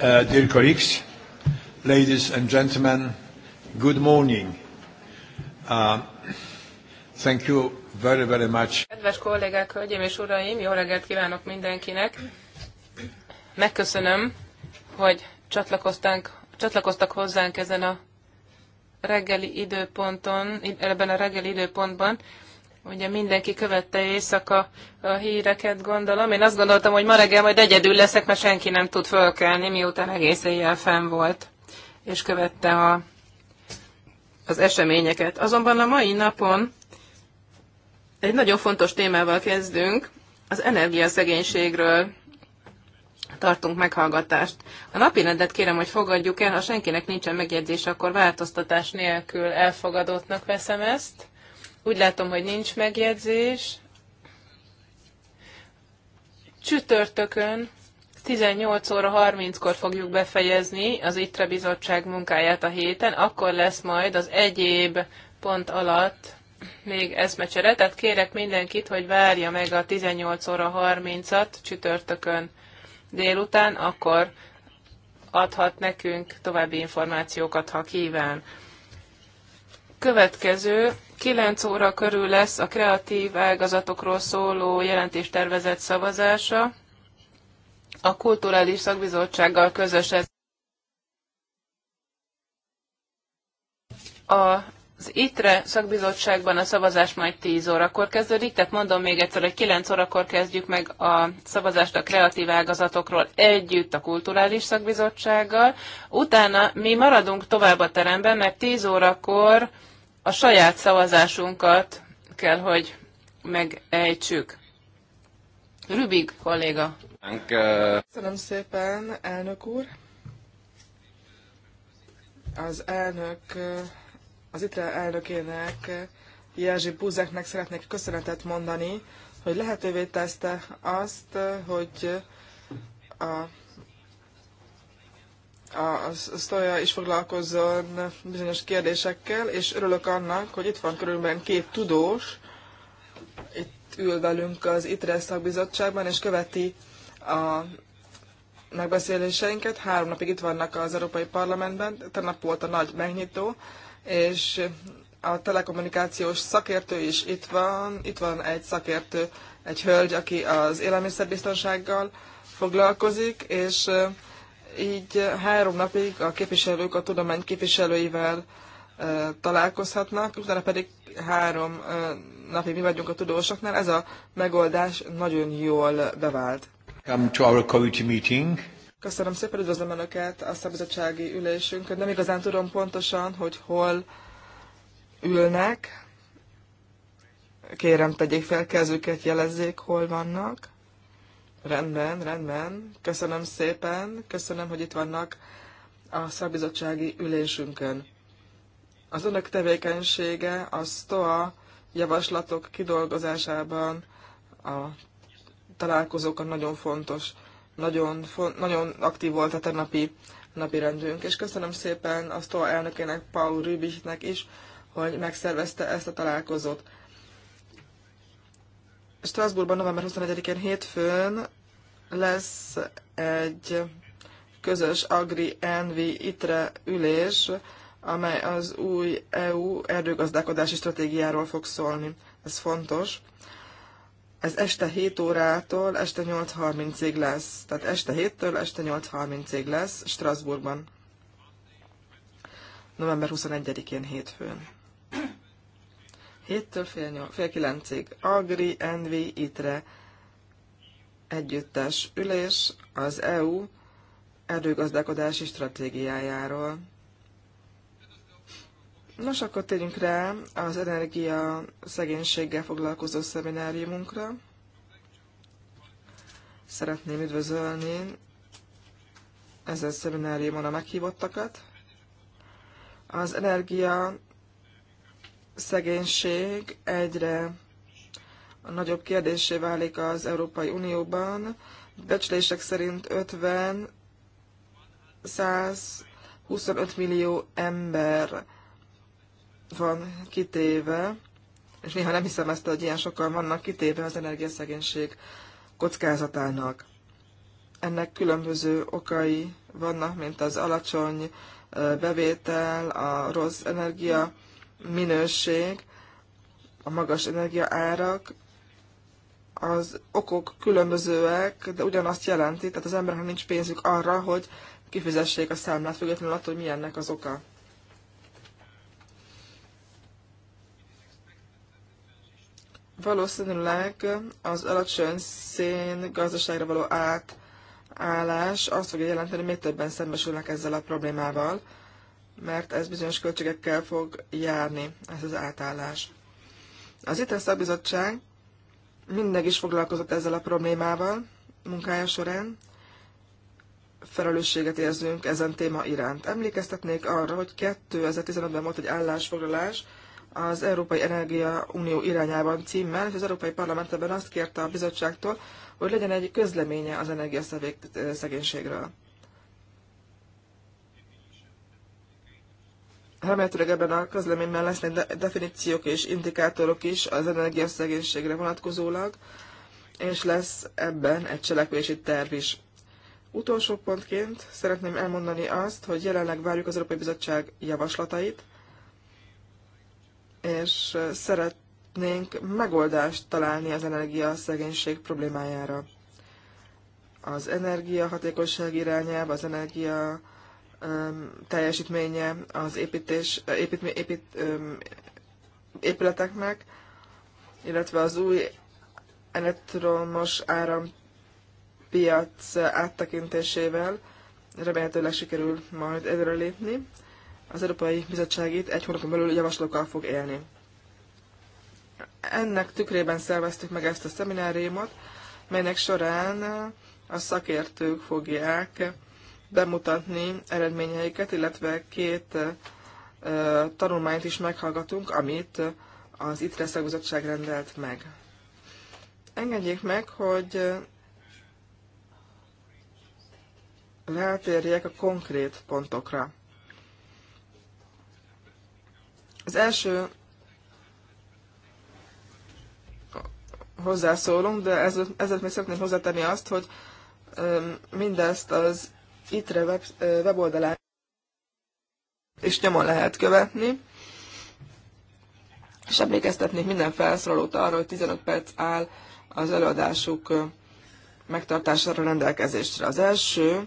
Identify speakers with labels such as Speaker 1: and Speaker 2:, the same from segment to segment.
Speaker 1: Uh, dear colleagues, ladies and gentlemen, good morning.
Speaker 2: Uh, thank you very, very much.
Speaker 1: Kedves kollégák, hölgyeim és uraim, jó reggelt kívánok mindenkinek. Megköszönöm, hogy csatlakoztánk, csatlakoztak hozzánk ezen a reggeli időponton, ebben a reggeli időpontban. Ugye mindenki követte éjszaka a híreket, gondolom. Én azt gondoltam, hogy ma reggel majd egyedül leszek, mert senki nem tud fölkelni, miután egész éjjel fenn volt, és követte a, az eseményeket. Azonban a mai napon egy nagyon fontos témával kezdünk, az energiaszegénységről tartunk meghallgatást. A napi rendet kérem, hogy fogadjuk el, ha senkinek nincsen megjegyzés, akkor változtatás nélkül elfogadottnak veszem ezt. Úgy látom, hogy nincs megjegyzés. Csütörtökön 18 óra 30-kor fogjuk befejezni az ITRE bizottság munkáját a héten, akkor lesz majd az egyéb pont alatt még eszmecsere, tehát kérek mindenkit, hogy várja meg a 18 óra 30-at csütörtökön délután, akkor adhat nekünk további információkat, ha kíván. Következő 9 óra körül lesz a kreatív ágazatokról szóló jelentéstervezet szavazása. A Kulturális Szakbizottsággal közös ez. Az ITRE szakbizottságban a szavazás majd 10 órakor kezdődik, tehát mondom még egyszer, hogy 9 órakor kezdjük meg a szavazást a kreatív ágazatokról együtt a kulturális szakbizottsággal. Utána mi maradunk tovább a teremben, mert 10 órakor a saját szavazásunkat kell, hogy megejtsük.
Speaker 3: Rübig kolléga. Köszönöm szépen, elnök úr. Az elnök, az itt elnökének, Jerzy Buzeknek szeretnék köszönetet mondani, hogy lehetővé tette azt, hogy a a sztoria is foglalkozzon bizonyos kérdésekkel, és örülök annak, hogy itt van körülbelül két tudós, itt ül velünk az ITRE szakbizottságban, és követi a megbeszéléseinket. Három napig itt vannak az Európai Parlamentben, tegnap volt a nagy megnyitó, és a telekommunikációs szakértő is itt van, itt van egy szakértő, egy hölgy, aki az élelmiszerbiztonsággal foglalkozik, és így három napig a képviselők a tudomány képviselőivel e, találkozhatnak, utána pedig három e, napig mi vagyunk a tudósoknál. Ez a megoldás nagyon jól bevált.
Speaker 2: Come to our committee meeting.
Speaker 3: Köszönöm szépen, üdvözlöm Önöket a szabizottsági ülésünkön. Nem igazán tudom pontosan, hogy hol ülnek. Kérem, tegyék fel kezüket, jelezzék, hol vannak. Rendben, rendben. Köszönöm szépen. Köszönöm, hogy itt vannak a szabizottsági ülésünkön. Az önök tevékenysége a STOA javaslatok kidolgozásában a találkozókon nagyon fontos, nagyon, fon- nagyon aktív volt a tegnapi napi rendünk. És köszönöm szépen a STOA elnökének, Paul Rübichnek is, hogy megszervezte ezt a találkozót. Strasbourgban november 21-én hétfőn lesz egy közös Agri-Envi ITRE ülés, amely az új EU erdőgazdálkodási stratégiáról fog szólni. Ez fontos. Ez este 7 órától este 8.30-ig lesz. Tehát este 7-től este 8.30-ig lesz Strasbourgban. November 21-én hétfőn. 7 fél, nyol, fél kilencig Agri, Envi, Itre együttes ülés az EU erőgazdálkodási stratégiájáról. Nos, akkor térjünk rá az energia szegénységgel foglalkozó szemináriumunkra. Szeretném üdvözölni ezen szemináriumon a meghívottakat. Az energia szegénység egyre a nagyobb kérdésé válik az Európai Unióban. Becslések szerint 50 125 millió ember van kitéve, és néha nem hiszem ezt, hogy ilyen sokan vannak kitéve az energiaszegénység kockázatának. Ennek különböző okai vannak, mint az alacsony bevétel, a rossz energia minőség, a magas energiaárak, az okok különbözőek, de ugyanazt jelenti, tehát az embernek nincs pénzük arra, hogy kifizessék a számlát, függetlenül attól, hogy milyennek az oka. Valószínűleg az alacsony szén gazdaságra való átállás azt fogja jelenteni, hogy még többen szembesülnek ezzel a problémával mert ez bizonyos költségekkel fog járni, ez az átállás. Az ITER szakbizottság mindig is foglalkozott ezzel a problémával munkája során, felelősséget érzünk ezen téma iránt. Emlékeztetnék arra, hogy 2015-ben volt egy állásfoglalás az Európai Energia Unió irányában címmel, és az Európai Parlamentben azt kérte a bizottságtól, hogy legyen egy közleménye az energiaszegénységről. Remélhetőleg ebben a közleményben lesznek de- definíciók és indikátorok is az energiaszegénységre vonatkozólag, és lesz ebben egy cselekvési terv is. Utolsó pontként szeretném elmondani azt, hogy jelenleg várjuk az Európai Bizottság javaslatait, és szeretnénk megoldást találni az energiaszegénység problémájára. Az energiahatékonyság irányába, az energia teljesítménye az építés, épít, épít, épületeknek, illetve az új elektromos árampiac áttekintésével remélhetőleg sikerül majd lépni. Az Európai Bizottság itt egy hónapon belül javaslókkal fog élni. Ennek tükrében szerveztük meg ezt a szemináriumot, melynek során a szakértők fogják bemutatni eredményeiket, illetve két tanulmányt is meghallgatunk, amit az ITRE szakbizottság rendelt meg. Engedjék meg, hogy rátérjek a konkrét pontokra. Az első hozzászólunk, de ezért ezzel még szeretném hozzátenni azt, hogy mindezt az ITRE web, weboldalán és nyomon lehet követni. És emlékeztetnék minden felszólalót arra, hogy 15 perc áll az előadásuk megtartására rendelkezésre. Az első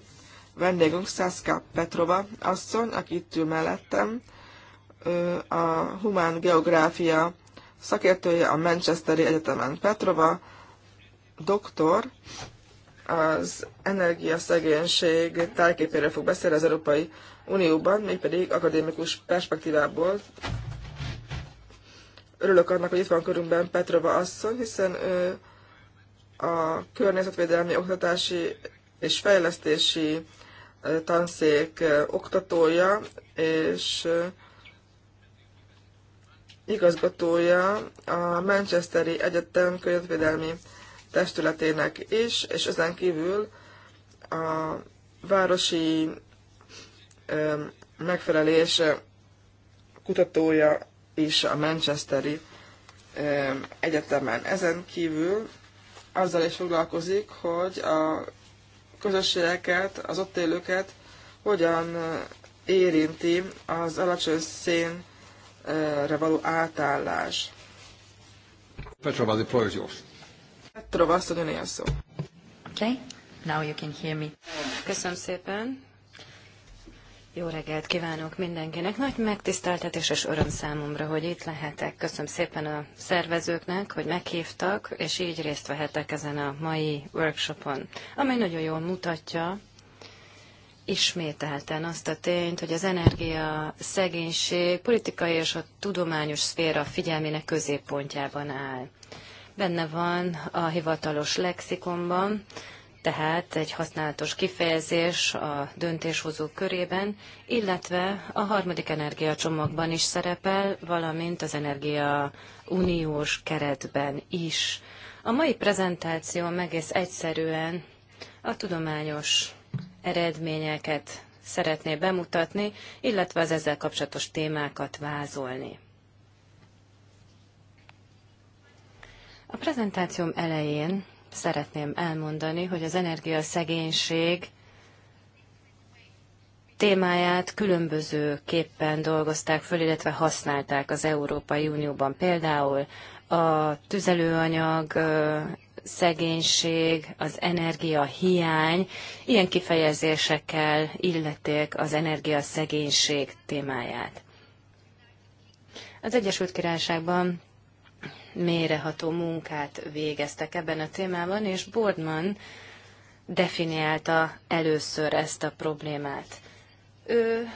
Speaker 3: vendégünk Szászka Petrova asszony, aki itt ül mellettem, a humán geográfia szakértője a Manchesteri Egyetemen. Petrova doktor, az energiaszegénység tájképéről fog beszélni az Európai Unióban, mégpedig akadémikus perspektívából. Örülök annak, hogy itt van körünkben Petrova asszony, hiszen ő a környezetvédelmi oktatási és fejlesztési tanszék oktatója és igazgatója a Manchesteri Egyetem környezetvédelmi testületének is, és ezen kívül a városi megfelelés kutatója is a Manchesteri Egyetemen. Ezen kívül azzal is foglalkozik, hogy a közösségeket, az ott élőket hogyan érinti az alacsony szénre való átállás. Petrova, the Petrova, asszony, szó. Okay, now you can hear me. Köszönöm szépen.
Speaker 2: Jó reggelt kívánok mindenkinek! Nagy megtiszteltetés és öröm számomra, hogy itt lehetek. Köszönöm szépen a szervezőknek, hogy meghívtak, és így részt vehetek ezen a mai workshopon, amely nagyon jól mutatja ismételten azt a tényt, hogy az energia, szegénység, politikai és a tudományos szféra figyelmének középpontjában áll benne van a hivatalos lexikonban, tehát egy használatos kifejezés a döntéshozók körében, illetve a harmadik energiacsomagban is szerepel, valamint az energia uniós keretben is. A mai prezentáció egész egyszerűen a tudományos eredményeket szeretné bemutatni, illetve az ezzel kapcsolatos témákat vázolni. A prezentációm elején szeretném elmondani, hogy az energiaszegénység témáját különbözőképpen dolgozták föl, illetve használták az Európai Unióban. Például a tüzelőanyag szegénység, az energia hiány, ilyen kifejezésekkel illették az energia témáját. Az Egyesült Királyságban méreható munkát végeztek ebben a témában, és Boardman definiálta először ezt a problémát. Ő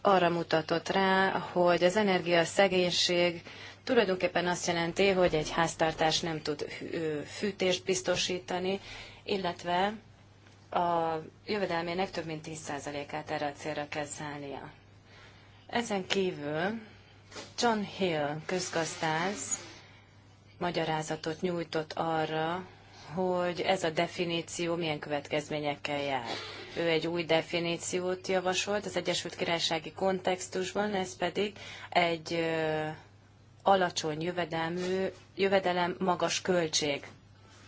Speaker 2: arra mutatott rá, hogy az energiaszegénység tulajdonképpen azt jelenti, hogy egy háztartás nem tud fűtést biztosítani, illetve a jövedelmének több mint 10%-át erre a célra kell szállnia. Ezen kívül John Hill közgazdász magyarázatot nyújtott arra, hogy ez a definíció milyen következményekkel jár. Ő egy új definíciót javasolt az Egyesült Királysági kontextusban, ez pedig egy alacsony jövedelmű, jövedelem magas költség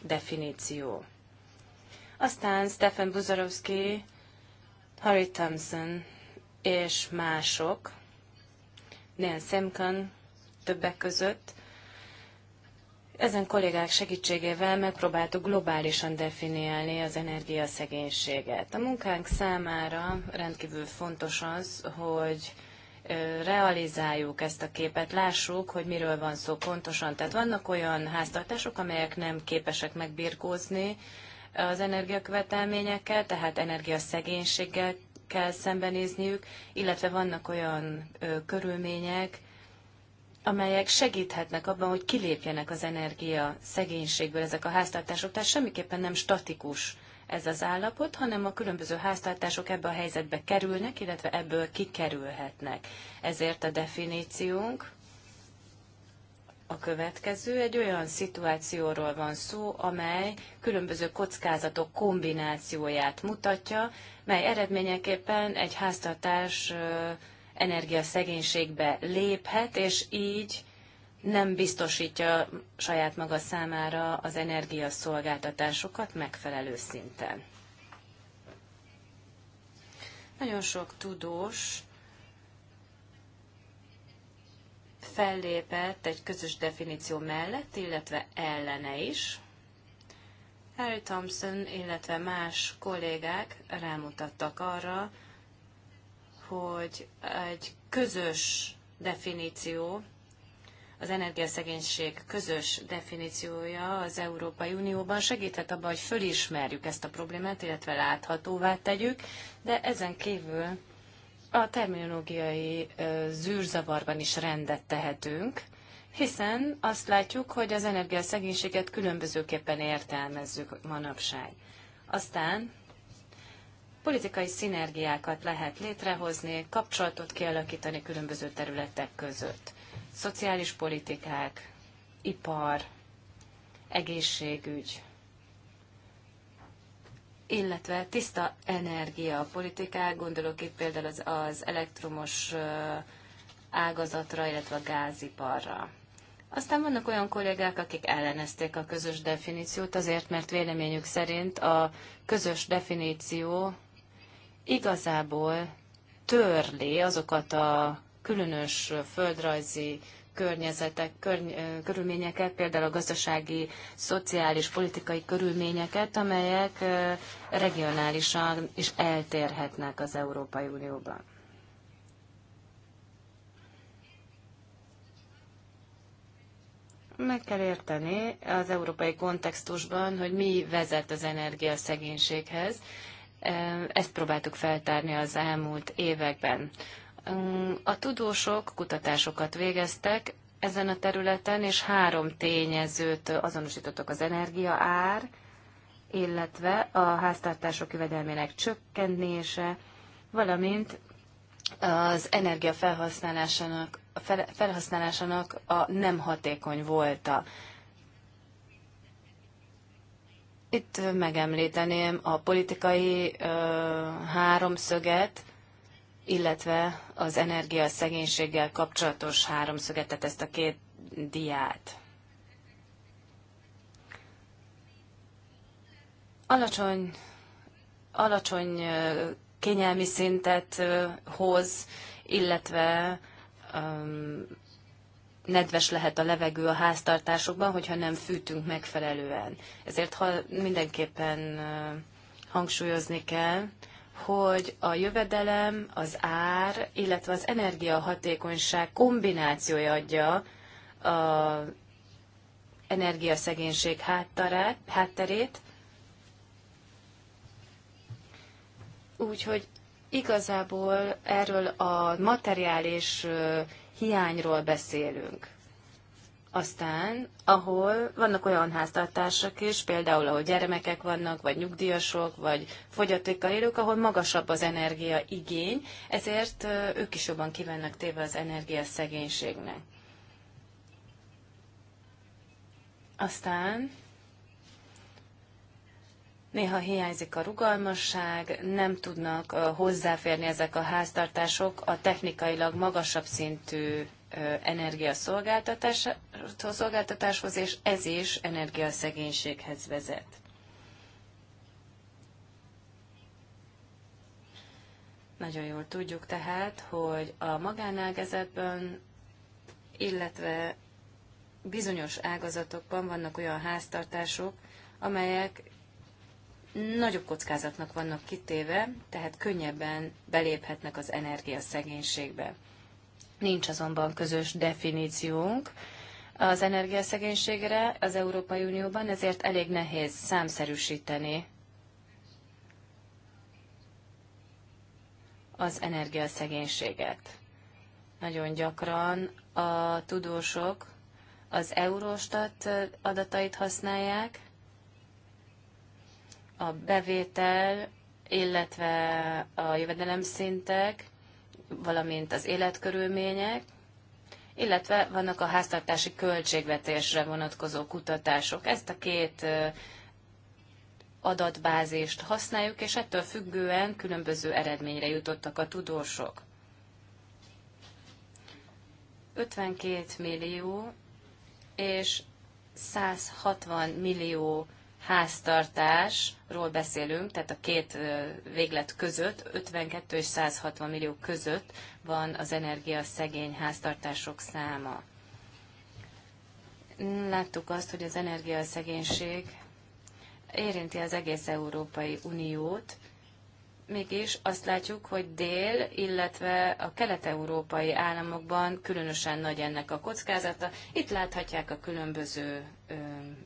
Speaker 2: definíció. Aztán Stephen Buzarowski, Harry Thompson és mások Neil Semkan többek között. Ezen kollégák segítségével megpróbáltuk globálisan definiálni az energiaszegénységet. A munkánk számára rendkívül fontos az, hogy realizáljuk ezt a képet, lássuk, hogy miről van szó pontosan. Tehát vannak olyan háztartások, amelyek nem képesek megbirkózni az energiakövetelményekkel, tehát energiaszegénységgel kell szembenézniük, illetve vannak olyan ö, körülmények, amelyek segíthetnek abban, hogy kilépjenek az energia szegénységből ezek a háztartások. Tehát semmiképpen nem statikus ez az állapot, hanem a különböző háztartások ebbe a helyzetbe kerülnek, illetve ebből kikerülhetnek. Ezért a definíciónk a következő. Egy olyan szituációról van szó, amely különböző kockázatok kombinációját mutatja, mely eredményeképpen egy háztartás energiaszegénységbe léphet, és így nem biztosítja saját maga számára az energiaszolgáltatásokat megfelelő szinten. Nagyon sok tudós fellépett egy közös definíció mellett, illetve ellene is. Harry Thompson, illetve más kollégák rámutattak arra, hogy egy közös definíció, az energiaszegénység közös definíciója az Európai Unióban segíthet abban, hogy fölismerjük ezt a problémát, illetve láthatóvá tegyük, de ezen kívül a terminológiai zűrzavarban is rendet tehetünk, hiszen azt látjuk, hogy az energiaszegénységet különbözőképpen értelmezzük manapság. Aztán politikai szinergiákat lehet létrehozni, kapcsolatot kialakítani különböző területek között. Szociális politikák, ipar, egészségügy, illetve tiszta energia politikák, gondolok itt például az, az elektromos ágazatra, illetve a gáziparra. Aztán vannak olyan kollégák, akik ellenezték a közös definíciót, azért, mert véleményük szerint a közös definíció igazából törli azokat a különös földrajzi környezetek, körny körülményeket, például a gazdasági, szociális, politikai körülményeket, amelyek regionálisan is eltérhetnek az Európai Unióban. Meg kell érteni az európai kontextusban, hogy mi vezet az energiaszegénységhez. Ezt próbáltuk feltárni az elmúlt években. A tudósok kutatásokat végeztek ezen a területen, és három tényezőt azonosítottak az energia ár, illetve a háztartások jövedelmének csökkentése, valamint az energia felhasználásának, felhasználásának a nem hatékony volta. Itt megemlíteném a politikai ö, háromszöget, illetve az energiaszegénységgel kapcsolatos háromszöget, tehát ezt a két diát. Alacsony, alacsony kényelmi szintet hoz, illetve um, nedves lehet a levegő a háztartásokban, hogyha nem fűtünk megfelelően. Ezért ha mindenképpen hangsúlyozni kell, hogy a jövedelem, az ár, illetve az energiahatékonyság kombinációja adja a energiaszegénység hátterét. Úgyhogy igazából erről a materiális hiányról beszélünk. Aztán, ahol vannak olyan háztartások is, például ahol gyermekek vannak, vagy nyugdíjasok, vagy fogyatékkal élők, ahol magasabb az energia igény, ezért ők is jobban kivennek téve az energia szegénységnek. Aztán Néha hiányzik a rugalmasság, nem tudnak hozzáférni ezek a háztartások a technikailag magasabb szintű energiaszolgáltatáshoz, és ez is energiaszegénységhez vezet. Nagyon jól tudjuk tehát, hogy a magánágazatban, illetve bizonyos ágazatokban vannak olyan háztartások, amelyek nagyobb kockázatnak vannak kitéve, tehát könnyebben beléphetnek az energiaszegénységbe. Nincs azonban közös definíciónk az energiaszegénységre az Európai Unióban, ezért elég nehéz számszerűsíteni az energiaszegénységet. Nagyon gyakran a tudósok az Eurostat adatait használják, a bevétel, illetve a jövedelemszintek, valamint az életkörülmények, illetve vannak a háztartási költségvetésre vonatkozó kutatások. Ezt a két adatbázist használjuk, és ettől függően különböző eredményre jutottak a tudósok. 52 millió és 160 millió háztartásról beszélünk, tehát a két véglet között, 52 és 160 millió között van az energiaszegény háztartások száma. Láttuk azt, hogy az energiaszegénység érinti az egész Európai Uniót, mégis azt látjuk, hogy dél, illetve a kelet-európai államokban különösen nagy ennek a kockázata. Itt láthatják a különböző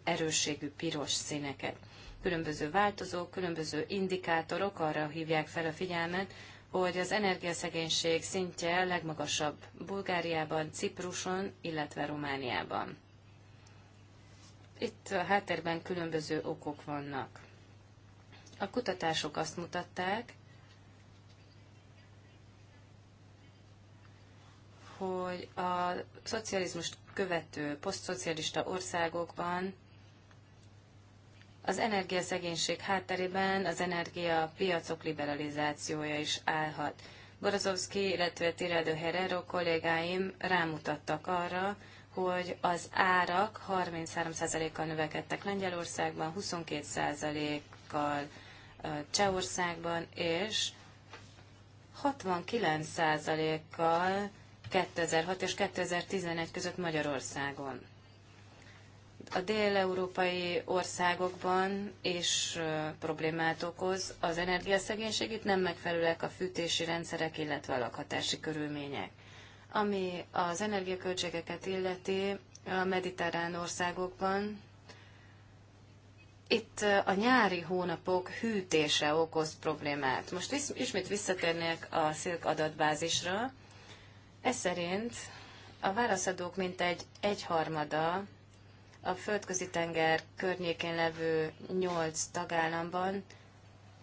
Speaker 2: erősségű piros színeket. Különböző változók, különböző indikátorok arra hívják fel a figyelmet, hogy az energiaszegénység szintje a legmagasabb Bulgáriában, Cipruson, illetve Romániában. Itt a háttérben különböző okok vannak. A kutatások azt mutatták, hogy a szocializmust követő posztszocialista országokban az energiaszegénység hátterében az energia piacok liberalizációja is állhat. Borozovszki, illetve Tiredő Herrero kollégáim rámutattak arra, hogy az árak 33%-kal növekedtek Lengyelországban, 22%-kal Csehországban, és 69%-kal 2006 és 2011 között Magyarországon. A dél-európai országokban is problémát okoz az energiaszegénység, itt nem megfelelőek a fűtési rendszerek, illetve a lakhatási körülmények. Ami az energiaköltségeket illeti, a mediterrán országokban itt a nyári hónapok hűtése okoz problémát. Most ismét visszatérnék a szilk adatbázisra. Ez szerint a válaszadók mintegy egyharmada a földközi tenger környékén levő nyolc tagállamban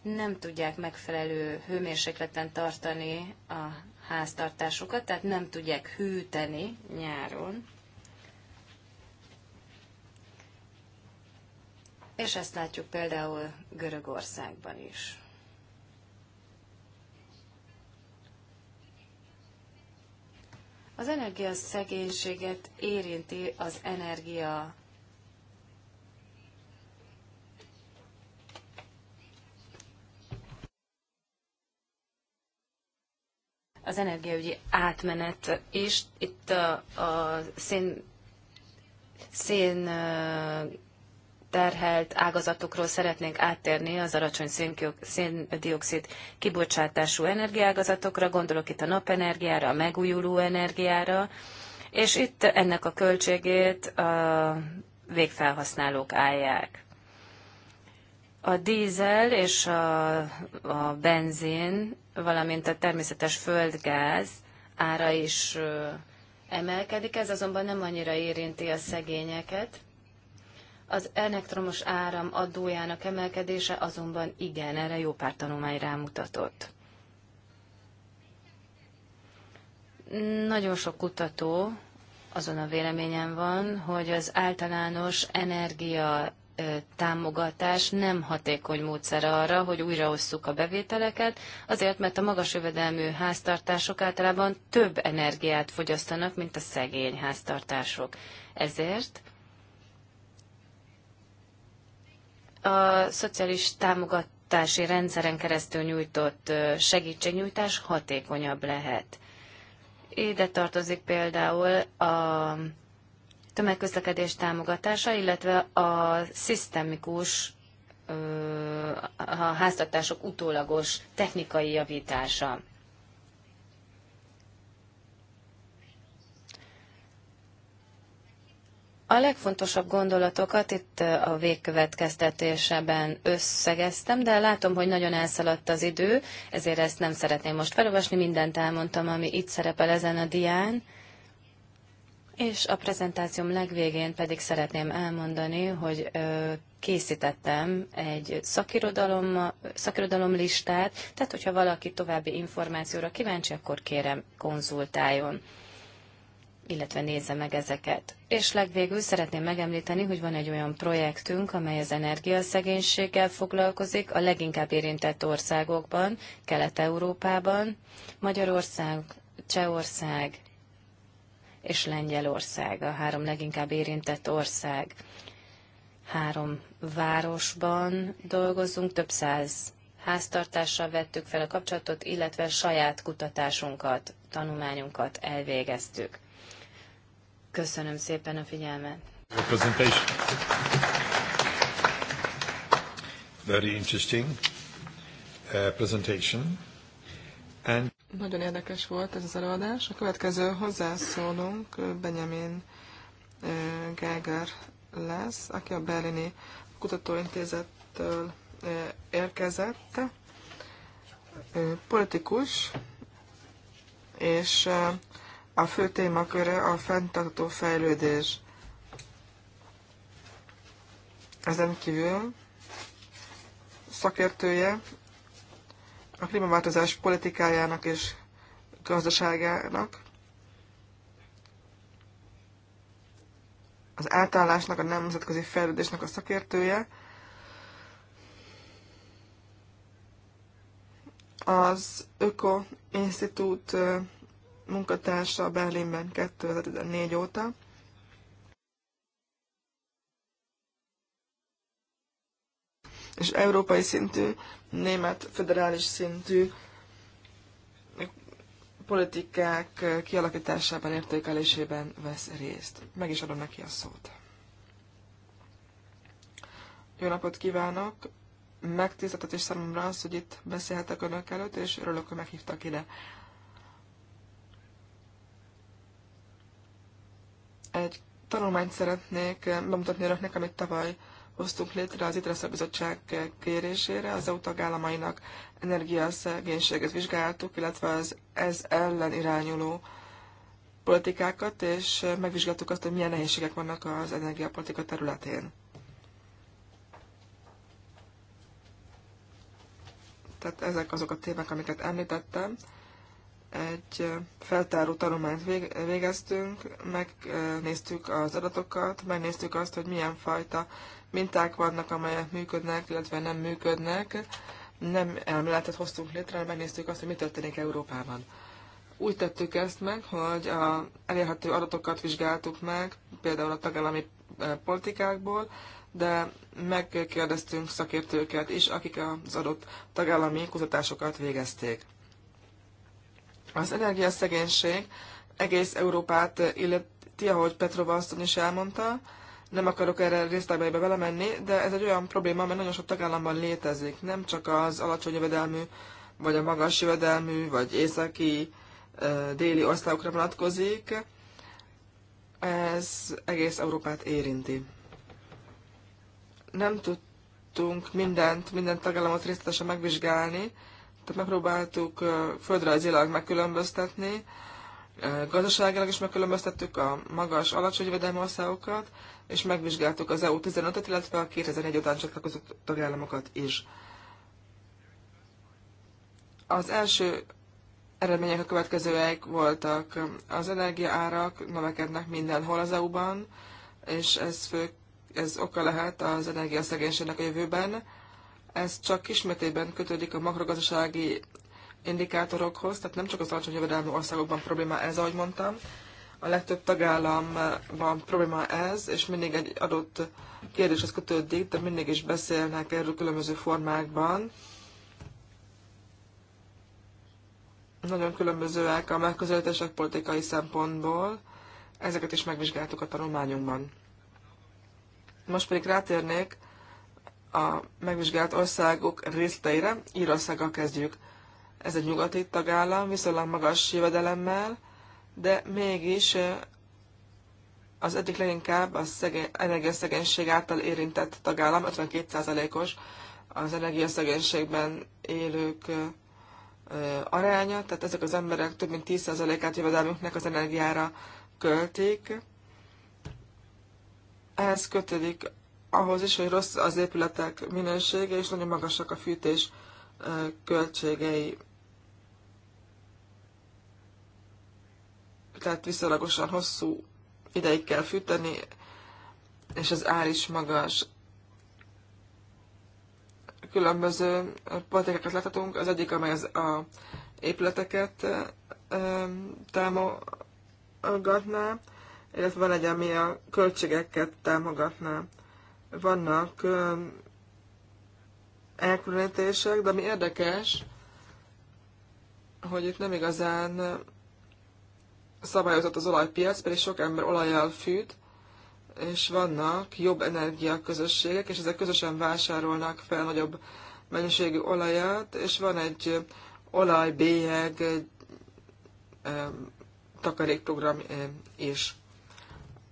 Speaker 2: nem tudják megfelelő hőmérsékleten tartani a háztartásukat, tehát nem tudják hűteni nyáron. és ezt látjuk például Görögországban is. Az energia szegénységet érinti az energia az energiaügyi átmenet is. Itt a, a szén, szén terhelt ágazatokról szeretnénk áttérni az alacsony széndiokszid kibocsátású energiágazatokra, gondolok itt a napenergiára, a megújuló energiára, és itt ennek a költségét a végfelhasználók állják. A dízel és a, a benzin, valamint a természetes földgáz ára is emelkedik, ez azonban nem annyira érinti a szegényeket. Az elektromos áram adójának emelkedése azonban igen, erre jó pár tanulmány rámutatott. Nagyon sok kutató azon a véleményen van, hogy az általános energia támogatás nem hatékony módszer arra, hogy újraosszuk a bevételeket, azért, mert a magas jövedelmű háztartások általában több energiát fogyasztanak, mint a szegény háztartások. Ezért a szociális támogatási rendszeren keresztül nyújtott segítségnyújtás hatékonyabb lehet. Ide tartozik például a tömegközlekedés támogatása, illetve a szisztemikus a háztartások utólagos technikai javítása. A legfontosabb gondolatokat itt a végkövetkeztetéseben összegeztem, de látom, hogy nagyon elszaladt az idő, ezért ezt nem szeretném most felolvasni, mindent elmondtam, ami itt szerepel ezen a dián. És a prezentációm legvégén pedig szeretném elmondani, hogy készítettem egy szakirodalom, szakirodalom listát, tehát hogyha valaki további információra kíváncsi, akkor kérem konzultáljon illetve nézze meg ezeket. És legvégül szeretném megemlíteni, hogy van egy olyan projektünk, amely az energiaszegénységgel foglalkozik a leginkább érintett országokban, Kelet-Európában, Magyarország, Csehország és Lengyelország, a három leginkább érintett ország. Három városban dolgozunk, több száz háztartással vettük fel a kapcsolatot, illetve saját kutatásunkat, tanulmányunkat elvégeztük. Köszönöm szépen a figyelmet.
Speaker 3: Very interesting uh, presentation. And... Nagyon érdekes volt ez az előadás. A következő hozzászólunk uh, Benjamin uh, Geiger lesz, aki a Berlini Kutatóintézettől uh, érkezett, politikus, és a fő témaköre a fenntartható fejlődés. Ezen kívül szakértője a klímaváltozás politikájának és gazdaságának, az átállásnak, a nemzetközi fejlődésnek a szakértője, az Öko Institút munkatársa Berlinben 2004 óta. És európai szintű, német federális szintű politikák kialakításában, értékelésében vesz részt. Meg is adom neki a szót. Jó napot kívánok! Megtiszteltetés számomra az, hogy itt beszélhetek önök előtt, és örülök, hogy meghívtak ide. Egy tanulmányt szeretnék bemutatni önöknek, amit tavaly hoztunk létre az ITRESZA Bizottság kérésére. Az EU tagállamainak energiaszegénységet vizsgáltuk, illetve az ez ellen irányuló politikákat, és megvizsgáltuk azt, hogy milyen nehézségek vannak az energiapolitika területén. Tehát ezek azok a témák, amiket említettem egy feltáró tanulmányt végeztünk, megnéztük az adatokat, megnéztük azt, hogy milyen fajta minták vannak, amelyek működnek, illetve nem működnek. Nem elméletet hoztunk létre, hanem megnéztük azt, hogy mi történik Európában. Úgy tettük ezt meg, hogy a elérhető adatokat vizsgáltuk meg, például a tagállami politikákból, de megkérdeztünk szakértőket is, akik az adott tagállami kutatásokat végezték. Az energiaszegénység egész Európát illeti, ahogy Petrova asszony is elmondta, nem akarok erre részletbe belemenni, de ez egy olyan probléma, mert nagyon sok tagállamban létezik. Nem csak az alacsony jövedelmű, vagy a magas jövedelmű, vagy északi, déli országokra vonatkozik. Ez egész Európát érinti. Nem tudtunk mindent, minden tagállamot részletesen megvizsgálni, tehát megpróbáltuk földrajzilag megkülönböztetni, gazdaságilag is megkülönböztettük a magas, alacsony védelmi országokat, és megvizsgáltuk az eu 15 et illetve a 2004 után csatlakozott tagállamokat is. Az első eredmények a következőek voltak. Az energiaárak növekednek mindenhol az EU-ban, és ez, fő, ez oka lehet az energiaszegénységnek a jövőben ez csak kismetében kötődik a makrogazdasági indikátorokhoz, tehát nem csak az alacsony jövedelmű országokban probléma ez, ahogy mondtam, a legtöbb tagállamban probléma ez, és mindig egy adott kérdéshez kötődik, de mindig is beszélnek erről különböző formákban. Nagyon különbözőek a megközelítések politikai szempontból, ezeket is megvizsgáltuk a tanulmányunkban. Most pedig rátérnék a megvizsgált országok részleteire. Írországgal kezdjük. Ez egy nyugati tagállam, viszonylag magas jövedelemmel, de mégis az egyik leginkább a energiaszegénység által érintett tagállam, 52%-os az energiaszegénységben élők aránya, tehát ezek az emberek több mint 10%-át jövedelmünknek az energiára költik. Ehhez kötődik ahhoz is, hogy rossz az épületek minősége, és nagyon magasak a fűtés költségei. Tehát viszonylagosan hosszú ideig kell fűteni, és az ár is magas. Különböző politikákat láthatunk, az egyik, amely az a épületeket támogatná, illetve van egy, ami a költségeket támogatná vannak elkülönítések, de ami érdekes, hogy itt nem igazán szabályozott az olajpiac, pedig sok ember olajjal fűt, és vannak jobb energiaközösségek, és ezek közösen vásárolnak fel nagyobb mennyiségű olajat, és van egy olajbélyeg takarékprogram is.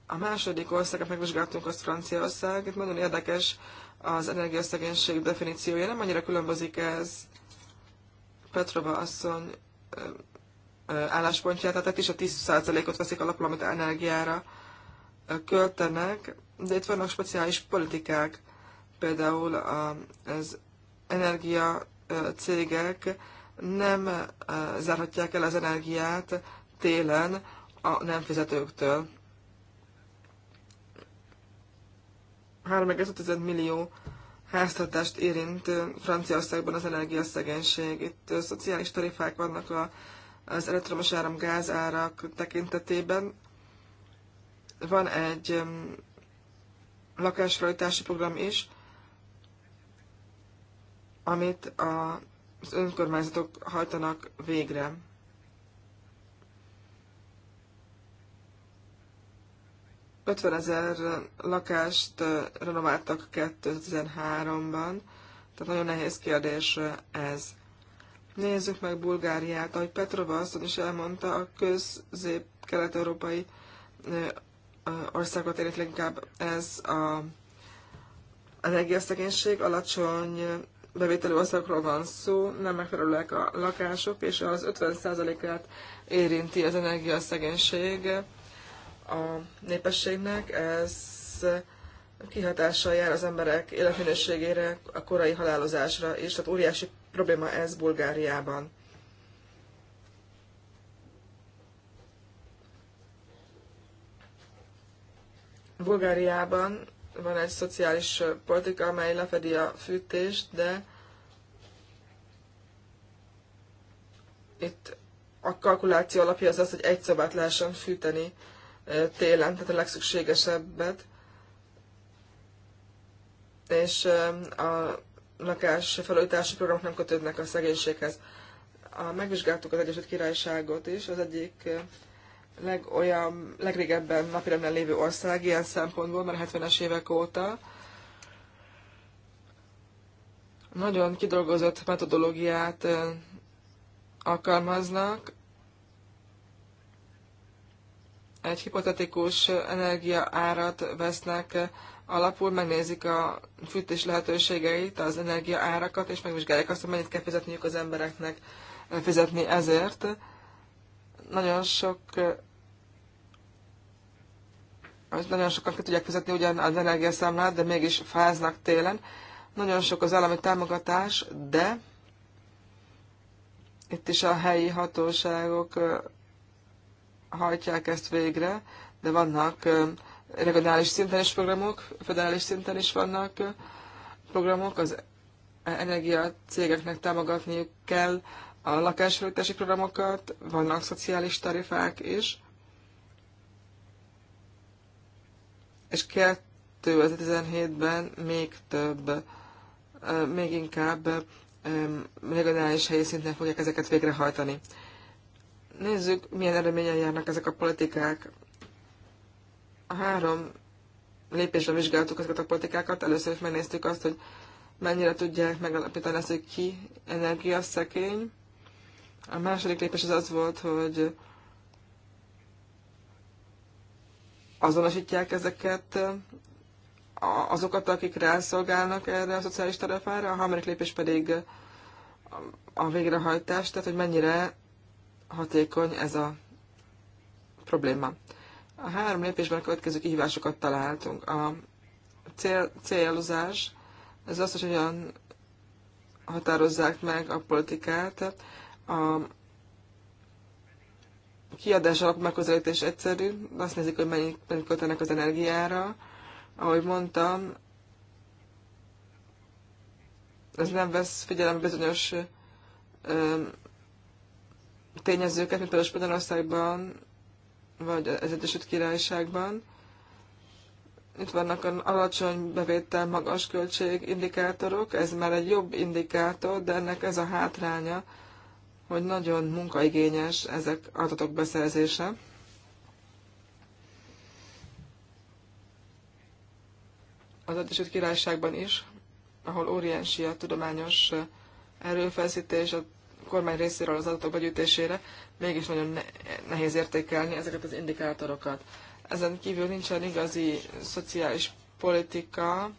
Speaker 3: A második országot megvizsgáltunk, az Franciaország. Itt nagyon érdekes az energiaszegénység definíciója. Nem annyira különbözik ez Petrova asszony álláspontját, tehát is a 10%-ot veszik alapul, amit energiára költenek, de itt vannak speciális politikák, például az energia cégek nem zárhatják el az energiát télen a nem fizetőktől. 3,5 millió háztartást érint Franciaországban az energiaszegénység. Itt szociális tarifák vannak a, az elektromos áram gázárak tekintetében. Van egy lakásrajtási program is, amit a, az önkormányzatok hajtanak végre. 50 ezer lakást renováltak 2013-ban, tehát nagyon nehéz kérdés ez. Nézzük meg Bulgáriát, ahogy Petrova azt is elmondta, a közép-kelet-európai országot érint leginkább ez a energiaszegénység, alacsony bevételű országokról van szó, nem megfelelőek a lakások, és az 50%-át érinti az energiaszegénység a népességnek, ez kihatással jár az emberek életminőségére, a korai halálozásra és tehát óriási probléma ez Bulgáriában. Bulgáriában van egy szociális politika, amely lefedi a fűtést, de itt a kalkuláció alapja az az, hogy egy szobát lehessen fűteni télen, tehát a legszükségesebbet. És a lakás felújítási programok nem kötődnek a szegénységhez. A, megvizsgáltuk az Egyesült Királyságot is, az egyik legolyan, legrégebben napirenden lévő ország ilyen szempontból, mert 70-es évek óta nagyon kidolgozott metodológiát alkalmaznak, egy hipotetikus energiaárat vesznek alapul, megnézik a fűtés lehetőségeit, az energiaárakat, és megvizsgálják azt, hogy mennyit kell fizetniük az embereknek fizetni ezért. Nagyon sok nagyon sokan ki tudják fizetni ugyan az energiaszámlát, de mégis fáznak télen. Nagyon sok az állami támogatás, de itt is a helyi hatóságok hajtják ezt végre, de vannak regionális szinten is programok, federális szinten is vannak programok, az energia cégeknek támogatniuk kell a lakásfölöttési programokat, vannak szociális tarifák is, és 2017-ben még több, még inkább regionális helyi szinten fogják ezeket végrehajtani. Nézzük, milyen eredményen járnak ezek a politikák. A három lépésben vizsgáltuk ezeket a politikákat. Először is megnéztük azt, hogy mennyire tudják megalapítani ezt, hogy ki energia szekény. A második lépés az az volt, hogy azonosítják ezeket azokat, akik rászolgálnak erre a szociális terepára, a harmadik lépés pedig a végrehajtás, tehát hogy mennyire hatékony ez a probléma. A három lépésben a következő kihívásokat találtunk. A cél, célozás, ez az, hogy olyan határozzák meg a politikát. A kiadás alapú megközelítés egyszerű, azt nézik, hogy mennyit, mennyit költenek az energiára. Ahogy mondtam, ez nem vesz figyelembe bizonyos tényezőket, mint például Spanyolországban, vagy az Egyesült Királyságban. Itt vannak az alacsony bevétel, magas költség indikátorok, ez már egy jobb indikátor, de ennek ez a hátránya, hogy nagyon munkaigényes ezek adatok beszerzése. Az Egyesült Királyságban is, ahol óriási a tudományos erőfeszítés, a kormány részéről az adatok begyűjtésére, mégis nagyon nehéz értékelni ezeket az indikátorokat. Ezen kívül nincsen igazi szociális politika,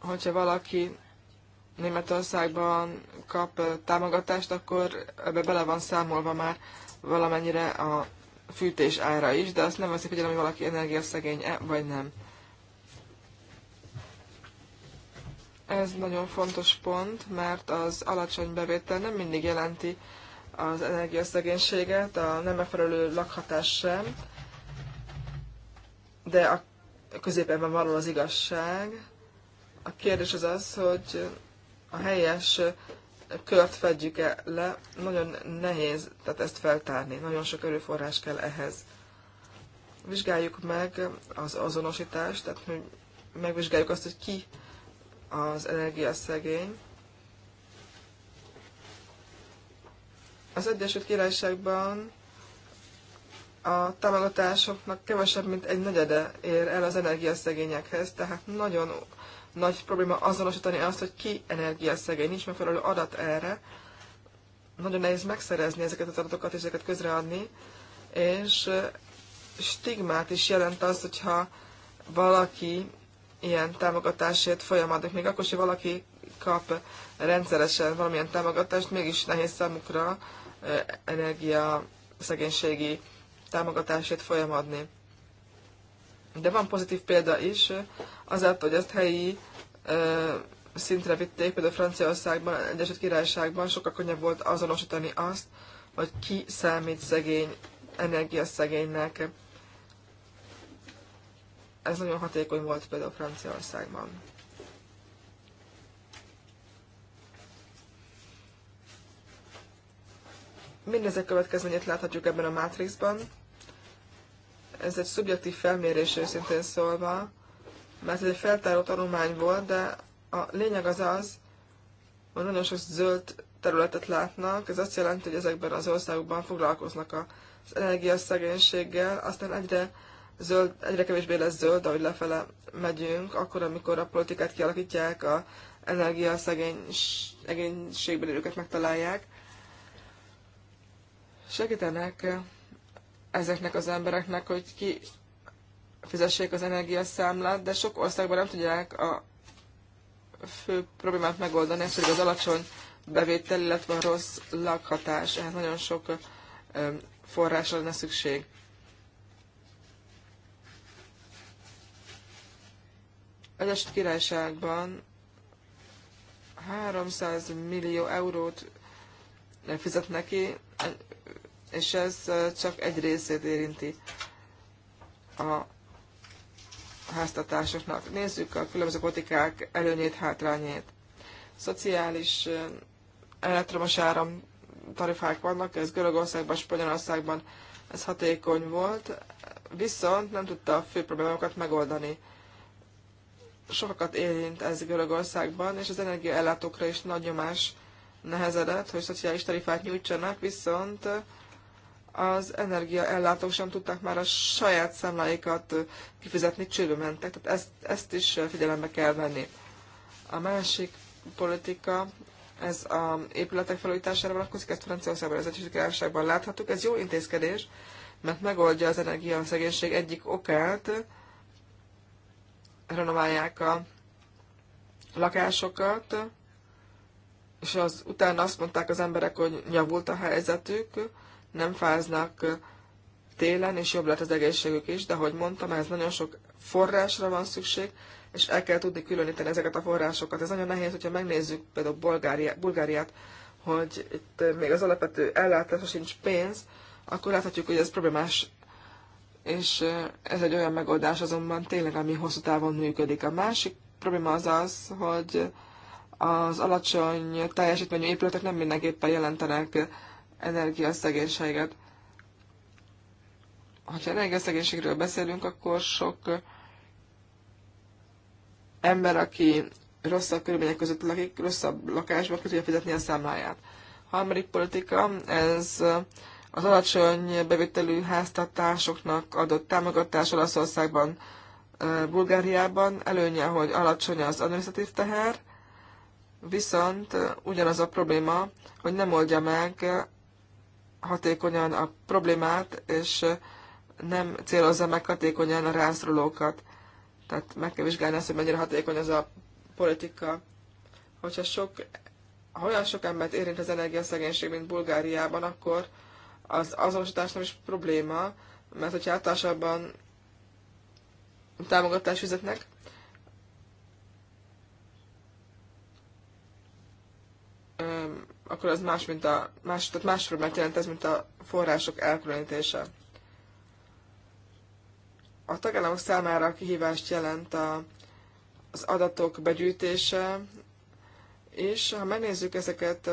Speaker 3: hogyha valaki Németországban kap támogatást, akkor ebbe bele van számolva már valamennyire a fűtés ára is, de azt nem veszik figyelem, hogy valaki energiaszegény-e vagy nem. Ez nagyon fontos pont, mert az alacsony bevétel nem mindig jelenti az energiaszegénységet, a nem megfelelő lakhatás sem, de a középen való az igazság. A kérdés az az, hogy a helyes kört fedjük -e le, nagyon nehéz tehát ezt feltárni, nagyon sok erőforrás kell ehhez. Vizsgáljuk meg az azonosítást, tehát hogy megvizsgáljuk azt, hogy ki az energiaszegény. Az Egyesült Királyságban a támogatásoknak kevesebb, mint egy negyede ér el az energiaszegényekhez, tehát nagyon nagy probléma azonosítani azt, hogy ki energiaszegény, nincs megfelelő adat erre, nagyon nehéz megszerezni ezeket az adatokat és ezeket közreadni, és stigmát is jelent az, hogyha valaki ilyen támogatásért folyamodnak. Még akkor, hogy valaki kap rendszeresen valamilyen támogatást, mégis nehéz számukra energia szegénységi támogatásért folyamadni. De van pozitív példa is, azáltal, hogy ezt helyi ö, szintre vitték, például Franciaországban, Egyesült Királyságban sokkal könnyebb volt azonosítani azt, hogy ki számít szegény, energiaszegénynek. Ez nagyon hatékony volt például Franciaországban. Mindezek következményét láthatjuk ebben a Matrixban. Ez egy szubjektív felmérés őszintén szólva, mert ez egy feltáró tanulmány volt, de a lényeg az az, hogy nagyon sok zöld területet látnak, ez azt jelenti, hogy ezekben az országokban foglalkoznak az energiaszegénységgel, aztán egyre zöld, egyre kevésbé lesz zöld, ahogy lefele megyünk, akkor, amikor a politikát kialakítják, a energia szegénységben őket megtalálják, segítenek ezeknek az embereknek, hogy ki fizessék az energiaszámlát, de sok országban nem tudják a fő problémát megoldani, ez pedig az alacsony bevétel, illetve a rossz lakhatás. Ehhez nagyon sok forrásra lenne szükség. Egyesült Királyságban 300 millió eurót fizet neki, és ez csak egy részét érinti a háztatásoknak. Nézzük a különböző politikák előnyét, hátrányét. Szociális elektromos áram tarifák vannak, ez Görögországban, Spanyolországban ez hatékony volt, viszont nem tudta a fő problémákat megoldani sokakat érint ez Görögországban, és az energiaellátókra is nagy nyomás nehezedett, hogy szociális tarifát nyújtsanak, viszont az energiaellátók sem tudták már a saját számláikat kifizetni, csődbe mentek, tehát ezt, ezt is figyelembe kell venni. A másik politika, ez a épületek felújítására vonatkozik, ezt Franciaországban, az Egyesült Királyságban láthatjuk. Ez jó intézkedés, mert megoldja az energiaszegénység egyik okát, renoválják a lakásokat, és az utána azt mondták az emberek, hogy javult a helyzetük, nem fáznak télen, és jobb lett az egészségük is, de ahogy mondtam, ez nagyon sok forrásra van szükség, és el kell tudni különíteni ezeket a forrásokat. Ez nagyon nehéz, hogyha megnézzük például Bulgáriát, Bulgáriát hogy itt még az alapvető ellátásra sincs pénz, akkor láthatjuk, hogy ez problémás és ez egy olyan megoldás azonban tényleg, ami hosszú távon működik. A másik probléma az az, hogy az alacsony teljesítményű épületek nem mindenképpen jelentenek energiaszegénységet. Ha energiaszegénységről beszélünk, akkor sok ember, aki rosszabb körülmények között lakik, rosszabb lakásban, tudja fizetni a számláját. Harmadik politika, ez az alacsony bevételű háztartásoknak adott támogatás Olaszországban, Bulgáriában előnye, hogy alacsony az administratív teher, viszont ugyanaz a probléma, hogy nem oldja meg hatékonyan a problémát, és nem célozza meg hatékonyan a rászorulókat. Tehát meg kell vizsgálni azt, hogy mennyire hatékony ez a politika. Hogyha sok, ha olyan sok embert érint az energiaszegénység, mint Bulgáriában, akkor az azonosítás nem is probléma, mert hogyha általában támogatást fizetnek, akkor az más, mint a, más, tehát más problémát jelent ez, mint a források elkülönítése. A tagállamok számára a kihívást jelent a, az adatok begyűjtése, és ha megnézzük ezeket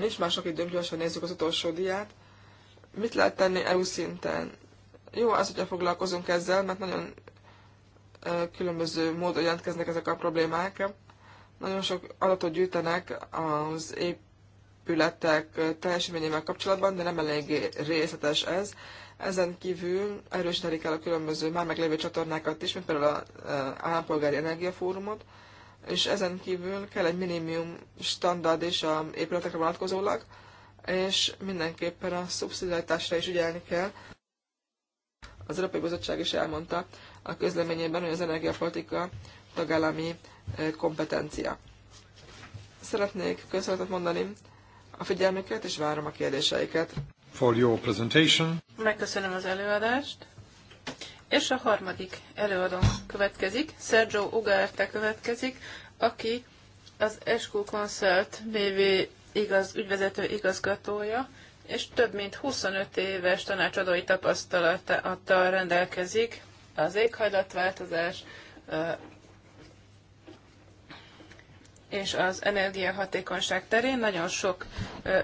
Speaker 3: Nincs mások időm, gyorsan nézzük az utolsó diát. Mit lehet tenni EU szinten? Jó az, hogyha foglalkozunk ezzel, mert nagyon különböző módon jelentkeznek ezek a problémák. Nagyon sok adatot gyűjtenek az épületek teljesítményével kapcsolatban, de nem eléggé részletes ez. Ezen kívül erősítenik el a különböző már meglévő csatornákat is, mint például az Állampolgári Energiafórumot, és ezen kívül kell egy minimum standard is a épületekre vonatkozólag, és mindenképpen a szubszidiaritásra is ügyelni kell. Az Európai Bizottság is elmondta a közleményében, hogy az energiapolitika tagállami kompetencia. Szeretnék köszönetet mondani a figyelmüket, és várom a kérdéseiket. For your presentation.
Speaker 1: Megköszönöm az előadást. És a harmadik előadó következik, Sergio Ugarte következik, aki az Esku Consult BV igaz, ügyvezető igazgatója, és több mint 25 éves tanácsadói tapasztalattal rendelkezik az éghajlatváltozás és az energiahatékonyság terén nagyon sok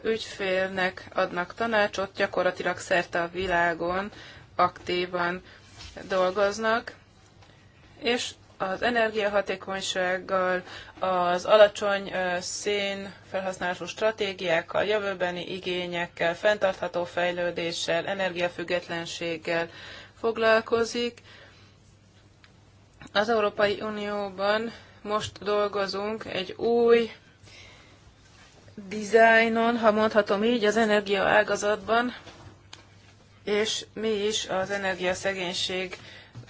Speaker 1: ügyfélnek adnak tanácsot, gyakorlatilag szerte a világon aktívan dolgoznak, és az energiahatékonysággal, az alacsony szén felhasználású stratégiákkal, jövőbeni igényekkel, fenntartható fejlődéssel, energiafüggetlenséggel foglalkozik. Az Európai Unióban most dolgozunk egy új dizájnon, ha mondhatom így, az energiaágazatban, és mi is az energiaszegénység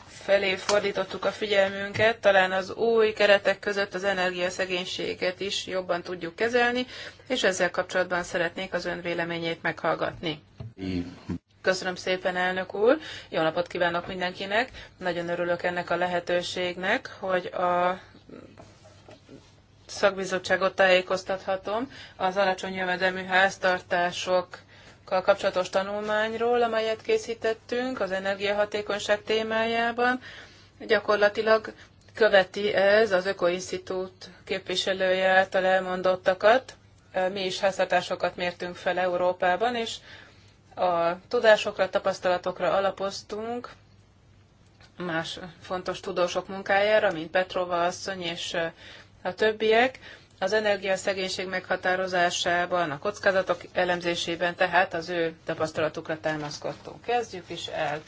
Speaker 1: felé fordítottuk a figyelmünket, talán az új keretek között az energiaszegénységet is jobban tudjuk kezelni, és ezzel kapcsolatban szeretnék az ön véleményét meghallgatni. Köszönöm szépen, elnök úr! Jó napot kívánok mindenkinek! Nagyon örülök ennek a lehetőségnek, hogy a szakbizottságot tájékoztathatom az alacsony jövedelmű háztartások kapcsolatos tanulmányról, amelyet készítettünk az energiahatékonyság témájában. Gyakorlatilag követi ez az Ökoinstitút képviselője által elmondottakat. Mi is háztartásokat mértünk fel Európában, és a tudásokra, tapasztalatokra alapoztunk, más fontos tudósok munkájára, mint Petrova asszony és a többiek az energiaszegénység meghatározásában, a kockázatok elemzésében, tehát az ő tapasztalatukra támaszkodtunk. Kezdjük is el.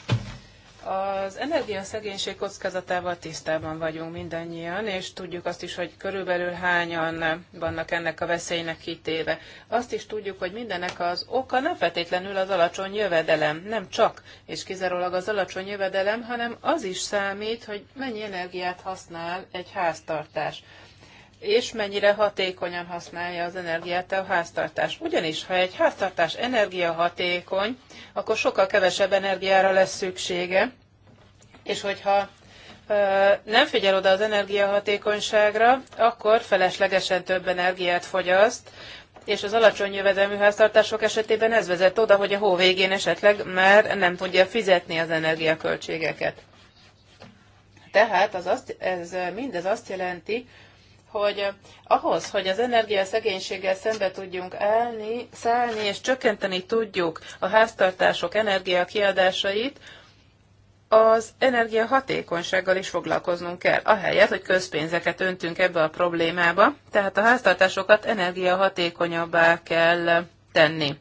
Speaker 1: Az energiaszegénység kockázatával tisztában vagyunk mindannyian, és tudjuk azt is, hogy körülbelül hányan vannak ennek a veszélynek kitéve. Azt is tudjuk, hogy mindenek az oka nem feltétlenül az alacsony jövedelem, nem csak és kizárólag az alacsony jövedelem, hanem az is számít, hogy mennyi energiát használ egy háztartás és mennyire hatékonyan használja az energiát a háztartás. Ugyanis, ha egy háztartás energiahatékony, akkor sokkal kevesebb energiára lesz szüksége, és hogyha nem figyel oda az energiahatékonyságra, akkor feleslegesen több energiát fogyaszt, és az alacsony jövedelmű háztartások esetében ez vezet oda, hogy a hó végén esetleg már nem tudja fizetni az energiaköltségeket. Tehát az azt, ez mindez azt jelenti, hogy eh, ahhoz, hogy az energiaszegénységgel szembe tudjunk állni, szállni, és csökkenteni tudjuk a háztartások energiakiadásait, az energiahatékonysággal is foglalkoznunk kell, ahelyett, hogy közpénzeket öntünk ebbe a problémába, tehát a háztartásokat energiahatékonyabbá kell tenni.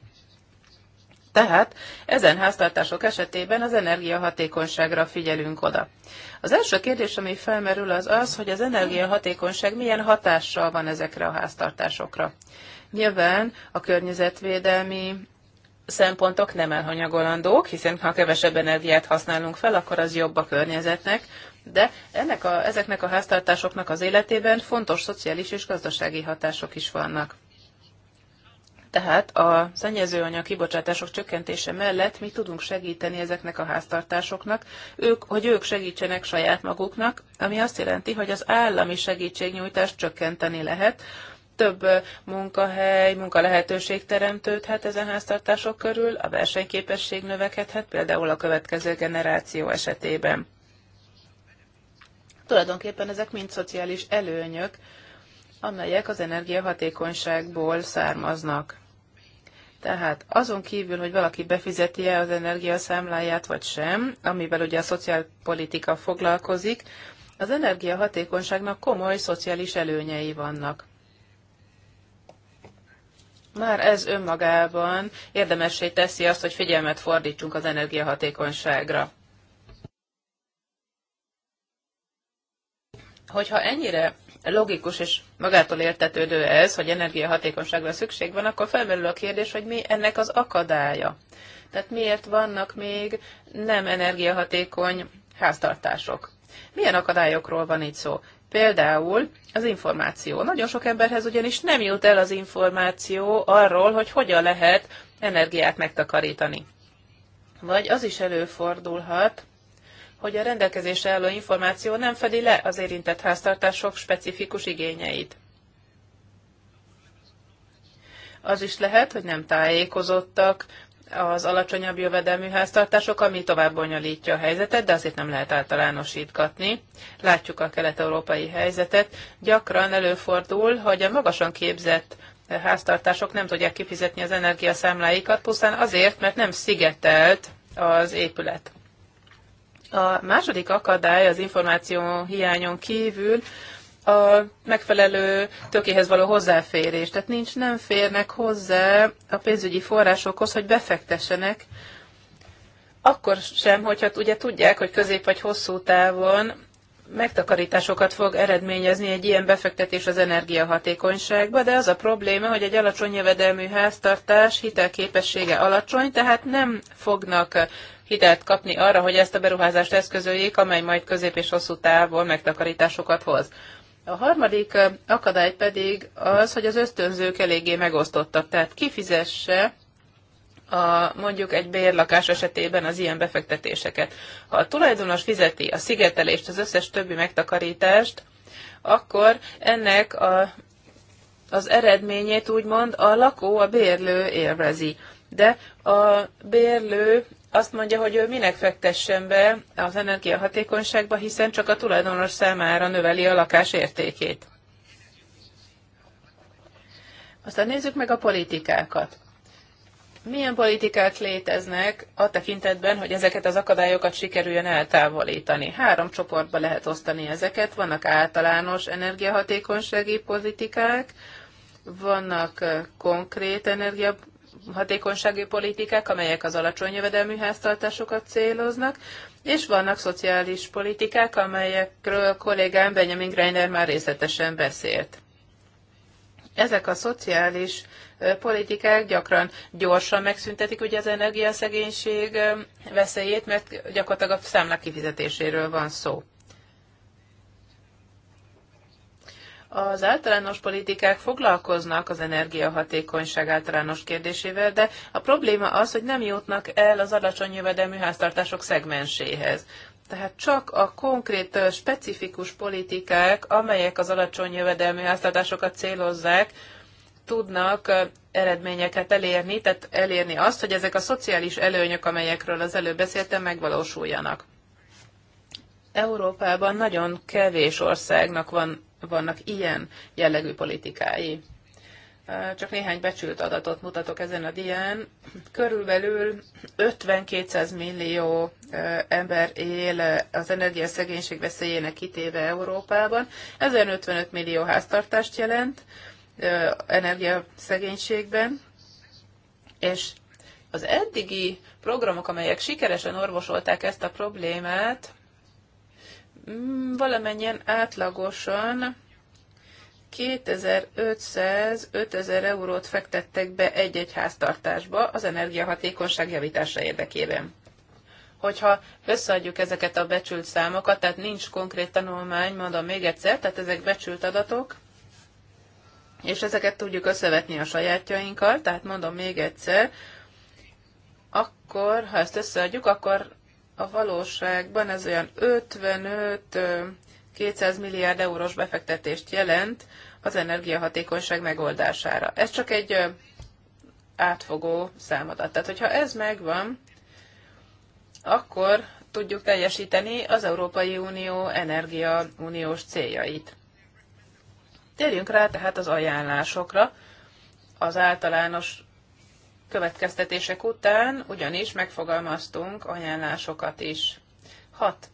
Speaker 1: Tehát ezen háztartások esetében az energiahatékonyságra figyelünk oda. Az első kérdés, ami felmerül, az az, hogy az energiahatékonyság milyen hatással van ezekre a háztartásokra. Nyilván a környezetvédelmi szempontok nem elhanyagolandók, hiszen ha kevesebb energiát használunk fel, akkor az jobb a környezetnek, de ennek a, ezeknek a háztartásoknak az életében fontos szociális és gazdasági hatások is vannak. Tehát a szennyezőanyag kibocsátások csökkentése mellett mi tudunk segíteni ezeknek a háztartásoknak, ők, hogy ők segítsenek saját maguknak, ami azt jelenti, hogy az állami segítségnyújtást csökkenteni lehet, több munkahely, munkalehetőség teremtődhet ezen háztartások körül, a versenyképesség növekedhet, például a következő generáció esetében. Tulajdonképpen ezek mind szociális előnyök, amelyek az energiahatékonyságból származnak. Tehát azon kívül, hogy valaki befizeti-e az energiaszámláját vagy sem, amivel ugye a szociálpolitika foglalkozik, az energiahatékonyságnak komoly szociális előnyei vannak. Már ez önmagában érdemessé teszi azt, hogy figyelmet fordítsunk az energiahatékonyságra. Hogyha ennyire logikus és magától értetődő ez, hogy energiahatékonyságra szükség van, akkor felmerül a kérdés, hogy mi ennek az akadálya. Tehát miért vannak még nem energiahatékony háztartások? Milyen akadályokról van itt szó? Például az információ. Nagyon sok emberhez ugyanis nem jut el az információ arról, hogy hogyan lehet energiát megtakarítani. Vagy az is előfordulhat, hogy a rendelkezésre álló információ nem fedi le az érintett háztartások specifikus igényeit. Az is lehet, hogy nem tájékozottak az alacsonyabb jövedelmű háztartások, ami tovább bonyolítja a helyzetet, de azért nem lehet általánosítgatni. Látjuk a kelet-európai helyzetet. Gyakran előfordul, hogy a magasan képzett háztartások nem tudják kifizetni az energiaszámláikat, pusztán azért, mert nem szigetelt az épület. A második akadály az információ hiányon kívül a megfelelő tökéhez való hozzáférés. Tehát nincs, nem férnek hozzá a pénzügyi forrásokhoz, hogy befektessenek, akkor sem, hogyha ugye tudják, hogy közép vagy hosszú távon megtakarításokat fog eredményezni egy ilyen befektetés az energiahatékonyságba, de az a probléma, hogy egy alacsony jövedelmű háztartás hitelképessége alacsony, tehát nem fognak hitelt kapni arra, hogy ezt a beruházást eszközöljék, amely majd közép és hosszú távon megtakarításokat hoz. A harmadik akadály pedig az, hogy az ösztönzők eléggé megosztottak, tehát kifizesse a, mondjuk egy bérlakás esetében az ilyen befektetéseket. Ha a tulajdonos fizeti a szigetelést, az összes többi megtakarítást, akkor ennek a, az eredményét úgymond a lakó, a bérlő élvezi. De a bérlő azt mondja, hogy ő minek fektessen be az energiahatékonyságba, hiszen csak a tulajdonos számára növeli a lakás értékét. Aztán nézzük meg a politikákat. Milyen politikák léteznek a tekintetben, hogy ezeket az akadályokat sikerüljön eltávolítani? Három csoportba lehet osztani ezeket. Vannak általános energiahatékonysági politikák, vannak konkrét energia hatékonysági politikák, amelyek az alacsony jövedelmű háztartásokat céloznak, és vannak szociális politikák, amelyekről kollégám Benjamin Greiner már részletesen beszélt. Ezek a szociális politikák gyakran gyorsan megszüntetik ugye az energiaszegénység veszélyét, mert gyakorlatilag a számlák kifizetéséről van szó. Az általános politikák foglalkoznak az energiahatékonyság általános kérdésével, de a probléma az, hogy nem jutnak el az alacsony jövedelmű háztartások szegmenséhez. Tehát csak a konkrét, specifikus politikák, amelyek az alacsony jövedelmű háztartásokat célozzák, tudnak eredményeket elérni, tehát elérni azt, hogy ezek a szociális előnyök, amelyekről az előbb beszéltem, megvalósuljanak. Európában nagyon kevés országnak van vannak ilyen jellegű politikái. Csak néhány becsült adatot mutatok ezen a dián. Körülbelül 50-200 millió ember él az energiaszegénység veszélyének kitéve Európában. 1055 55 millió háztartást jelent energiaszegénységben, és az eddigi programok, amelyek sikeresen orvosolták ezt a problémát, Mm, valamennyien átlagosan 2500-5000 eurót fektettek be egy-egy háztartásba az energiahatékonyság javítása érdekében. Hogyha összeadjuk ezeket a becsült számokat, tehát nincs konkrét tanulmány, mondom még egyszer, tehát ezek becsült adatok, és ezeket tudjuk összevetni a sajátjainkkal, tehát mondom még egyszer, akkor, ha ezt összeadjuk, akkor a valóságban ez olyan 55-200 milliárd eurós befektetést jelent az energiahatékonyság megoldására. Ez csak egy átfogó számadat. Tehát, hogyha ez megvan, akkor tudjuk teljesíteni az Európai Unió energia uniós céljait. Térjünk rá tehát az ajánlásokra, az általános következtetések után ugyanis megfogalmaztunk ajánlásokat is. Hat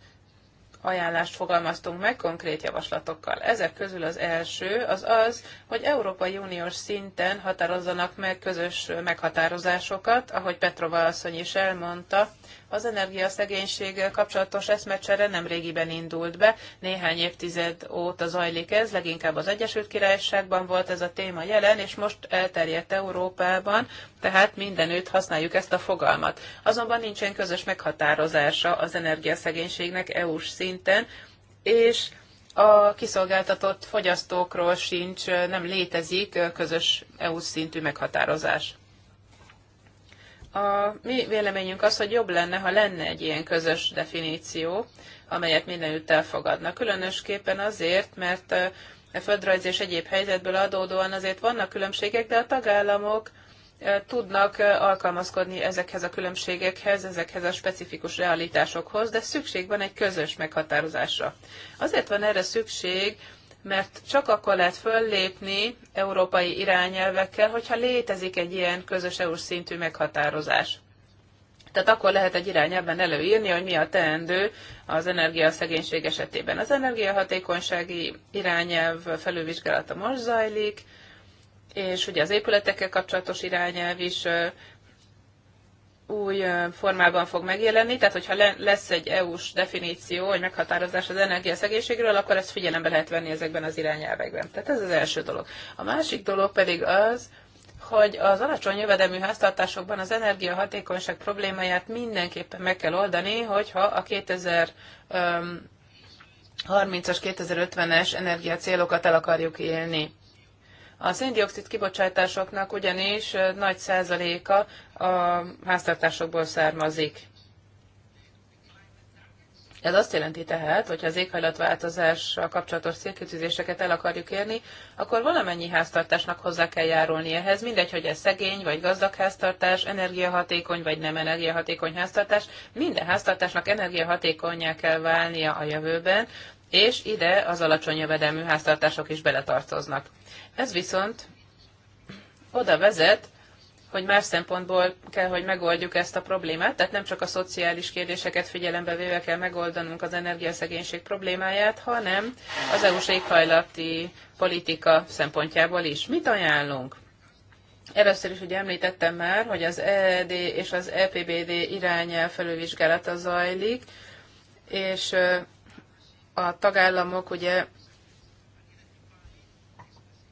Speaker 1: ajánlást fogalmaztunk meg konkrét javaslatokkal. Ezek közül az első az az, hogy Európai Uniós szinten határozzanak meg közös meghatározásokat, ahogy Petrova asszony is elmondta, az energiaszegénység kapcsolatos eszmecsere nem régiben indult be, néhány évtized óta zajlik ez, leginkább az Egyesült Királyságban volt ez a téma jelen, és most elterjedt Európában, tehát mindenütt használjuk ezt a fogalmat. Azonban nincsen közös meghatározása az energiaszegénységnek EU-s szinten, és a kiszolgáltatott fogyasztókról sincs, nem létezik közös EU szintű meghatározás. A mi véleményünk az, hogy jobb lenne, ha lenne egy ilyen közös definíció, amelyet mindenütt elfogadnak. Különösképpen azért, mert a földrajz és egyéb helyzetből adódóan azért vannak különbségek, de a tagállamok tudnak alkalmazkodni ezekhez a különbségekhez, ezekhez a specifikus realitásokhoz, de szükség van egy közös meghatározásra. Azért van erre szükség, mert csak akkor lehet föllépni európai irányelvekkel, hogyha létezik egy ilyen közös EU szintű meghatározás. Tehát akkor lehet egy irányelven előírni, hogy mi a teendő az energiaszegénység esetében. Az energiahatékonysági irányelv felülvizsgálata most zajlik, és ugye az épületekkel kapcsolatos irányelv is új formában fog megjelenni, tehát hogyha lesz egy EU-s definíció, egy meghatározás az energiaszegénységről, akkor ezt figyelembe lehet venni ezekben az irányelvekben. Tehát ez az első dolog. A másik dolog pedig az, hogy az alacsony jövedelmű háztartásokban az energiahatékonyság problémáját mindenképpen meg kell oldani, hogyha a 2000 30-as, 2050-es energiacélokat el akarjuk élni. A széndiokszid kibocsátásoknak ugyanis nagy százaléka a háztartásokból származik. Ez azt jelenti tehát, hogy ha az éghajlatváltozással kapcsolatos célkitűzéseket el akarjuk érni, akkor valamennyi háztartásnak hozzá kell járulni ehhez, mindegy, hogy ez szegény vagy gazdag háztartás, energiahatékony vagy nem energiahatékony háztartás, minden háztartásnak energiahatékonyá kell válnia a jövőben, és ide az alacsony jövedelmű háztartások is beletartoznak. Ez viszont oda vezet, hogy más szempontból kell, hogy megoldjuk ezt a problémát, tehát nem csak a szociális kérdéseket figyelembe véve kell megoldanunk az energiaszegénység problémáját, hanem az EU-s éghajlati politika szempontjából is. Mit ajánlunk? Először is ugye említettem már, hogy az EED és az EPBD irányel felülvizsgálata zajlik, és a tagállamok ugye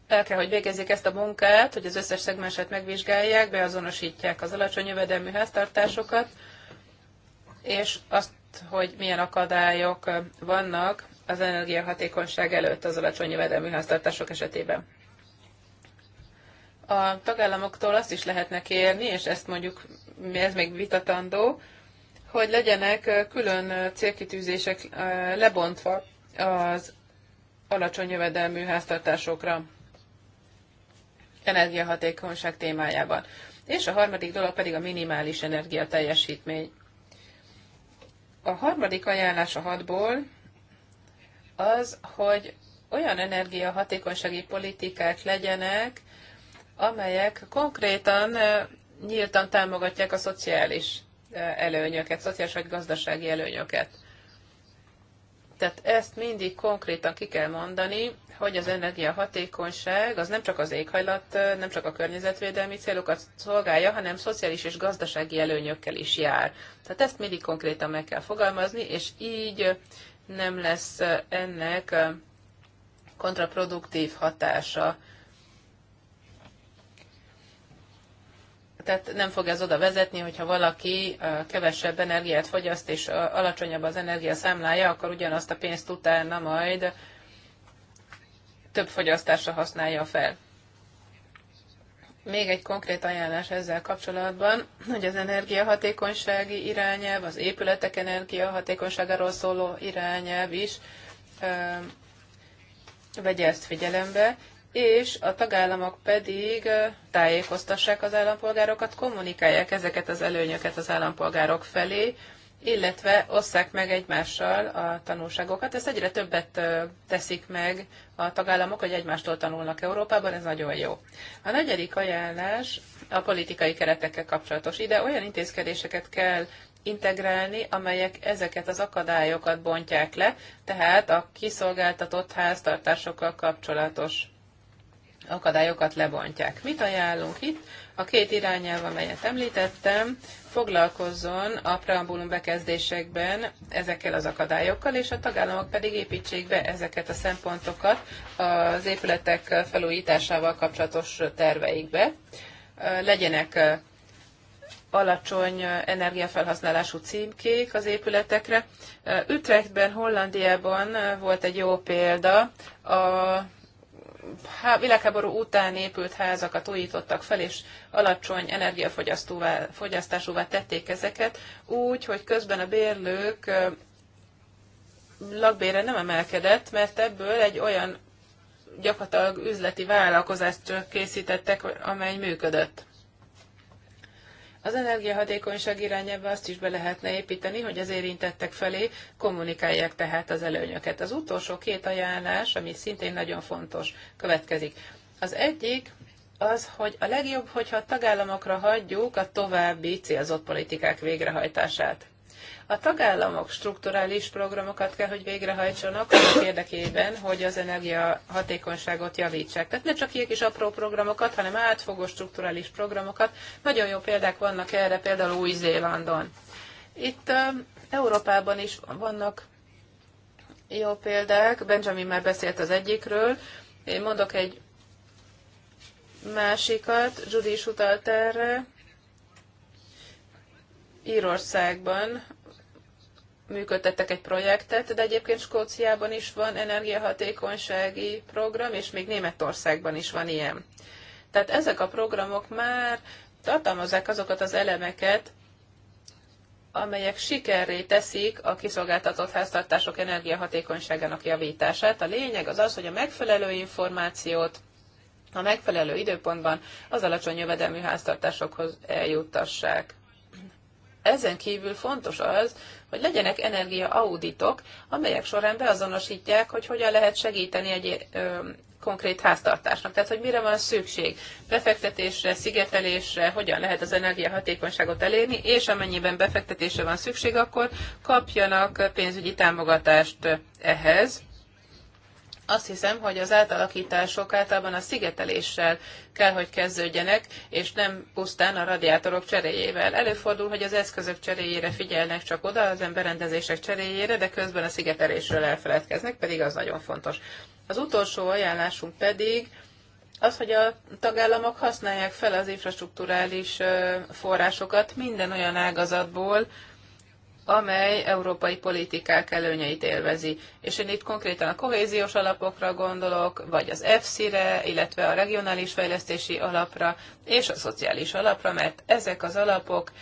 Speaker 1: el kell, hogy végezzék ezt a munkát, hogy az összes szegmenset megvizsgálják, beazonosítják az alacsony jövedelmű háztartásokat, és azt, hogy milyen akadályok vannak az energiahatékonyság előtt az alacsony jövedelmű háztartások esetében. A tagállamoktól azt is lehetne kérni, és ezt mondjuk, ez még vitatandó, hogy legyenek külön célkitűzések lebontva az alacsony jövedelmű háztartásokra energiahatékonyság témájában. És a harmadik dolog pedig a minimális energia teljesítmény. A harmadik ajánlás a hatból az, hogy olyan energiahatékonysági politikák legyenek, amelyek konkrétan nyíltan támogatják a szociális előnyöket, szociális vagy gazdasági előnyöket. Tehát ezt mindig konkrétan ki kell mondani, hogy az energiahatékonyság az nem csak az éghajlat, nem csak a környezetvédelmi célokat szolgálja, hanem szociális és gazdasági előnyökkel is jár. Tehát ezt mindig konkrétan meg kell fogalmazni, és így nem lesz ennek kontraproduktív hatása Tehát nem fog ez oda vezetni, hogyha valaki kevesebb energiát fogyaszt, és alacsonyabb az energia számlája, akkor ugyanazt a pénzt utána majd több fogyasztásra használja fel. Még egy konkrét ajánlás ezzel kapcsolatban, hogy az energiahatékonysági irányelv, az épületek energiahatékonyságáról szóló irányelv is vegye ezt figyelembe, és a tagállamok pedig tájékoztassák az állampolgárokat, kommunikálják ezeket az előnyöket az állampolgárok felé, illetve osszák meg egymással a tanulságokat. Ezt egyre többet teszik meg a tagállamok, hogy egymástól tanulnak Európában, ez nagyon jó. A negyedik ajánlás a politikai keretekkel kapcsolatos. Ide olyan intézkedéseket kell integrálni, amelyek ezeket az akadályokat bontják le, tehát a kiszolgáltatott háztartásokkal kapcsolatos akadályokat lebontják. Mit ajánlunk itt? A két irányelv, amelyet említettem, foglalkozzon a preambulum bekezdésekben ezekkel az akadályokkal, és a tagállamok pedig építsék be ezeket a szempontokat az épületek felújításával kapcsolatos terveikbe. Legyenek alacsony energiafelhasználású címkék az épületekre. Utrechtben, Hollandiában volt egy jó példa a világháború után épült házakat újítottak fel, és alacsony energiafogyasztásúvá tették ezeket, úgy, hogy közben a bérlők lakbére nem emelkedett, mert ebből egy olyan gyakorlatilag üzleti vállalkozást készítettek, amely működött. Az energiahatékonyság irányába azt is be lehetne építeni, hogy az érintettek felé kommunikálják tehát az előnyöket. Az utolsó két ajánlás, ami szintén nagyon fontos, következik. Az egyik az, hogy a legjobb, hogyha a tagállamokra hagyjuk a további célzott politikák végrehajtását. A tagállamok strukturális programokat kell, hogy végrehajtsanak annak érdekében, hogy az energia hatékonyságot javítsák. Tehát ne csak ilyen kis apró programokat, hanem átfogó strukturális programokat. Nagyon jó példák vannak erre, például Új-Zélandon. Itt uh, Európában is vannak jó példák. Benjamin már beszélt az egyikről. Én mondok egy másikat, Judy is utalt erre. Írországban működtettek egy projektet, de egyébként Skóciában is van energiahatékonysági program, és még Németországban is van ilyen. Tehát ezek a programok már tartalmazzák azokat az elemeket, amelyek sikerré teszik a kiszolgáltatott háztartások energiahatékonyságának javítását. A lényeg az az, hogy a megfelelő információt a megfelelő időpontban az alacsony jövedelmű háztartásokhoz eljuttassák. Ezen kívül fontos az, hogy legyenek energiaauditok, amelyek során beazonosítják, hogy hogyan lehet segíteni egy ö, konkrét háztartásnak. Tehát, hogy mire van szükség, befektetésre, szigetelésre, hogyan lehet az energiahatékonyságot elérni, és amennyiben befektetésre van szükség, akkor kapjanak pénzügyi támogatást ehhez azt hiszem, hogy az átalakítások általában a szigeteléssel kell, hogy kezdődjenek, és nem pusztán a radiátorok cseréjével. Előfordul, hogy az eszközök cseréjére figyelnek csak oda, az emberrendezések cseréjére, de közben a szigetelésről elfeledkeznek, pedig az nagyon fontos. Az utolsó ajánlásunk pedig az, hogy a tagállamok használják fel az infrastruktúrális forrásokat minden olyan ágazatból, amely európai politikák előnyeit élvezi. És én itt konkrétan a kohéziós alapokra gondolok, vagy az EFSI-re, illetve a regionális fejlesztési alapra és a szociális alapra, mert ezek az alapok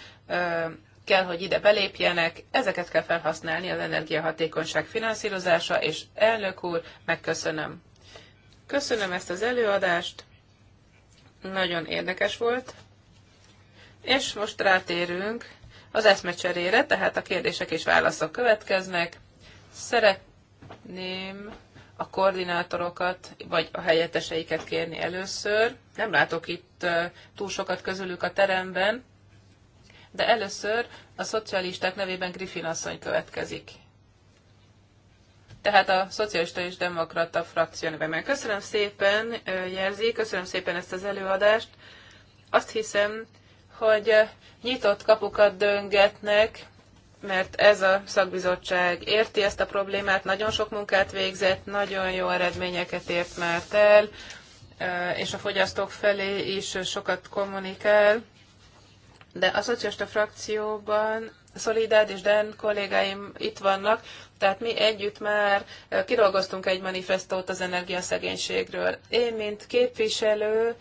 Speaker 1: kell, hogy ide belépjenek, ezeket kell felhasználni az energiahatékonyság finanszírozása, és elnök úr, megköszönöm. Köszönöm ezt az előadást, nagyon érdekes volt, és most rátérünk az eszmecserére, tehát a kérdések és válaszok következnek. Szeretném a koordinátorokat, vagy a helyetteseiket kérni először. Nem látok itt túl sokat közülük a teremben, de először a szocialisták nevében Griffin asszony következik. Tehát a Szocialista és Demokrata frakció nevében. Köszönöm szépen, Jerzi, köszönöm szépen ezt az előadást. Azt hiszem, hogy nyitott kapukat döngetnek, mert ez a szakbizottság érti ezt a problémát, nagyon sok munkát végzett, nagyon jó eredményeket ért már el, és a fogyasztók felé is sokat kommunikál. De a szocialista frakcióban Szolidád és Dan kollégáim itt vannak, tehát mi együtt már kidolgoztunk egy manifestót az energiaszegénységről. Én, mint képviselő,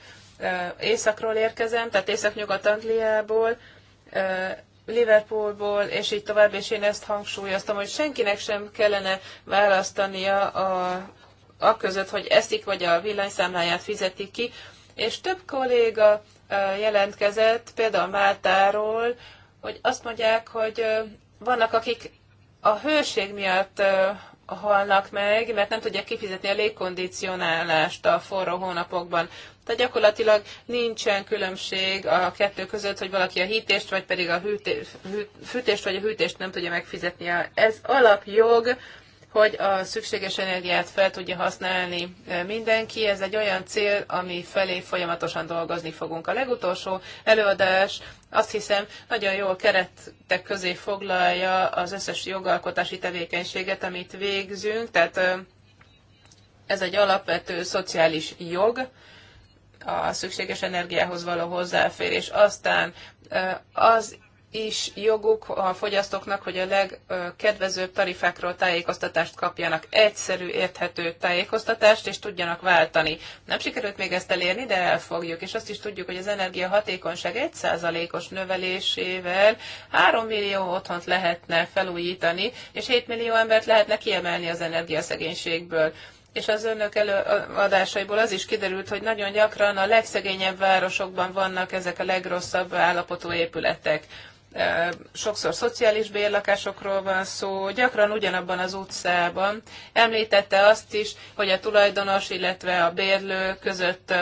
Speaker 1: északról érkezem, tehát észak-nyugat-Angliából, Liverpoolból, és így tovább, és én ezt hangsúlyoztam, hogy senkinek sem kellene választania a, a között, hogy eszik, vagy a villanyszámláját fizeti ki, és több kolléga jelentkezett, például Máltáról, hogy azt mondják, hogy vannak, akik a hőség miatt halnak meg, mert nem tudják kifizetni a légkondicionálást a forró hónapokban. Tehát gyakorlatilag nincsen különbség a kettő között, hogy valaki a hítést, vagy pedig a hűtést, fűtést, vagy a hűtést nem tudja megfizetni. Ez alapjog, hogy a szükséges energiát fel tudja használni e, mindenki. Ez egy olyan cél, ami felé folyamatosan dolgozni fogunk. A legutolsó előadás azt hiszem nagyon jól keretek közé foglalja az összes jogalkotási tevékenységet, amit végzünk, tehát e, ez egy alapvető szociális jog, a szükséges energiához való hozzáférés. Aztán az is joguk a fogyasztóknak, hogy a legkedvezőbb tarifákról tájékoztatást kapjanak, egyszerű, érthető tájékoztatást, és tudjanak váltani. Nem sikerült még ezt elérni, de elfogjuk. És azt is tudjuk, hogy az energiahatékonyság 1%-os növelésével 3 millió otthont lehetne felújítani, és 7 millió embert lehetne kiemelni az energiaszegénységből és az önök előadásaiból az is kiderült, hogy nagyon gyakran a legszegényebb városokban vannak ezek a legrosszabb állapotú épületek. Sokszor szociális bérlakásokról van szó, gyakran ugyanabban az utcában. Említette azt is, hogy a tulajdonos, illetve a bérlő között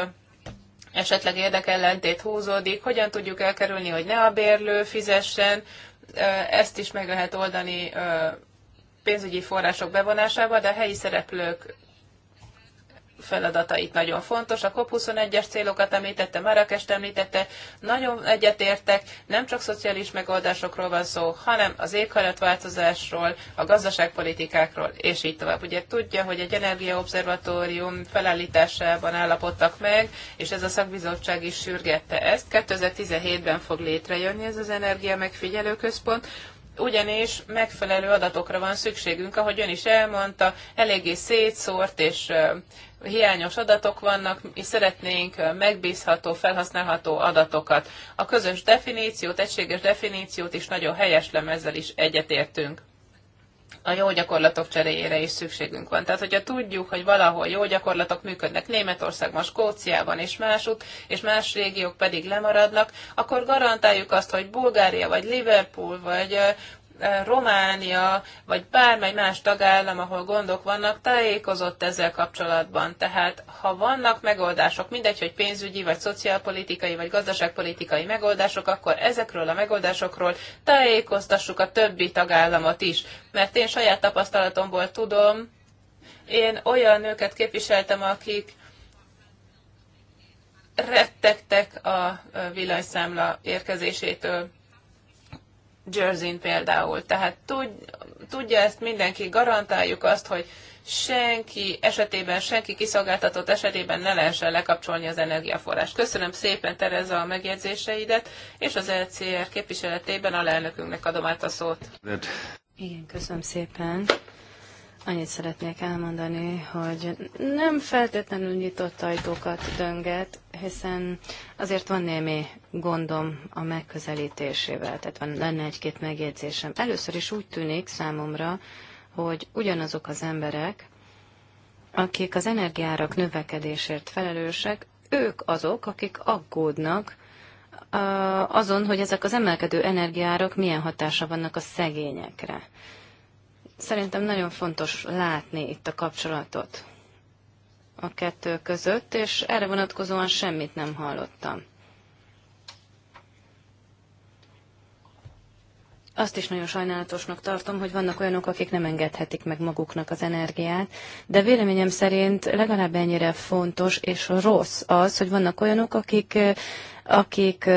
Speaker 1: esetleg érdekellentét húzódik, hogyan tudjuk elkerülni, hogy ne a bérlő fizessen, ezt is meg lehet oldani pénzügyi források bevonásával, de a helyi szereplők feladatait nagyon fontos. A COP21-es célokat említette, Marrakest említette, nagyon egyetértek, nem csak szociális megoldásokról van szó, hanem az éghajlatváltozásról, a gazdaságpolitikákról, és így tovább. Ugye tudja, hogy egy energiaobszervatórium felállításában állapodtak meg, és ez a szakbizottság is sürgette ezt. 2017-ben fog létrejönni ez az energia megfigyelő központ, ugyanis megfelelő adatokra van szükségünk, ahogy ön is elmondta, eléggé szétszórt és hiányos adatok vannak, és szeretnénk megbízható, felhasználható adatokat. A közös definíciót, egységes definíciót is nagyon helyes lemezzel is egyetértünk a jó gyakorlatok cseréjére is szükségünk van. Tehát, hogyha tudjuk, hogy valahol jó gyakorlatok működnek Németországban, Skóciában és másút, és más régiók pedig lemaradnak, akkor garantáljuk azt, hogy Bulgária, vagy Liverpool, vagy Románia, vagy bármely más tagállam, ahol gondok vannak, tájékozott ezzel kapcsolatban. Tehát ha vannak megoldások, mindegy, hogy pénzügyi, vagy szociálpolitikai, vagy gazdaságpolitikai megoldások, akkor ezekről a megoldásokról tájékoztassuk a többi tagállamot is. Mert én saját tapasztalatomból tudom, én olyan nőket képviseltem, akik rettegtek a villanyszámla érkezésétől jersey például. Tehát tud, tudja ezt mindenki, garantáljuk azt, hogy senki esetében, senki kiszolgáltatott esetében ne lehessen lekapcsolni az energiaforrást. Köszönöm szépen, Tereza, a megjegyzéseidet, és az LCR e képviseletében a lelnökünknek adom át a szót.
Speaker 2: Igen, köszönöm szépen. Annyit szeretnék elmondani, hogy nem feltétlenül nyitott ajtókat dönget, hiszen azért van némi gondom a megközelítésével, tehát van, lenne egy-két megjegyzésem. Először is úgy tűnik számomra, hogy ugyanazok az emberek, akik az energiárak növekedésért felelősek, ők azok, akik aggódnak azon, hogy ezek az emelkedő energiárak milyen hatása vannak a szegényekre. Szerintem nagyon fontos látni itt a kapcsolatot a kettő között, és erre vonatkozóan semmit nem hallottam. Azt is nagyon sajnálatosnak tartom, hogy vannak olyanok, akik nem engedhetik meg maguknak az energiát, de véleményem szerint legalább ennyire fontos és rossz az, hogy vannak olyanok, akik akik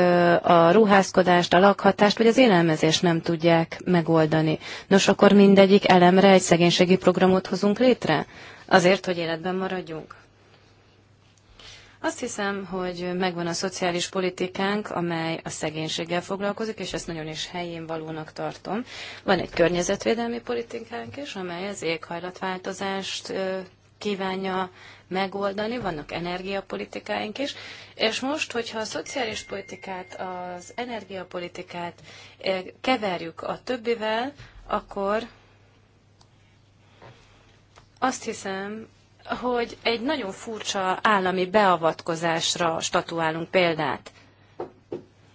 Speaker 2: a ruházkodást, a lakhatást vagy az élelmezést nem tudják megoldani. Nos, akkor mindegyik elemre egy szegénységi programot hozunk létre? Azért, hogy életben maradjunk? Azt hiszem, hogy megvan a szociális politikánk, amely a szegénységgel foglalkozik, és ezt nagyon is helyén valónak tartom. Van egy környezetvédelmi politikánk is, amely az éghajlatváltozást kívánja megoldani, vannak energiapolitikáink is, és most, hogyha a szociális politikát, az energiapolitikát eh, keverjük a többivel, akkor azt hiszem, hogy egy nagyon furcsa állami beavatkozásra statuálunk példát.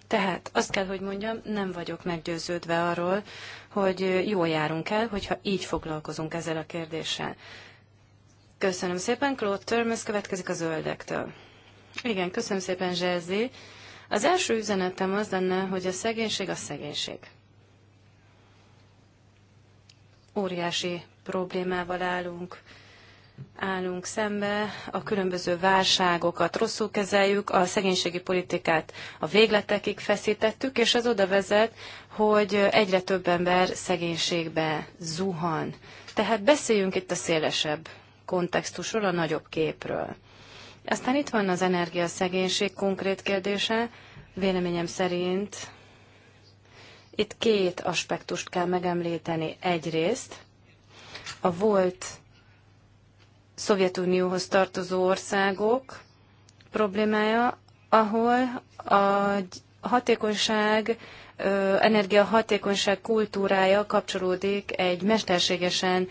Speaker 2: Tehát azt kell, hogy mondjam, nem vagyok meggyőződve arról, hogy jól járunk el, hogyha így foglalkozunk ezzel a kérdéssel. Köszönöm szépen, Claude Törmöz következik a zöldektől. Igen, köszönöm szépen, Zserzi. Az első üzenetem az lenne, hogy a szegénység a szegénység. Óriási problémával állunk állunk szembe, a különböző válságokat rosszul kezeljük, a szegénységi politikát a végletekig feszítettük, és ez oda vezet, hogy egyre több ember szegénységbe zuhan. Tehát beszéljünk itt a szélesebb kontextusról, a nagyobb képről. Aztán itt van az energiaszegénység konkrét kérdése. Véleményem szerint itt két aspektust kell megemlíteni. Egyrészt a volt Szovjetunióhoz tartozó országok problémája, ahol a hatékonyság, energiahatékonyság kultúrája kapcsolódik egy mesterségesen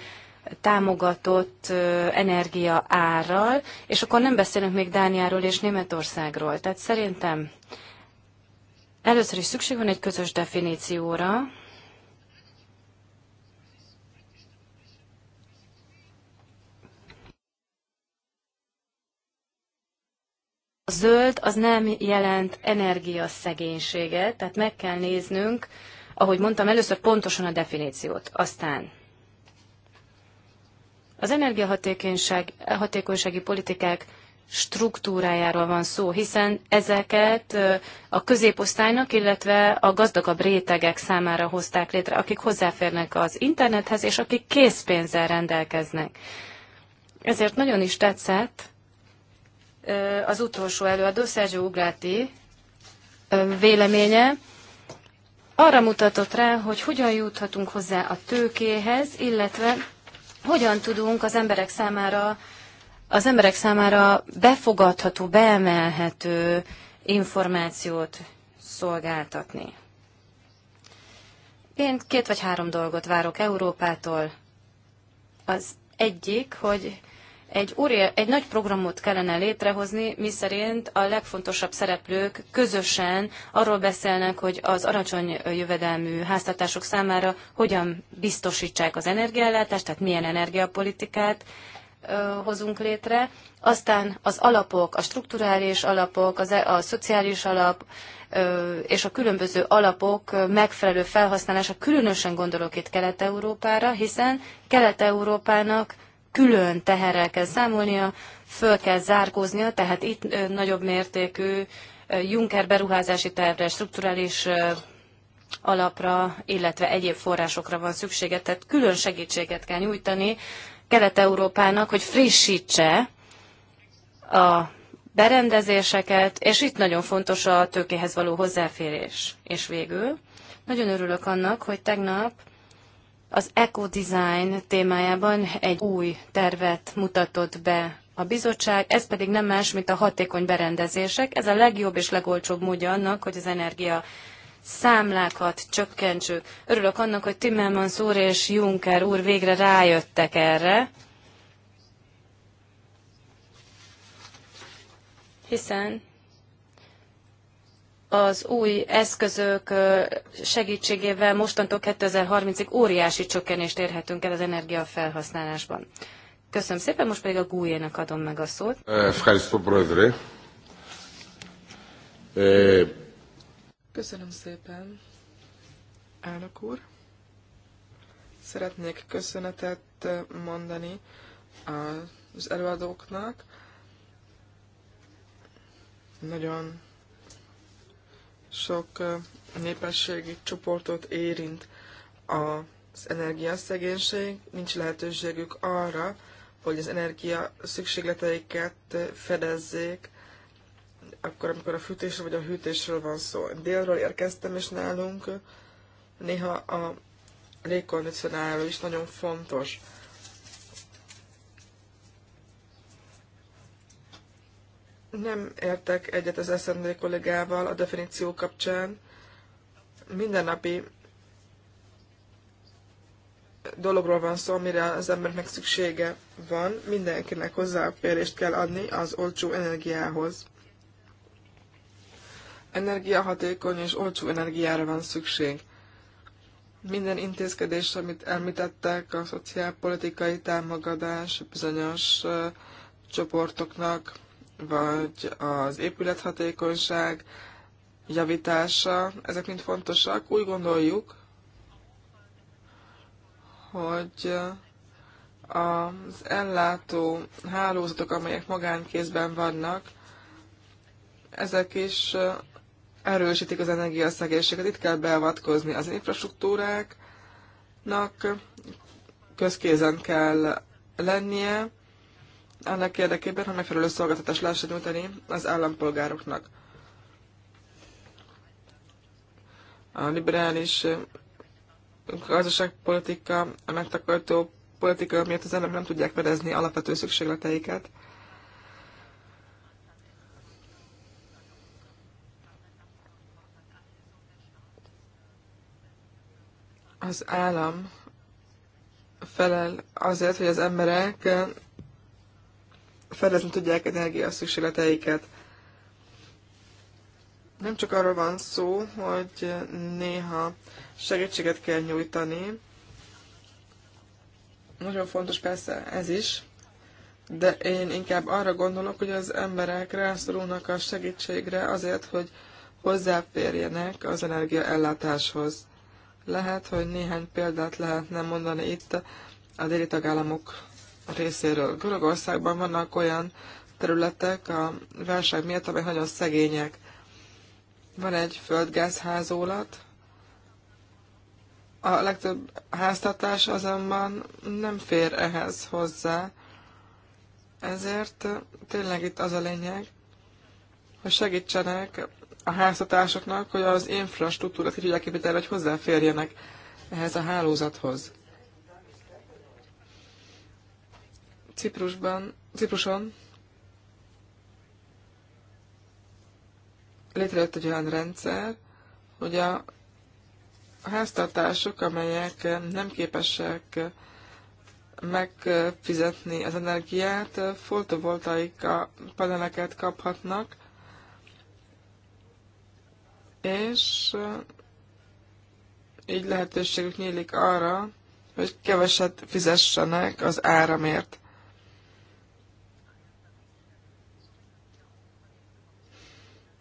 Speaker 2: támogatott energia árral, és akkor nem beszélünk még Dániáról és Németországról. Tehát szerintem először is szükség van egy közös definícióra, A zöld az nem jelent energiaszegénységet, tehát meg kell néznünk, ahogy mondtam, először pontosan a definíciót, aztán az energiahatékonysági politikák struktúrájáról van szó, hiszen ezeket a középosztálynak, illetve a gazdagabb rétegek számára hozták létre, akik hozzáférnek az internethez, és akik készpénzzel rendelkeznek. Ezért nagyon is tetszett az utolsó előadó, Szerzső Ugráti véleménye, arra mutatott rá, hogy hogyan juthatunk hozzá a tőkéhez, illetve hogyan tudunk az emberek számára az emberek számára befogadható, beemelhető információt szolgáltatni. Én két vagy három dolgot várok Európától. Az egyik, hogy egy, úri, egy nagy programot kellene létrehozni, miszerint a legfontosabb szereplők közösen arról beszélnek, hogy az alacsony jövedelmű háztartások számára hogyan biztosítsák az energiállátást, tehát milyen energiapolitikát hozunk létre. Aztán az alapok, a strukturális alapok, az, e, a szociális alap és a különböző alapok megfelelő felhasználása, különösen gondolok itt Kelet-Európára, hiszen Kelet-Európának külön teherrel kell számolnia, föl kell zárkóznia, tehát itt nagyobb mértékű Juncker beruházási tervre, strukturális alapra, illetve egyéb forrásokra van szüksége, tehát külön segítséget kell nyújtani Kelet-Európának, hogy frissítse a berendezéseket, és itt nagyon fontos a tőkéhez való hozzáférés. És végül nagyon örülök annak, hogy tegnap az eco-design témájában egy új tervet mutatott be a bizottság, ez pedig nem más, mint a hatékony berendezések. Ez a legjobb és legolcsóbb módja annak, hogy az energia számlákat csökkentsük. Örülök annak, hogy Timmermans úr és Juncker úr végre rájöttek erre, hiszen az új eszközök segítségével mostantól 2030-ig óriási csökkenést érhetünk el az energiafelhasználásban. Köszönöm szépen, most pedig a Gújének adom meg a
Speaker 3: szót. Köszönöm szépen, elnök úr. Szeretnék köszönetet mondani az előadóknak. Nagyon sok népességi csoportot érint az energiaszegénység, nincs lehetőségük arra, hogy az energia szükségleteiket fedezzék, akkor, amikor a fűtésről vagy a hűtésről van szó. Délről érkeztem, és nálunk néha a légkondicionáló is nagyon fontos. Nem értek egyet az SZND kollégával a definíció kapcsán. Mindennapi dologról van szó, amire az embernek szüksége van, mindenkinek hozzáférést kell adni az olcsó energiához. Energiahatékony és olcsó energiára van szükség. Minden intézkedés, amit említettek, a szociálpolitikai támogatás bizonyos csoportoknak, vagy az épülethatékonyság javítása, ezek mind fontosak. Úgy gondoljuk, hogy az ellátó hálózatok, amelyek magánkézben vannak, ezek is erősítik az energiaszegénységet. Itt kell beavatkozni az infrastruktúráknak, közkézen kell lennie, annak érdekében, hogy megfelelő szolgáltatást lehessen nyújtani az állampolgároknak. A liberális eh, gazdaságpolitika, a megtakarító politika miatt az emberek nem tudják fedezni alapvető szükségleteiket. Az állam felel azért, hogy az emberek fedezni tudják energia szükségleteiket. Nem csak arról van szó, hogy néha segítséget kell nyújtani, nagyon fontos persze ez is, de én inkább arra gondolok, hogy az emberek rászorulnak a segítségre azért, hogy hozzáférjenek az energiaellátáshoz. Lehet, hogy néhány példát lehetne mondani itt a déli tagállamok részéről. Görögországban vannak olyan területek a válság miatt, amelyek nagyon szegények. Van egy földgázházólat, a legtöbb háztartás azonban nem fér ehhez hozzá, ezért tényleg itt az a lényeg, hogy segítsenek a háztatásoknak, hogy az infrastruktúra ki tudják építeni, hogy hozzáférjenek ehhez a hálózathoz. Ciprusban, Cipruson létrejött egy olyan rendszer, hogy a háztartások, amelyek nem képesek megfizetni az energiát, a paneleket kaphatnak, és így lehetőségük nyílik arra, hogy keveset fizessenek az áramért.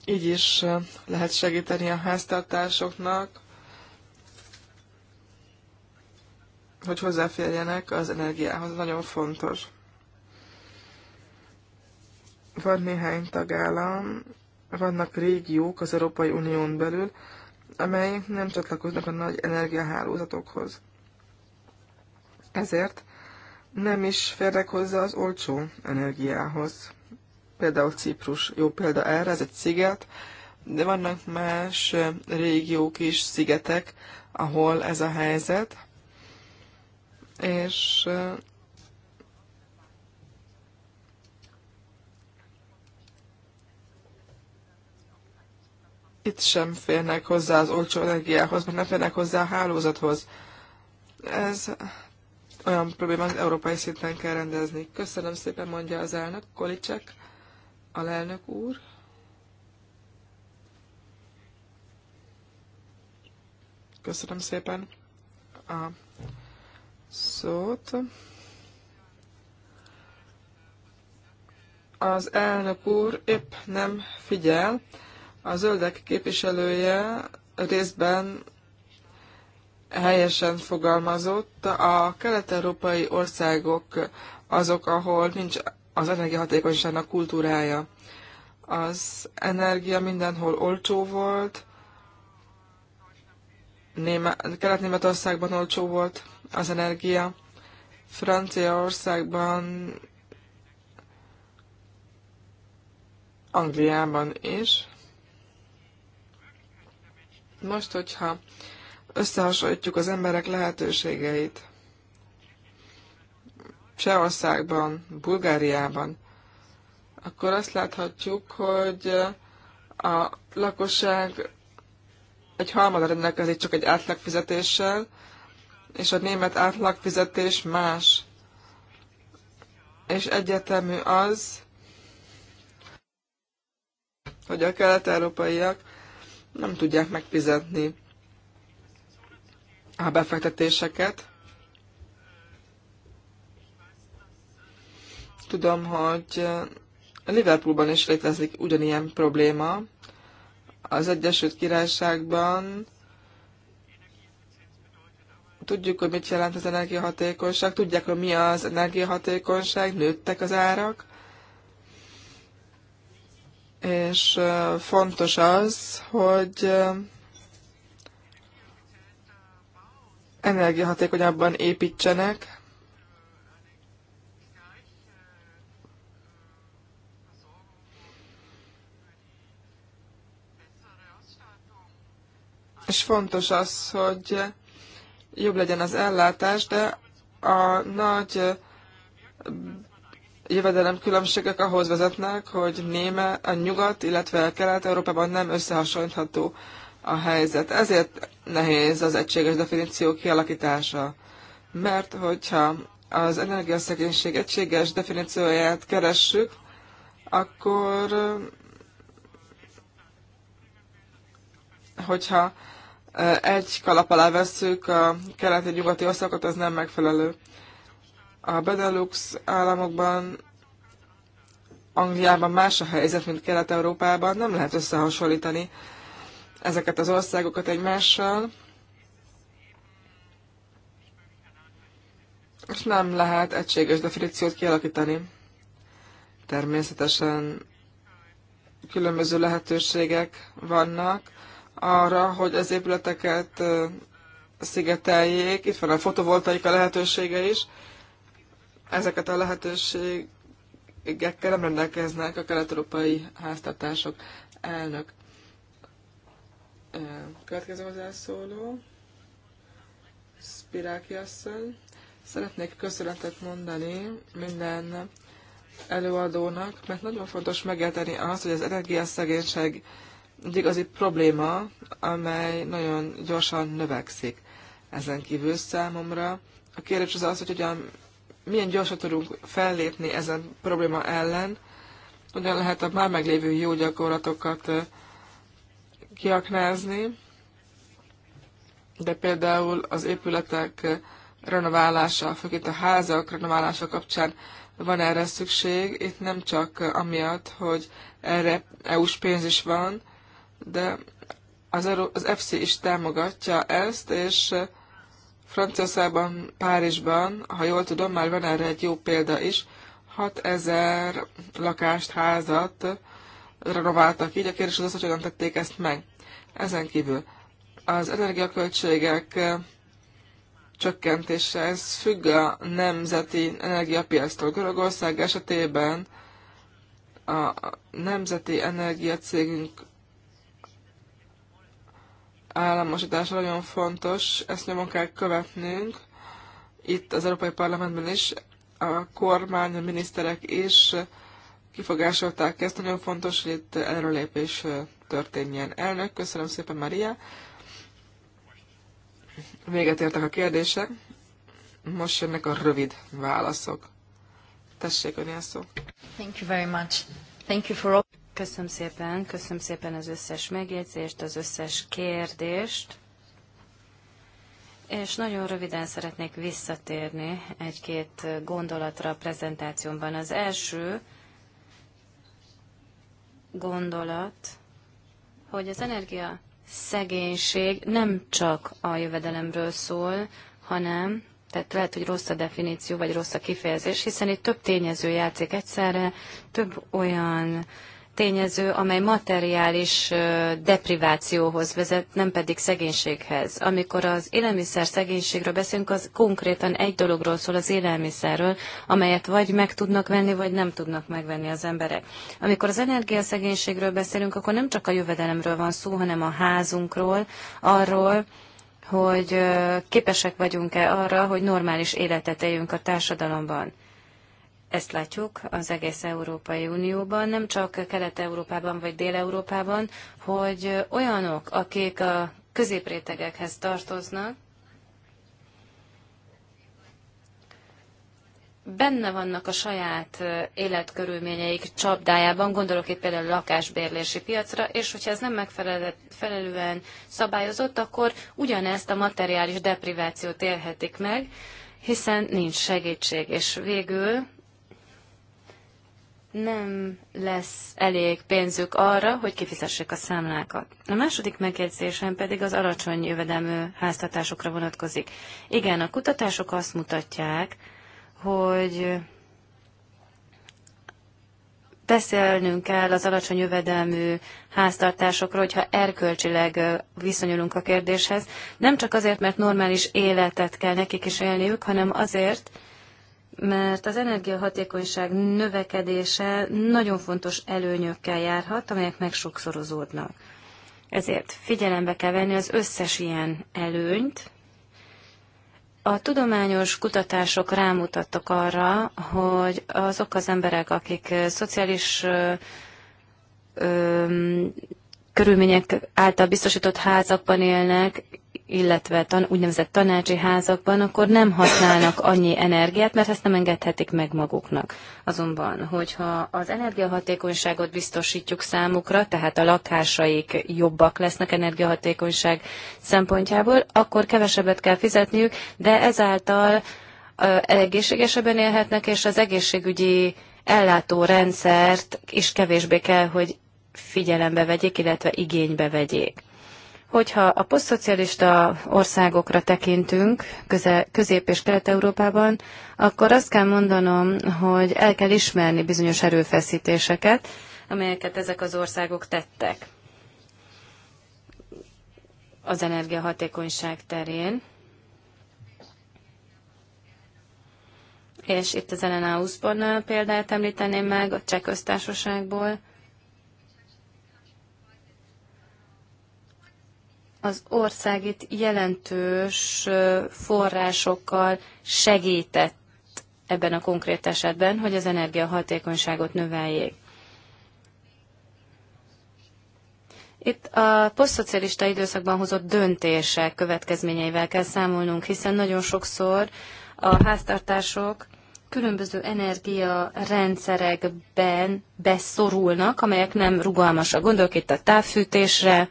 Speaker 3: így is lehet segíteni a háztartásoknak, hogy hozzáférjenek az energiához. Nagyon fontos. Van néhány tagállam, vannak régiók az Európai Unión belül, amelyek nem csatlakoznak a nagy energiahálózatokhoz. Ezért nem is férnek hozzá az olcsó energiához például Ciprus jó példa erre, ez egy sziget, de vannak más régiók is, szigetek, ahol ez a helyzet, és uh, itt sem férnek hozzá az olcsó energiához, mert nem férnek hozzá a hálózathoz. Ez olyan probléma, amit európai szinten kell rendezni. Köszönöm szépen, mondja az elnök, Kolicsek alelnök úr. Köszönöm szépen a szót. Az elnök úr épp nem figyel. A zöldek képviselője részben helyesen fogalmazott. A kelet-európai országok azok, ahol nincs az energiahatékonyságnak kultúrája. Az energia mindenhol olcsó volt, Német, Kelet-Németországban olcsó volt az energia, Franciaországban, Angliában is. Most, hogyha összehasonlítjuk az emberek lehetőségeit, Csehországban, Bulgáriában, akkor azt láthatjuk, hogy a lakosság egy harmada rendelkezik csak egy átlagfizetéssel, és a német átlagfizetés más. És egyetemű az, hogy a kelet-európaiak nem tudják megfizetni a befektetéseket, Tudom, hogy a Liverpoolban is létezik ugyanilyen probléma. Az Egyesült Királyságban tudjuk, hogy mit jelent az energiahatékonyság, tudják, hogy mi az energiahatékonyság, nőttek az árak, és fontos az, hogy energiahatékonyabban építsenek, és fontos az, hogy jobb legyen az ellátás, de a nagy jövedelem különbségek ahhoz vezetnek, hogy néme a nyugat, illetve a kelet-európában nem összehasonlítható a helyzet. Ezért nehéz az egységes definíció kialakítása. Mert hogyha az energiaszegénység egységes definícióját keressük, akkor hogyha egy kalap alá vesszük a keleti-nyugati országokat, az nem megfelelő. A Benelux államokban, Angliában más a helyzet, mint Kelet-Európában, nem lehet összehasonlítani ezeket az országokat egymással, és nem lehet egységes definíciót kialakítani. Természetesen különböző lehetőségek vannak, arra, hogy az épületeket szigeteljék. Itt van a fotovoltaika lehetősége is. Ezeket a lehetőségekkel nem rendelkeznek a kelet-európai háztartások elnök. Következő hozzászóló. Spiráki asszony. Szeretnék köszönetet mondani minden előadónak, mert nagyon fontos megérteni azt, hogy az energiaszegénység egy igazi probléma, amely nagyon gyorsan növekszik. Ezen kívül számomra a kérdés az az, hogy hogyan, milyen gyorsan tudunk fellépni ezen probléma ellen, hogyan lehet a már meglévő jó gyakorlatokat kiaknázni, de például az épületek renoválása, főként a házak renoválása kapcsán van erre szükség. Itt nem csak amiatt, hogy erre EU-s pénz is van, de az, Euró- az FC is támogatja ezt, és Franciaországban, Párizsban, ha jól tudom, már van erre egy jó példa is, 6000 lakást, házat renováltak így, a kérdés az, hogy hogyan tették ezt meg. Ezen kívül az energiaköltségek csökkentése, ez függ a nemzeti energiapiactól. Görögország esetében a nemzeti energiacégünk államosítás nagyon fontos, ezt nyomon kell követnünk, itt az Európai Parlamentben is, a kormány, a miniszterek is kifogásolták ezt, nagyon fontos, hogy itt előlépés történjen. Elnök, köszönöm szépen, Maria. Véget értek a kérdések, most jönnek a rövid válaszok. Tessék, ilyen szó.
Speaker 2: Thank you very much. Thank you for all... Köszönöm szépen, köszönöm szépen az összes megjegyzést, az összes kérdést. És nagyon röviden szeretnék visszatérni egy-két gondolatra a prezentációmban. Az első gondolat, hogy az energia szegénység nem csak a jövedelemről szól, hanem, tehát lehet, hogy rossz a definíció, vagy rossz a kifejezés, hiszen itt több tényező játszik egyszerre, több olyan tényező, amely materiális deprivációhoz vezet, nem pedig szegénységhez. Amikor az élelmiszer szegénységről beszélünk, az konkrétan egy dologról szól az élelmiszerről, amelyet vagy meg tudnak venni, vagy nem tudnak megvenni az emberek. Amikor az energiaszegénységről beszélünk, akkor nem csak a jövedelemről van szó, hanem a házunkról, arról, hogy képesek vagyunk-e arra, hogy normális életet éljünk a társadalomban. Ezt látjuk az egész Európai Unióban, nem csak Kelet-Európában vagy Dél-Európában, hogy olyanok, akik a középrétegekhez tartoznak, benne vannak a saját életkörülményeik csapdájában, gondolok itt például a lakásbérlési piacra, és hogyha ez nem megfelelően szabályozott, akkor ugyanezt a materiális deprivációt élhetik meg, hiszen nincs segítség. És végül nem lesz elég pénzük arra, hogy kifizessék a számlákat. A második megjegyzésem pedig az alacsony jövedelmű háztartásokra vonatkozik. Igen, a kutatások azt mutatják, hogy beszélnünk kell az alacsony jövedelmű háztartásokról, hogyha erkölcsileg viszonyulunk a kérdéshez. Nem csak azért, mert normális életet kell nekik is élniük, hanem azért, mert az energiahatékonyság növekedése nagyon fontos előnyökkel járhat, amelyek meg sokszorozódnak. Ezért figyelembe kell venni az összes ilyen előnyt. A tudományos kutatások rámutattak arra, hogy azok az emberek, akik szociális ö, körülmények által biztosított házakban élnek, illetve tan, úgynevezett tanácsi házakban, akkor nem használnak annyi energiát, mert ezt nem engedhetik meg maguknak. Azonban, hogyha az energiahatékonyságot biztosítjuk számukra, tehát a lakásaik jobbak lesznek energiahatékonyság szempontjából, akkor kevesebbet kell fizetniük, de ezáltal egészségesebben élhetnek, és az egészségügyi ellátórendszert is kevésbé kell, hogy figyelembe vegyék, illetve igénybe vegyék. Hogyha a posztszocialista országokra tekintünk, közel, Közép- és Kelet-Európában, akkor azt kell mondanom, hogy el kell ismerni bizonyos erőfeszítéseket, amelyeket ezek az országok tettek az energiahatékonyság terén. És itt az Elena Uszborn uh, példát említeném meg a Cseh köztársaságból, az ország itt jelentős forrásokkal segített ebben a konkrét esetben, hogy az energiahatékonyságot növeljék. Itt a posztszocialista időszakban hozott döntések következményeivel kell számolnunk, hiszen nagyon sokszor a háztartások különböző energiarendszerekben beszorulnak, amelyek nem rugalmasak. Gondolok itt a távfűtésre,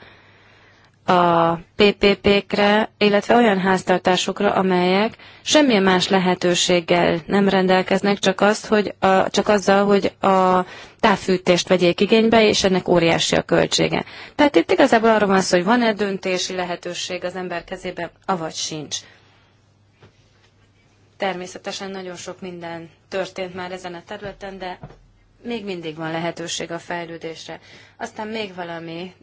Speaker 2: a PPP-kre, illetve olyan háztartásokra, amelyek semmilyen más lehetőséggel nem rendelkeznek, csak, azt, hogy a, csak azzal, hogy a távfűtést vegyék igénybe, és ennek óriási a költsége. Tehát itt igazából arról van szó, hogy van-e döntési lehetőség az ember kezében, avagy sincs. Természetesen nagyon sok minden történt már ezen a területen, de még mindig van lehetőség a fejlődésre. Aztán még valami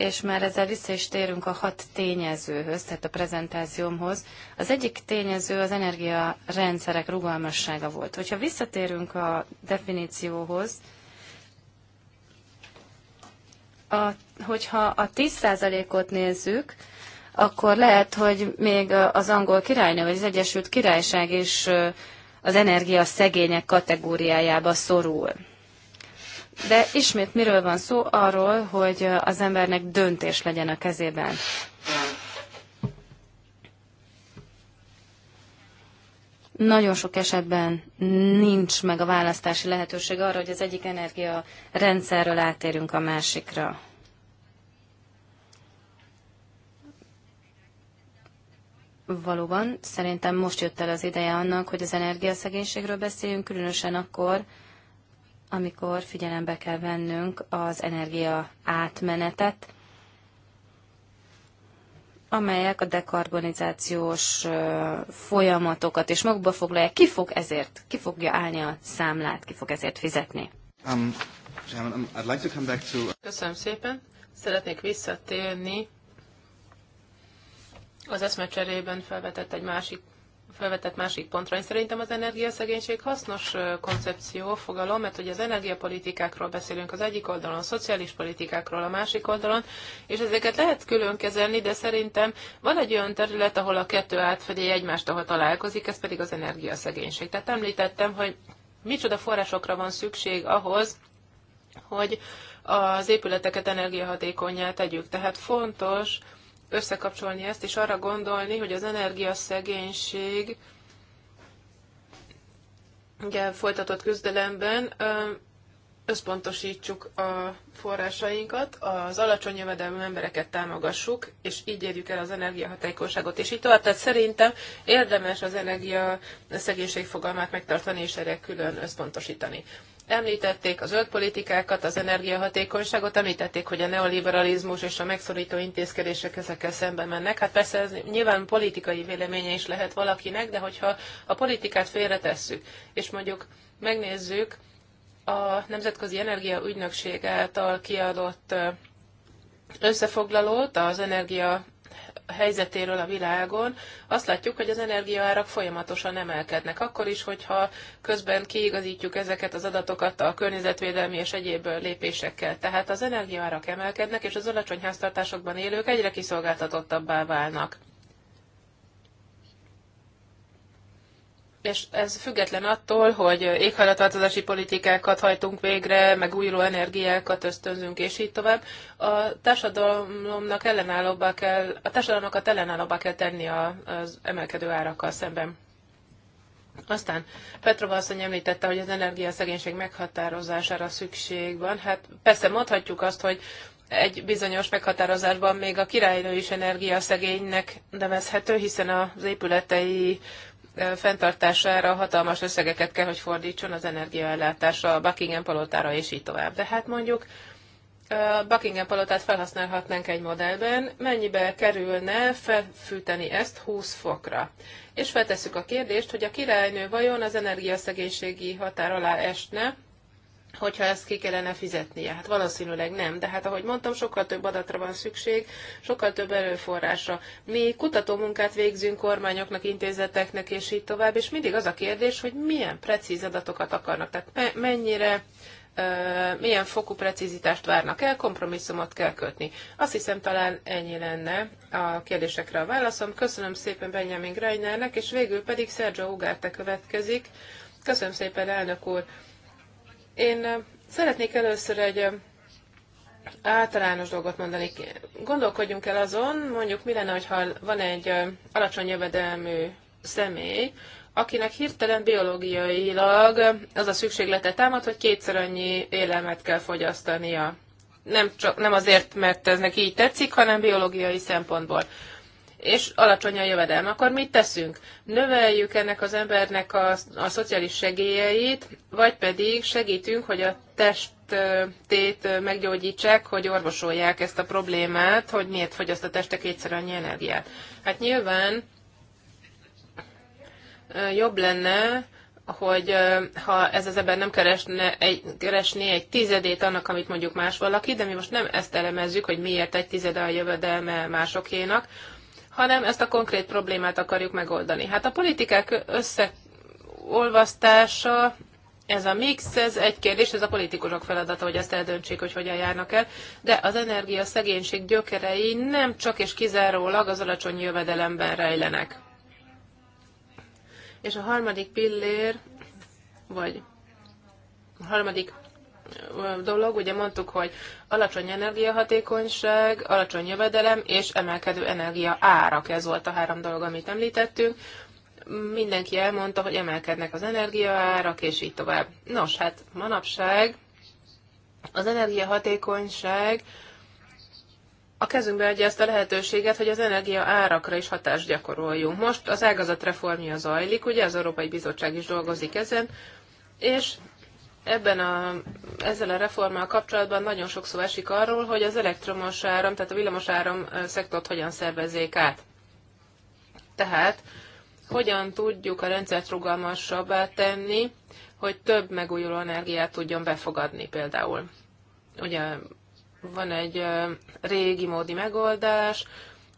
Speaker 2: és már ezzel vissza is térünk a hat tényezőhöz, tehát a prezentációmhoz. Az egyik tényező az energiarendszerek rugalmassága volt. Hogyha visszatérünk a definícióhoz, a, hogyha a 10%-ot nézzük, akkor lehet, hogy még az angol királynő vagy az Egyesült Királyság is az energia szegények kategóriájába szorul. De ismét miről van szó? Arról, hogy az embernek döntés legyen a kezében. Nagyon sok esetben nincs meg a választási lehetőség arra, hogy az egyik energia rendszerről átérünk a másikra. Valóban, szerintem most jött el az ideje annak, hogy az energiaszegénységről beszéljünk, különösen akkor, amikor figyelembe kell vennünk az energia átmenetet, amelyek a dekarbonizációs folyamatokat és magukba foglalják. Ki fog ezért, ki fogja állni a számlát, ki fog ezért fizetni? Um, um, I'd like to come back to...
Speaker 1: Köszönöm szépen. Szeretnék visszatérni az eszmecserében felvetett egy másik felvetett másik pontra. Én szerintem az energiaszegénység hasznos koncepció, fogalom, mert hogy az energiapolitikákról beszélünk az egyik oldalon, a szociális politikákról a másik oldalon, és ezeket lehet külön kezelni, de szerintem van egy olyan terület, ahol a kettő átfedi egymást, ahol találkozik, ez pedig az energiaszegénység. Tehát említettem, hogy micsoda forrásokra van szükség ahhoz, hogy az épületeket energiahatékonyá tegyük. Tehát fontos, összekapcsolni ezt, és arra gondolni, hogy az energiaszegénység ugye, folytatott küzdelemben összpontosítsuk a forrásainkat, az alacsony jövedelmű embereket támogassuk, és így érjük el az energiahatékonyságot, és így tovább. Tehát szerintem érdemes az energia szegénység fogalmát megtartani és erre külön összpontosítani. Említették az zöld politikákat, az energiahatékonyságot, említették, hogy a neoliberalizmus és a megszorító intézkedések ezekkel szemben mennek. Hát persze ez nyilván politikai véleménye is lehet valakinek, de hogyha a politikát félretesszük, és mondjuk megnézzük a Nemzetközi Energia Ügynökség által kiadott összefoglalót az energia helyzetéről a világon, azt látjuk, hogy az energiaárak folyamatosan emelkednek. Akkor is, hogyha közben kiigazítjuk ezeket az adatokat a környezetvédelmi és egyéb lépésekkel. Tehát az energiaárak emelkednek, és az alacsony háztartásokban élők egyre kiszolgáltatottabbá válnak. és ez független attól, hogy éghajlatváltozási politikákat hajtunk végre, megújuló energiákat ösztönzünk, és így tovább. A társadalomnak ellenállóbbá kell, a társadalomnak ellenállóbbá kell tenni az emelkedő árakkal szemben. Aztán Petrova asszony említette, hogy az energiaszegénység meghatározására szükség van. Hát persze mondhatjuk azt, hogy egy bizonyos meghatározásban még a királynő is energiaszegénynek nevezhető, hiszen az épületei fenntartására hatalmas összegeket kell, hogy fordítson az energiaellátásra, a Buckingham palotára és így tovább. De hát mondjuk a Buckingham palotát felhasználhatnánk egy modellben, mennyibe kerülne felfűteni ezt 20 fokra. És feltesszük a kérdést, hogy a királynő vajon az energiaszegénységi határ alá esne, hogyha ezt ki kellene fizetnie. Hát valószínűleg nem, de hát ahogy mondtam, sokkal több adatra van szükség, sokkal több erőforrásra. Mi kutatómunkát végzünk kormányoknak, intézeteknek, és így tovább, és mindig az a kérdés, hogy milyen precíz adatokat akarnak, tehát me- mennyire milyen fokú precizitást várnak el, kompromisszumot kell kötni. Azt hiszem talán ennyi lenne a kérdésekre a válaszom. Köszönöm szépen Benjamin Greinernek, és végül pedig Sergio Ugarte következik. Köszönöm szépen, elnök úr! Én szeretnék először egy általános dolgot mondani. Gondolkodjunk el azon, mondjuk mi lenne, ha van egy alacsony jövedelmű személy, akinek hirtelen biológiailag az a szükséglete támad, hogy kétszer annyi élelmet kell fogyasztania. Nem, csak, nem azért, mert ez neki így tetszik, hanem biológiai szempontból és alacsony a jövedelme. Akkor mit teszünk? Növeljük ennek az embernek a, a szociális segélyeit, vagy pedig segítünk, hogy a testtét meggyógyítsák, hogy orvosolják ezt a problémát, hogy miért fogyaszt a teste kétszer annyi energiát. Hát nyilván jobb lenne, hogy ha ez az ember nem keresne egy, keresné egy tizedét annak, amit mondjuk más valaki, de mi most nem ezt elemezzük, hogy miért egy tizede a jövedelme másokénak, hanem ezt a konkrét problémát akarjuk megoldani. Hát a politikák összeolvasztása, ez a mix, ez egy kérdés, ez a politikusok feladata, hogy ezt eldöntsék, hogy hogyan járnak el, de az energia szegénység gyökerei nem csak és kizárólag az alacsony jövedelemben rejlenek. És a harmadik pillér, vagy a harmadik dolog. Ugye mondtuk, hogy alacsony energiahatékonyság, alacsony jövedelem és emelkedő energia árak. Ez volt a három dolog, amit említettünk. Mindenki elmondta, hogy emelkednek az energiaárak, és így tovább. Nos, hát manapság az energiahatékonyság a kezünkbe adja ezt a lehetőséget, hogy az energia árakra is hatást gyakoroljunk. Most az ágazat reformja zajlik, ugye az Európai Bizottság is dolgozik ezen, és ebben a, ezzel a reformmal kapcsolatban nagyon sok szó esik arról, hogy az elektromos áram, tehát a villamos áram szektort hogyan szervezzék át. Tehát hogyan tudjuk a rendszert rugalmasabbá tenni, hogy több megújuló energiát tudjon befogadni például. Ugye van egy régi módi megoldás,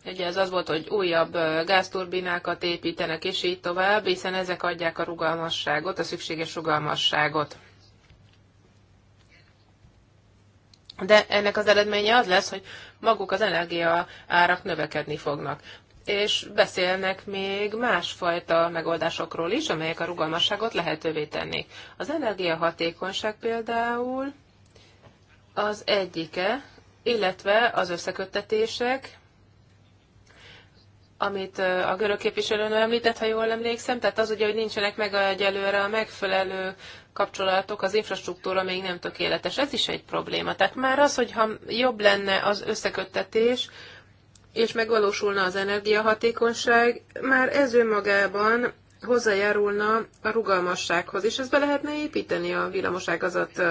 Speaker 1: Ugye ez az volt, hogy újabb gázturbinákat építenek, és így tovább, hiszen ezek adják a rugalmasságot, a szükséges rugalmasságot. de ennek az eredménye az lesz, hogy maguk az energia árak növekedni fognak. És beszélnek még másfajta megoldásokról is, amelyek a rugalmasságot lehetővé tennék. Az energiahatékonyság például az egyike, illetve az összeköttetések, amit a görög képviselőnő említett, ha jól emlékszem, tehát az ugye, hogy nincsenek meg egyelőre a megfelelő kapcsolatok, az infrastruktúra még nem tökéletes. Ez is egy probléma. Tehát már az, hogyha jobb lenne az összeköttetés, és megvalósulna az energiahatékonyság, már ez önmagában hozzájárulna a rugalmassághoz, és ezt be lehetne építeni a villamoságazat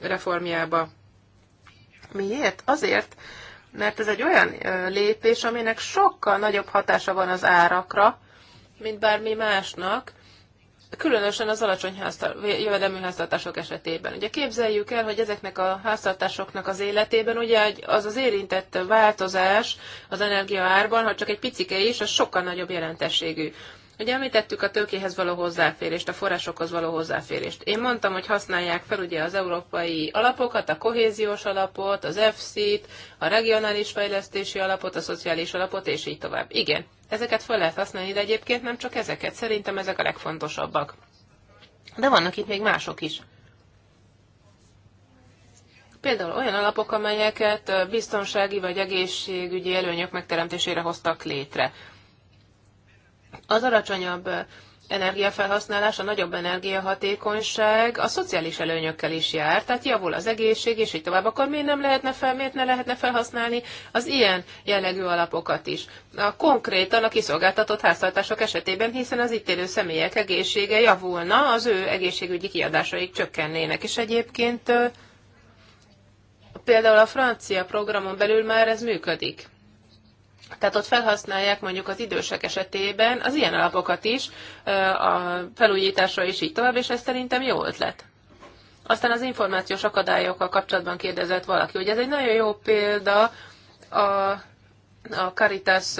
Speaker 1: reformjába. Miért? Azért, mert ez egy olyan lépés, aminek sokkal nagyobb hatása van az árakra, mint bármi másnak, különösen az alacsony háztar- jövedelmű háztartások esetében. Ugye képzeljük el, hogy ezeknek a háztartásoknak az életében ugye az az érintett változás az energiaárban, ha csak egy picike is, az sokkal nagyobb jelentességű. Ugye említettük a tőkéhez való hozzáférést, a forrásokhoz való hozzáférést. Én mondtam, hogy használják fel ugye az európai alapokat, a kohéziós alapot, az EFSZ-t, a regionális fejlesztési alapot, a szociális alapot, és így tovább. Igen, ezeket fel lehet használni, de egyébként nem csak ezeket. Szerintem ezek a legfontosabbak. De vannak itt még mások is. Például olyan alapok, amelyeket biztonsági vagy egészségügyi előnyök megteremtésére hoztak létre. Az alacsonyabb energiafelhasználás, a nagyobb energiahatékonyság a szociális előnyökkel is jár, tehát javul az egészség, és így tovább, akkor miért nem lehetne fel, miért ne lehetne felhasználni az ilyen jellegű alapokat is. A konkrétan a kiszolgáltatott háztartások esetében, hiszen az itt élő személyek egészsége javulna, az ő egészségügyi kiadásaik csökkennének, és egyébként például a francia programon belül már ez működik tehát ott felhasználják mondjuk az idősek esetében az ilyen alapokat is, a felújításra is így tovább, és ez szerintem jó ötlet. Aztán az információs akadályokkal kapcsolatban kérdezett valaki, hogy ez egy nagyon jó példa a, a Caritas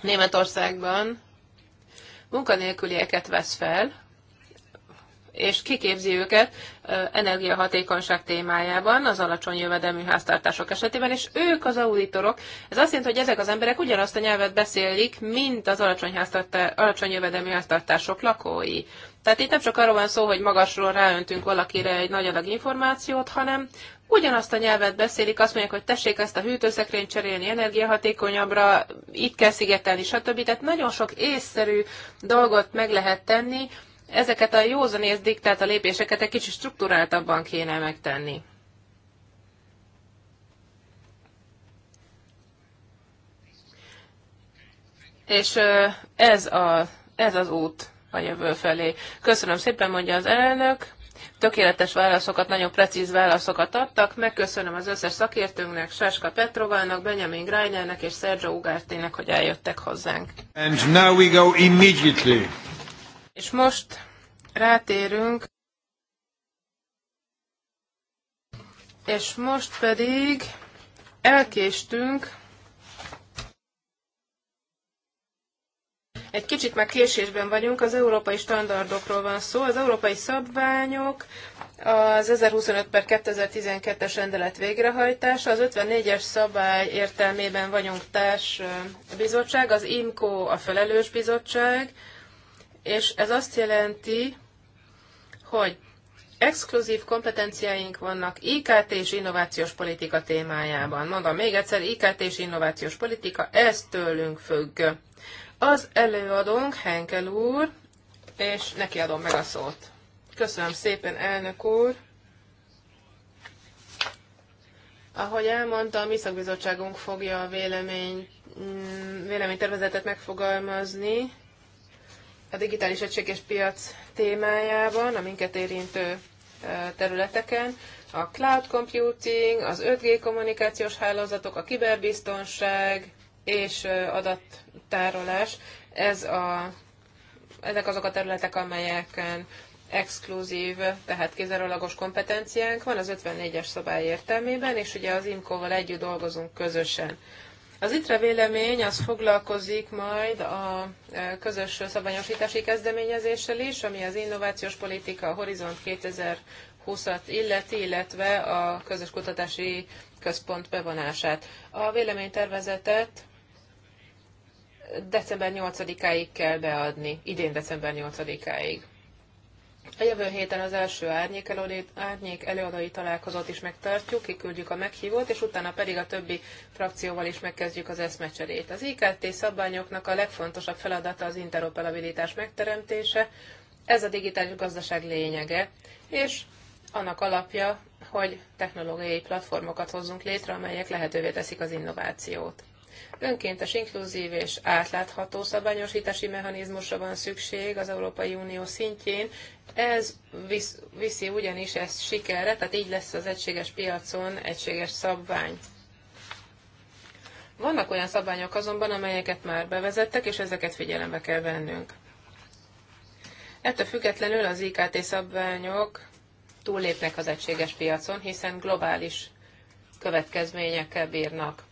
Speaker 1: Németországban munkanélkülieket vesz fel, és kiképzi őket, energiahatékonyság témájában, az alacsony jövedelmű háztartások esetében, és ők az auditorok. Ez azt jelenti, hogy ezek az emberek ugyanazt a nyelvet beszélik, mint az alacsony, alacsony jövedelmű háztartások lakói. Tehát itt nem csak arról van szó, hogy magasról ráöntünk valakire egy nagy adag információt, hanem ugyanazt a nyelvet beszélik, azt mondják, hogy tessék ezt a hűtőszekrényt cserélni energiahatékonyabbra, itt kell szigetelni, stb. Tehát nagyon sok észszerű dolgot meg lehet tenni, ezeket a józanész diktált a lépéseket egy kicsit struktúráltabban kéne megtenni. És ez, a, ez az út a jövő felé. Köszönöm szépen, mondja az elnök. Tökéletes válaszokat, nagyon precíz válaszokat adtak. Megköszönöm az összes szakértőnknek, Sáska Petrovának, Benjamin Greinernek és Sergio Ugártének, hogy eljöttek hozzánk.
Speaker 2: And now we go immediately.
Speaker 1: És most rátérünk, és most pedig elkéstünk, egy kicsit már késésben vagyunk, az európai standardokról van szó, az európai szabványok, az 1025 per 2012-es rendelet végrehajtása, az 54-es szabály értelmében vagyunk társ bizottság, az IMCO a felelős bizottság, és ez azt jelenti, hogy exkluzív kompetenciáink vannak IKT és innovációs politika témájában. Mondom még egyszer, IKT és innovációs politika, ez tőlünk függ. Az előadónk Henkel úr, és neki adom meg a szót. Köszönöm szépen, elnök úr! Ahogy elmondta, a mi szakbizottságunk fogja a vélemény, véleménytervezetet megfogalmazni, a digitális egységes piac témájában, a minket érintő területeken, a cloud computing, az 5G kommunikációs hálózatok, a kiberbiztonság és adattárolás, ez a, ezek azok a területek, amelyeken exkluzív, tehát kizárólagos kompetenciánk van az 54-es szabály értelmében, és ugye az IMCO-val együtt dolgozunk közösen. Az ITRE vélemény az foglalkozik majd a e, közös szabványosítási kezdeményezéssel is, ami az innovációs politika Horizont 2020-at illeti, illetve a közös kutatási központ bevonását. A véleménytervezetet december 8-áig kell beadni, idén december 8-áig. A jövő héten az első árnyék, előadói, árnyék előadói találkozót is megtartjuk, kiküldjük a meghívót, és utána pedig a többi frakcióval is megkezdjük az eszmecserét. Az IKT szabványoknak a legfontosabb feladata az interoperabilitás megteremtése, ez a digitális gazdaság lényege, és annak alapja, hogy technológiai platformokat hozzunk létre, amelyek lehetővé teszik az innovációt. Önkéntes, inkluzív és átlátható szabályosítási mechanizmusra van szükség az Európai Unió szintjén. Ez visz, viszi ugyanis ezt sikerre, tehát így lesz az egységes piacon egységes szabvány. Vannak olyan szabványok azonban, amelyeket már bevezettek, és ezeket figyelembe kell vennünk. Ettől függetlenül az IKT szabványok túllépnek az egységes piacon, hiszen globális következményekkel bírnak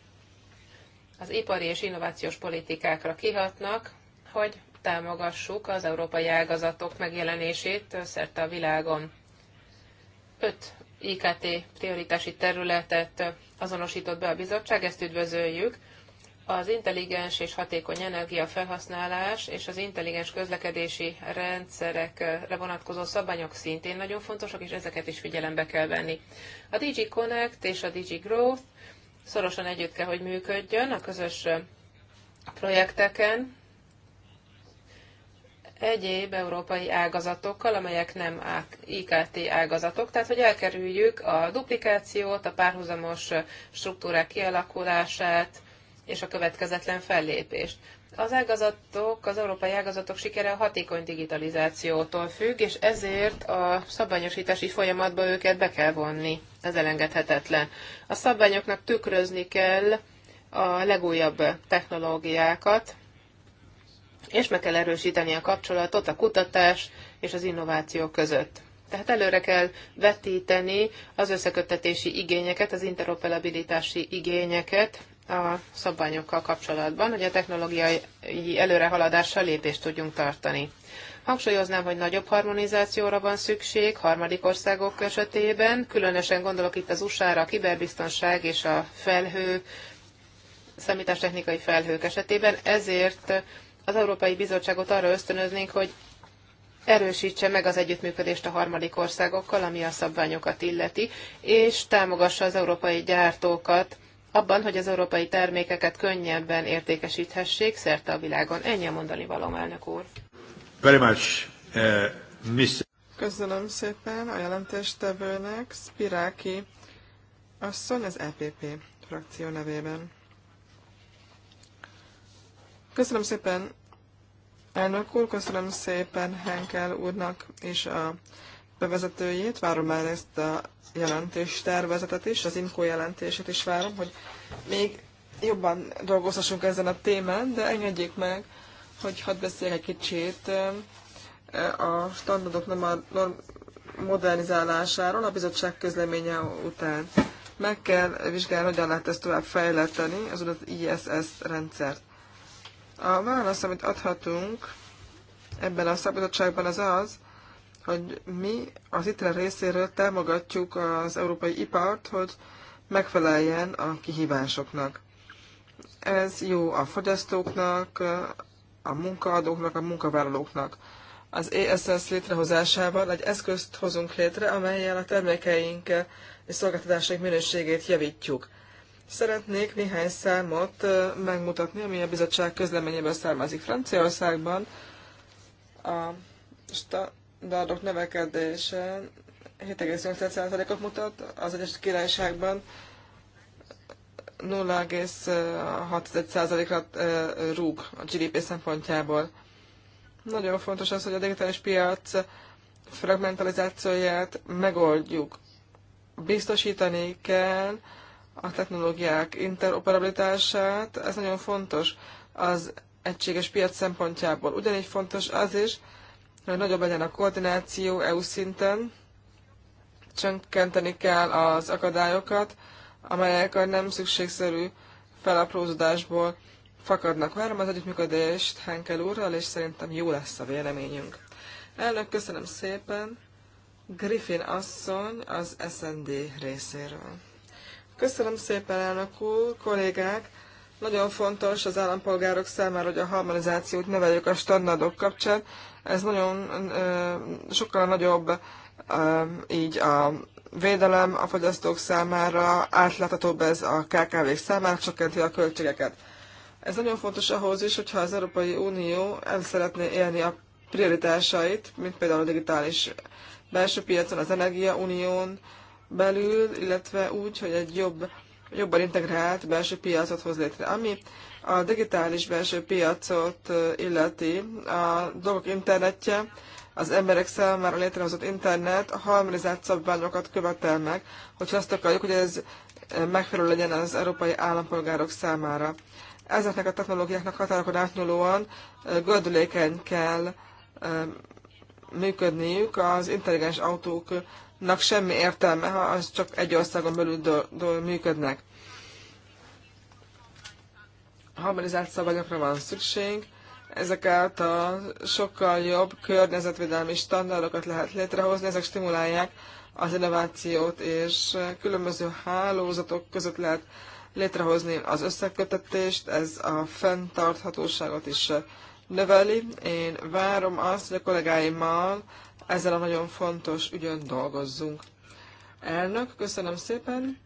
Speaker 1: az ipari és innovációs politikákra kihatnak, hogy támogassuk az európai ágazatok megjelenését szerte a világon. Öt IKT prioritási területet azonosított be a bizottság, ezt üdvözöljük. Az intelligens és hatékony energia felhasználás és az intelligens közlekedési rendszerekre vonatkozó szabályok szintén nagyon fontosak, és ezeket is figyelembe kell venni. A DG Connect és a DG Growth szorosan együtt kell, hogy működjön a közös projekteken, egyéb európai ágazatokkal, amelyek nem IKT ágazatok, tehát hogy elkerüljük a duplikációt, a párhuzamos struktúrák kialakulását és a következetlen fellépést. Az ágazatok, az európai ágazatok sikere a hatékony digitalizációtól függ, és ezért a szabványosítási folyamatba őket be kell vonni. Ez elengedhetetlen. A szabványoknak tükrözni kell a legújabb technológiákat, és meg kell erősíteni a kapcsolatot a kutatás és az innováció között. Tehát előre kell vetíteni az összeköttetési igényeket, az interoperabilitási igényeket, a szabványokkal kapcsolatban, hogy a technológiai előrehaladással lépést tudjunk tartani. Hangsúlyoznám, hogy nagyobb harmonizációra van szükség harmadik országok esetében, különösen gondolok itt az USA-ra, a kiberbiztonság és a felhő, számítástechnikai felhők esetében, ezért az Európai Bizottságot arra ösztönöznénk, hogy erősítse meg az együttműködést a harmadik országokkal, ami a szabványokat illeti, és támogassa az európai gyártókat abban, hogy az európai termékeket könnyebben értékesíthessék szerte a világon. Ennyi a
Speaker 3: mondani valom, elnök úr. Very much, uh, Mr. Köszönöm szépen a jelentéstevőnek, Spiráki asszony az EPP frakció nevében. Köszönöm szépen, elnök úr, köszönöm szépen Henkel úrnak és a bevezetőjét, várom már ezt a jelentés tervezetet is, az INKO jelentését is várom, hogy még jobban dolgozhassunk ezen a témán, de engedjék meg, hogy hadd beszéljek egy kicsit eh, a standardok nem norm modernizálásáról a bizottság közleménye után. Meg kell vizsgálni, hogyan lehet ezt tovább fejleszteni, az úgynevezett ISS rendszert. A válasz, amit adhatunk ebben a szabadságban az az, hogy mi az ITRE részéről támogatjuk az európai ipart, hogy megfeleljen a kihívásoknak. Ez jó a fogyasztóknak, a munkaadóknak, a munkavállalóknak. Az ESS létrehozásával egy eszközt hozunk létre, amelyel a termékeink és szolgáltatásaink minőségét javítjuk. Szeretnék néhány számot megmutatni, ami a bizottság közleményéből származik Franciaországban. A sta- darabok növekedése 7,8%-ot mutat, az egyes Királyságban 0,6%-ra rúg a GDP szempontjából. Nagyon fontos az, hogy a digitális piac fragmentalizációját megoldjuk. Biztosítani kell a technológiák interoperabilitását, ez nagyon fontos az egységes piac szempontjából. Ugyanígy fontos az is, hogy nagyobb legyen a koordináció EU szinten, csökkenteni kell az akadályokat, amelyek a nem szükségszerű felaprózódásból fakadnak. Várom az együttműködést Henkel úrral, és szerintem jó lesz a véleményünk. Elnök, köszönöm szépen. Griffin asszony az SND részéről. Köszönöm szépen, elnök úr, kollégák! Nagyon fontos az állampolgárok számára, hogy a harmonizációt neveljük a standardok kapcsán, ez nagyon sokkal nagyobb így a védelem a fogyasztók számára, átláthatóbb ez a kkv számára, csökkenti a költségeket. Ez nagyon fontos ahhoz is, hogyha az Európai Unió el szeretné élni a prioritásait, mint például a digitális belső piacon, az energiaunión belül, illetve úgy, hogy egy jobb jobban integrált belső piacot hoz létre. Ami a digitális belső piacot illeti, a dolgok internetje, az emberek számára létrehozott internet a harmonizált szabványokat követel meg, hogyha azt akarjuk, hogy ez megfelelő legyen az európai állampolgárok számára. Ezeknek a technológiáknak határokon átnyúlóan gördülékeny kell működniük az intelligens autók nak semmi értelme, ha az csak egy országon belül do- do- működnek. Harmonizált szabályokra van szükség, ezek által sokkal jobb környezetvédelmi standardokat lehet létrehozni, ezek stimulálják az innovációt, és különböző hálózatok között lehet létrehozni az összekötetést, ez a fenntarthatóságot is növeli. Én várom azt, hogy a kollégáimmal ezzel a nagyon fontos ügyön dolgozzunk. Elnök, köszönöm szépen.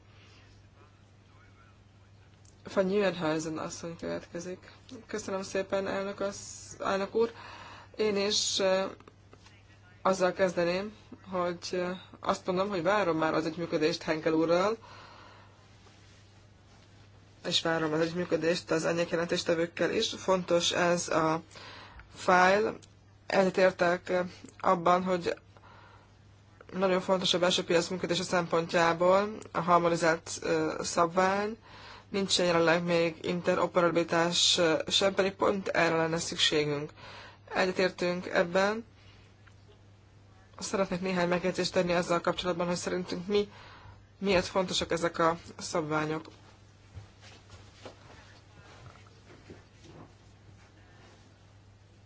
Speaker 3: Van Nyűenhajzen asszony következik. Köszönöm szépen, elnök, az, elnök úr. Én is eh, azzal kezdeném, hogy eh, azt mondom, hogy várom már az együttműködést Henkel úrral, és várom az együttműködést az ennyi jelentéstevőkkel is. Fontos ez a fájl, egyetértek abban, hogy nagyon fontos a belső piac működése szempontjából a harmonizált szabvány, nincs jelenleg még interoperabilitás sem, pedig pont erre lenne szükségünk. Egyetértünk ebben. Szeretnék néhány megjegyzést tenni azzal kapcsolatban, hogy szerintünk mi, miért fontosak ezek a szabványok.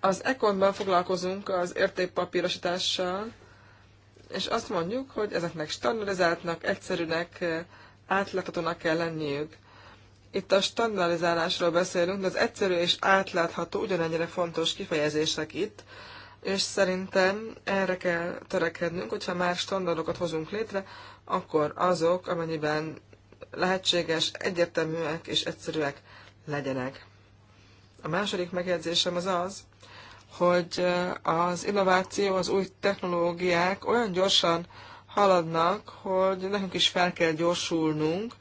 Speaker 3: Az Econban foglalkozunk az értékpapírosítással, és azt mondjuk, hogy ezeknek standardizáltnak, egyszerűnek, átláthatónak kell lenniük. Itt a standardizálásról beszélünk, de az egyszerű és átlátható ugyanennyire fontos kifejezések itt, és szerintem erre kell törekednünk, hogyha már standardokat hozunk létre, akkor azok, amennyiben lehetséges, egyértelműek és egyszerűek legyenek. A második megjegyzésem az az, hogy az innováció, az új technológiák olyan gyorsan haladnak, hogy nekünk is fel kell gyorsulnunk,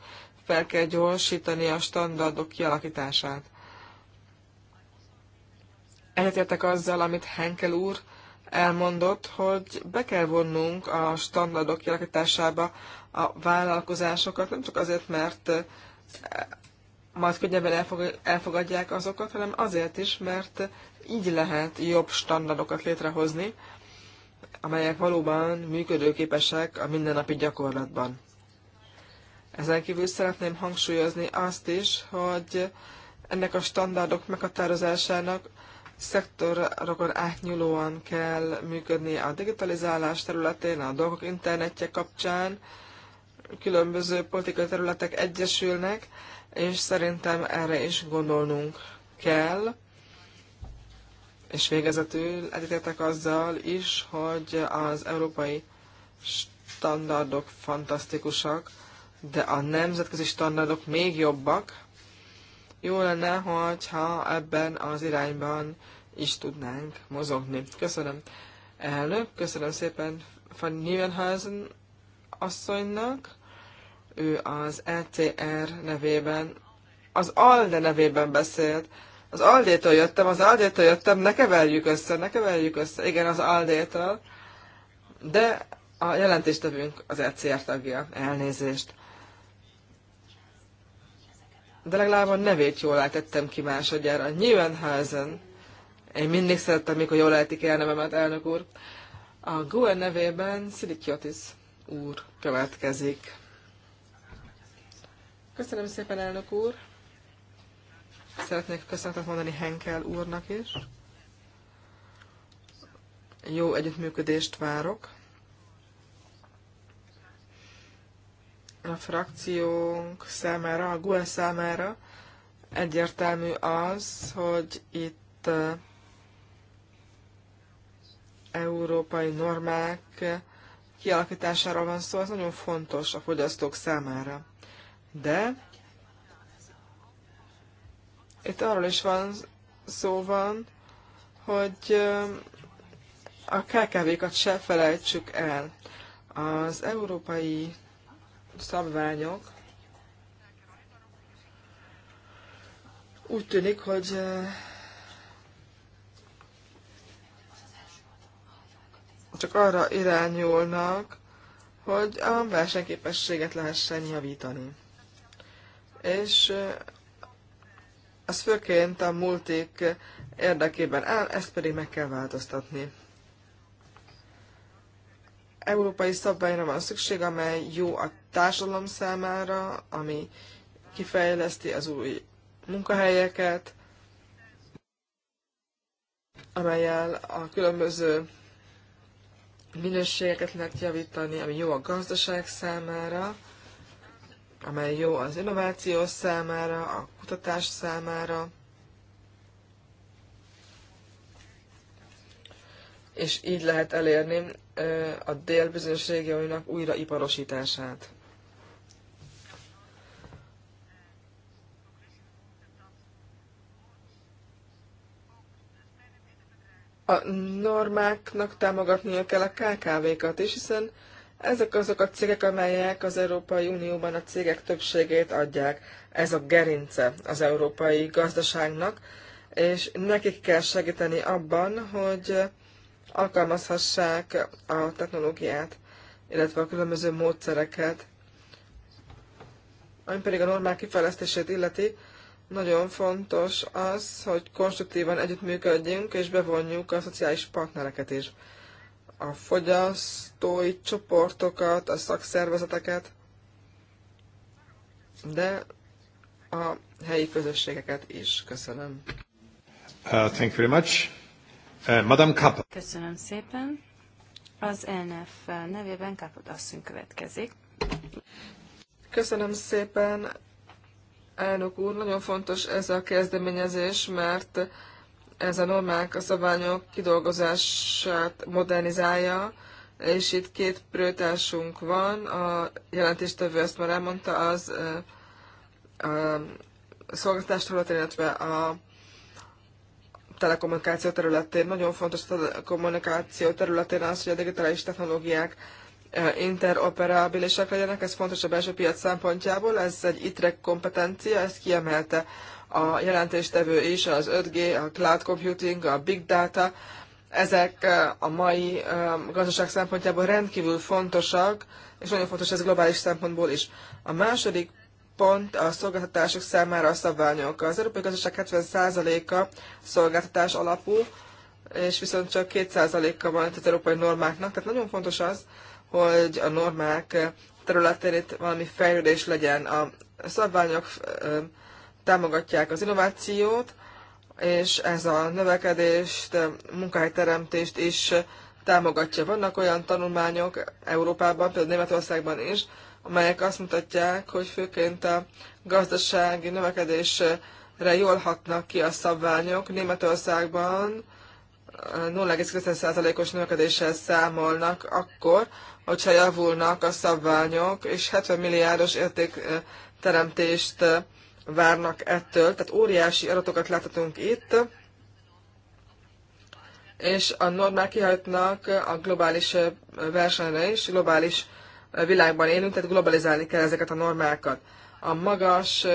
Speaker 3: fel kell gyorsítani a standardok kialakítását. Egyetértek azzal, amit Henkel úr elmondott, hogy be kell vonnunk a standardok kialakításába a vállalkozásokat, nem csak azért, mert majd könnyebben elfogadják azokat, hanem azért is, mert így lehet jobb standardokat létrehozni, amelyek valóban működőképesek a mindennapi gyakorlatban. Ezen kívül szeretném hangsúlyozni azt is, hogy ennek a standardok meghatározásának szektorokon átnyúlóan kell működni a digitalizálás területén, a dolgok internetje kapcsán, különböző politikai területek egyesülnek, és szerintem erre is gondolnunk kell, és végezetül egyetértek azzal is, hogy az európai standardok fantasztikusak, de a nemzetközi standardok még jobbak. Jó lenne, hogyha ebben az irányban is tudnánk mozogni. Köszönöm. Elnök, köszönöm szépen van Nieuwenhuizen asszonynak. Ő az ECR nevében, az ALDE nevében beszélt. Az Aldétól jöttem, az Aldétól jöttem, ne keverjük össze, ne keverjük össze. Igen, az Aldétől. De a jelentéstevünk az ECR tagja. Elnézést. De legalább a nevét jól látettem ki másodjára. Nyilvánházen. Én mindig szerettem, mikor jól lehetik el nevemet, elnök úr. A GUE nevében Szilikiotis úr következik. Köszönöm szépen, elnök úr. Szeretnék köszönetet mondani Henkel úrnak is. Jó együttműködést várok. A frakciónk számára, a GUE számára egyértelmű az, hogy itt eh, európai normák kialakításáról van szó, ez nagyon fontos a fogyasztók számára. De itt arról is van szó van, hogy a KKV-kat se felejtsük el. Az európai szabványok úgy tűnik, hogy csak arra irányulnak, hogy a versenyképességet lehessen javítani. És az főként a multik érdekében áll, ezt pedig meg kell változtatni. Európai szabályra van szükség, amely jó a társadalom számára, ami kifejleszti az új munkahelyeket, amelyel a különböző minőségeket lehet javítani, ami jó a gazdaság számára, amely jó az innováció számára, a kutatás számára, és így lehet elérni a dél bizonyos régióinak újraiparosítását. A normáknak támogatnia kell a KKV-kat is, hiszen ezek azok a cégek, amelyek az Európai Unióban a cégek többségét adják. Ez a gerince az európai gazdaságnak, és nekik kell segíteni abban, hogy alkalmazhassák a technológiát, illetve a különböző módszereket. Ami pedig a normák kifejlesztését illeti, nagyon fontos az, hogy konstruktívan együttműködjünk és bevonjuk a szociális partnereket is a fogyasztói csoportokat, a szakszervezeteket, de a helyi közösségeket is. Köszönöm. Uh, thank you very much. Uh, Madame Kappa.
Speaker 2: Köszönöm szépen. Az NF nevében
Speaker 3: Kapod asszony következik. Köszönöm szépen, elnök úr. Nagyon fontos ez a kezdeményezés, mert ez a normák, a szabványok kidolgozását modernizálja, és itt két prőtársunk van, a jelentéstevő ezt már elmondta, az a szolgáltatás területén, illetve a telekommunikáció területén. Nagyon fontos a telekommunikáció területén az, hogy a digitális technológiák interoperabilisek legyenek, ez fontos a belső piac szempontjából, ez egy ITREC kompetencia, ezt kiemelte a jelentéstevő is, az 5G, a cloud computing, a big data, ezek a mai gazdaság szempontjából rendkívül fontosak, és nagyon fontos ez globális szempontból is. A második pont a szolgáltatások számára a szabványok. Az európai gazdaság 70%-a szolgáltatás alapú, és viszont csak 2%-a van az európai normáknak, tehát nagyon fontos az, hogy a normák területén itt valami fejlődés legyen. A szabványok támogatják az innovációt, és ez a növekedést, munkahelyteremtést is támogatja. Vannak olyan tanulmányok Európában, például Németországban is, amelyek azt mutatják, hogy főként a gazdasági növekedésre jól hatnak ki a szabványok. Németországban 0,9%-os növekedéssel számolnak akkor, hogyha javulnak a szabványok, és 70 milliárdos értékteremtést várnak ettől. Tehát óriási adatokat láthatunk itt, és a normák kihajtnak a globális versenyre is, globális világban élünk, tehát globalizálni kell ezeket a normákat. A magas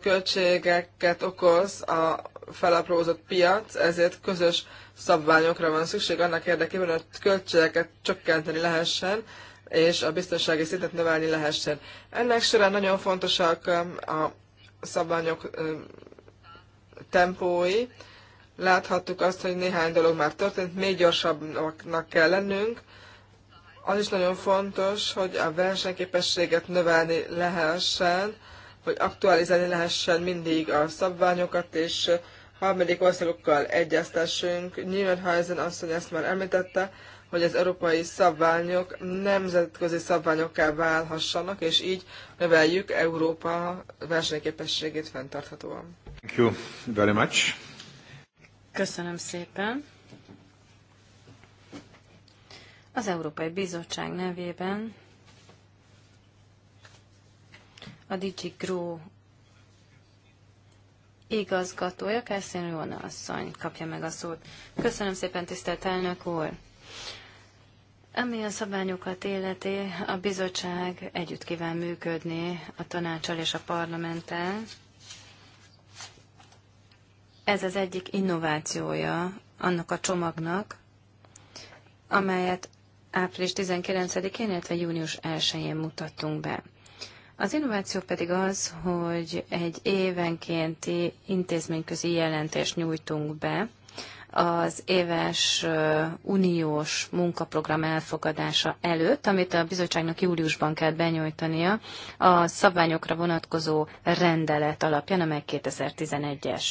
Speaker 3: költségeket okoz a felaprózott piac, ezért közös szabványokra van szükség annak érdekében, hogy a költségeket csökkenteni lehessen, és a biztonsági szintet növelni lehessen. Ennek során nagyon fontosak a szabványok tempói. Láthattuk azt, hogy néhány dolog már történt, még gyorsabbnak kell lennünk. Az is nagyon fontos, hogy a versenyképességet növelni lehessen, hogy aktualizálni lehessen mindig a szabványokat, és harmadik országokkal egyeztessünk. Nyilván azt asszony ezt már említette, hogy az európai szabványok nemzetközi szabványokká válhassanak, és így növeljük Európa versenyképességét fenntarthatóan.
Speaker 1: Thank you very much.
Speaker 3: Köszönöm szépen.
Speaker 2: Az Európai Bizottság nevében a Digi Grow igazgatója, Kerszén Róna asszony kapja meg a szót. Köszönöm szépen, tisztelt elnök úr! Ami a szabályokat életé, a bizottság együtt kíván működni a tanácsal és a parlamenttel. Ez az egyik innovációja annak a csomagnak, amelyet április 19-én, illetve június 1-én mutattunk be. Az innováció pedig az, hogy egy évenkénti intézményközi jelentést nyújtunk be, az éves uniós munkaprogram elfogadása előtt, amit a bizottságnak júliusban kell benyújtania a szabványokra vonatkozó rendelet alapján, amely 2011-es.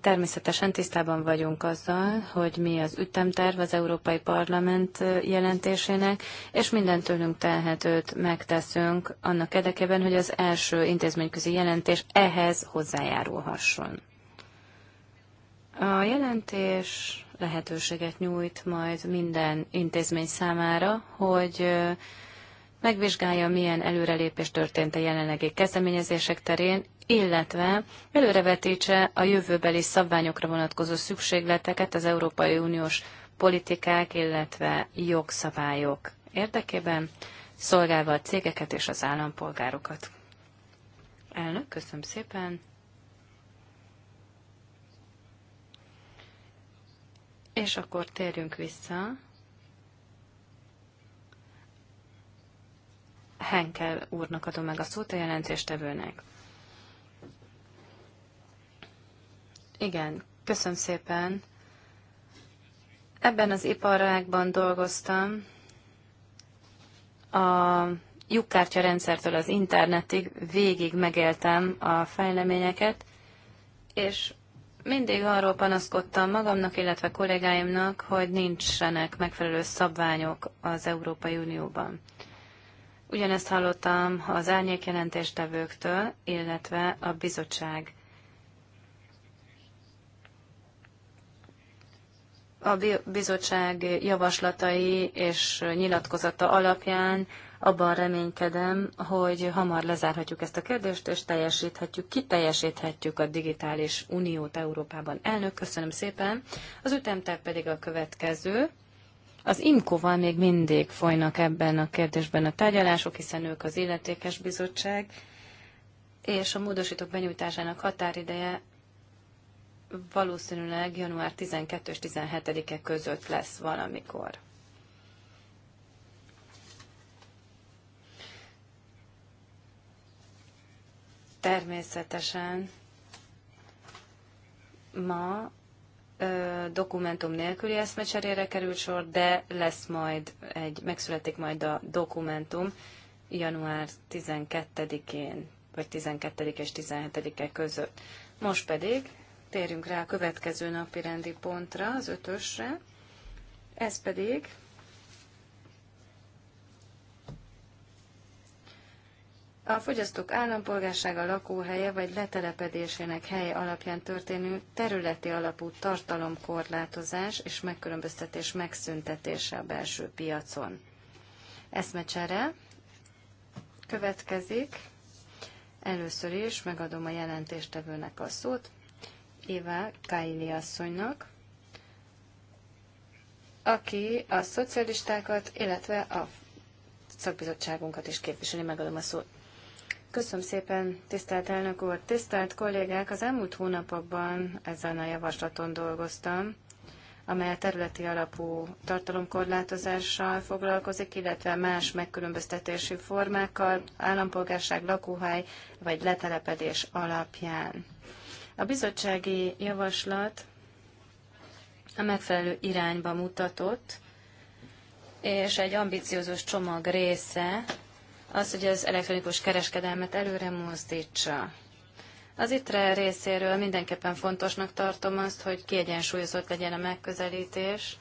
Speaker 2: Természetesen tisztában vagyunk azzal, hogy mi az ütemterv az Európai Parlament jelentésének, és minden tőlünk telhetőt megteszünk annak érdekében, hogy az első intézményközi jelentés ehhez hozzájárulhasson. A jelentés lehetőséget nyújt majd minden intézmény számára, hogy megvizsgálja, milyen előrelépés történt a jelenlegi kezdeményezések terén, illetve előrevetítse a jövőbeli szabványokra vonatkozó szükségleteket az Európai Uniós politikák, illetve jogszabályok érdekében, szolgálva a cégeket és az állampolgárokat. Elnök, köszönöm szépen. És akkor térjünk vissza. Henkel úrnak adom meg a szót a jelentéstevőnek. Igen, köszönöm szépen. Ebben az iparágban dolgoztam. A lyukkártya rendszertől az internetig végig megéltem a fejleményeket, és mindig arról panaszkodtam magamnak, illetve kollégáimnak, hogy nincsenek megfelelő szabványok az Európai Unióban. Ugyanezt hallottam az árnyék jelentéstevőktől, illetve a bizottság. A bizottság javaslatai és nyilatkozata alapján abban reménykedem, hogy hamar lezárhatjuk ezt a kérdést, és teljesíthetjük, kiteljesíthetjük a digitális uniót Európában. Elnök, köszönöm szépen. Az ütemterv pedig a következő. Az IMCO-val még mindig folynak ebben a kérdésben a tárgyalások, hiszen ők az illetékes bizottság, és a módosítók benyújtásának határideje valószínűleg január 12 és 17-e között lesz valamikor. Természetesen ma ö, dokumentum nélküli eszmecserére került sor, de lesz majd egy, megszületik majd a dokumentum január 12-én, vagy 12 és 17-e között. Most pedig térjünk rá a következő napi rendi pontra, az ötösre. Ez pedig A fogyasztók állampolgársága lakóhelye vagy letelepedésének helye alapján történő területi alapú tartalomkorlátozás és megkülönböztetés megszüntetése a belső piacon. Eszmecsere következik. Először is megadom a jelentéstevőnek a szót, Éva Kaili asszonynak, aki a szocialistákat, illetve a szakbizottságunkat is képviseli, megadom a szót. Köszönöm szépen, tisztelt elnök úr. Tisztelt kollégák, az elmúlt hónapokban ezen a javaslaton dolgoztam, amely a területi alapú tartalomkorlátozással foglalkozik, illetve más megkülönböztetési formákkal, állampolgárság, lakóhely vagy letelepedés alapján. A bizottsági javaslat a megfelelő irányba mutatott, és egy ambiciózus csomag része, az, hogy az elektronikus kereskedelmet előre mozdítsa. Az ITRE részéről mindenképpen fontosnak tartom azt, hogy kiegyensúlyozott legyen a megközelítés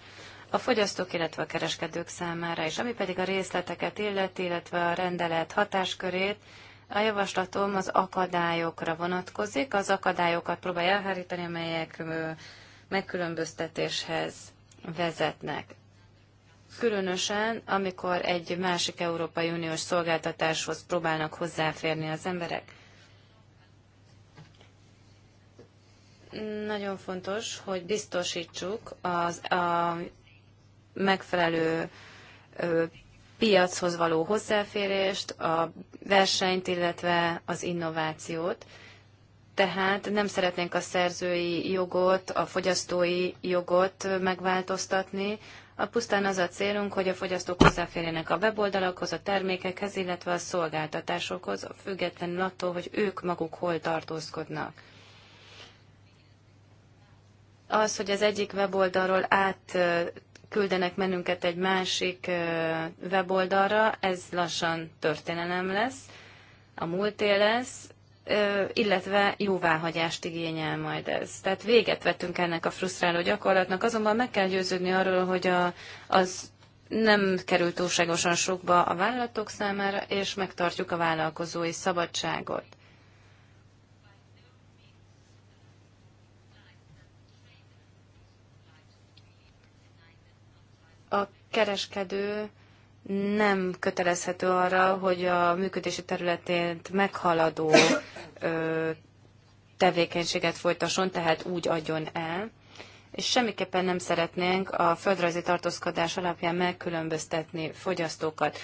Speaker 2: a fogyasztók, illetve a kereskedők számára, és ami pedig a részleteket illeti, illetve a rendelet hatáskörét, a javaslatom az akadályokra vonatkozik, az akadályokat próbálja elhárítani, amelyek megkülönböztetéshez vezetnek különösen, amikor egy másik Európai Uniós szolgáltatáshoz próbálnak hozzáférni az emberek. Nagyon fontos, hogy biztosítsuk az, a megfelelő ö, piachoz való hozzáférést, a versenyt, illetve az innovációt. Tehát nem szeretnénk a szerzői jogot, a fogyasztói jogot megváltoztatni, a pusztán az a célunk, hogy a fogyasztók hozzáférjenek a weboldalakhoz, a termékekhez, illetve a szolgáltatásokhoz, függetlenül attól, hogy ők maguk hol tartózkodnak. Az, hogy az egyik weboldalról át küldenek mennünket egy másik weboldalra, ez lassan történelem lesz, a múlté lesz, illetve jóváhagyást igényel majd ez. Tehát véget vettünk ennek a frusztráló gyakorlatnak, azonban meg kell győződni arról, hogy a, az nem került túlságosan sokba a vállalatok számára, és megtartjuk a vállalkozói szabadságot. A kereskedő nem kötelezhető arra, hogy a működési területét meghaladó ö, tevékenységet folytasson, tehát úgy adjon el, és semmiképpen nem szeretnénk a földrajzi tartózkodás alapján megkülönböztetni fogyasztókat.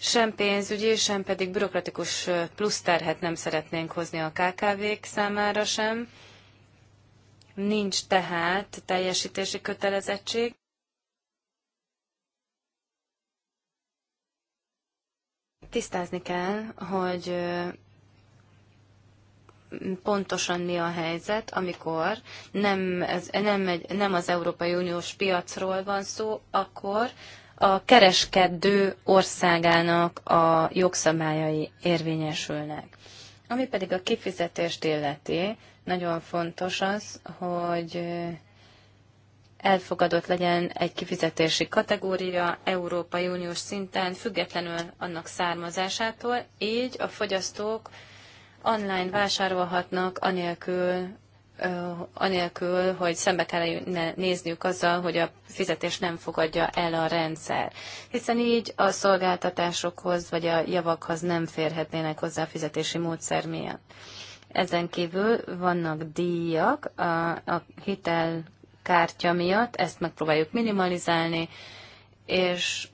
Speaker 2: Sem pénzügyi, sem pedig bürokratikus pluszterhet nem szeretnénk hozni a KKV-k számára sem. Nincs tehát teljesítési kötelezettség. tisztázni kell, hogy pontosan mi a helyzet, amikor nem, ez, nem, egy, nem az Európai Uniós piacról van szó, akkor a kereskedő országának a jogszabályai érvényesülnek. Ami pedig a kifizetést illeti, nagyon fontos az, hogy elfogadott legyen egy kifizetési kategória Európai Uniós szinten, függetlenül annak származásától, így a fogyasztók online vásárolhatnak anélkül, anélkül, hogy szembe kell nézniük azzal, hogy a fizetés nem fogadja el a rendszer. Hiszen így a szolgáltatásokhoz vagy a javakhoz nem férhetnének hozzá a fizetési módszer miatt. Ezen kívül vannak díjak a, a hitel kártya miatt, ezt megpróbáljuk minimalizálni, és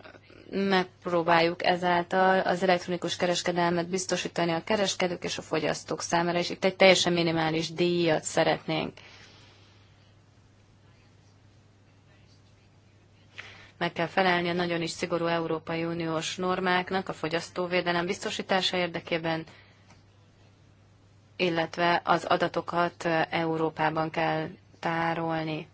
Speaker 2: megpróbáljuk ezáltal az elektronikus kereskedelmet biztosítani a kereskedők és a fogyasztók számára, és itt egy teljesen minimális díjat szeretnénk. Meg kell felelni a nagyon is szigorú Európai Uniós normáknak a fogyasztóvédelem biztosítása érdekében, illetve az adatokat Európában kell tárolni.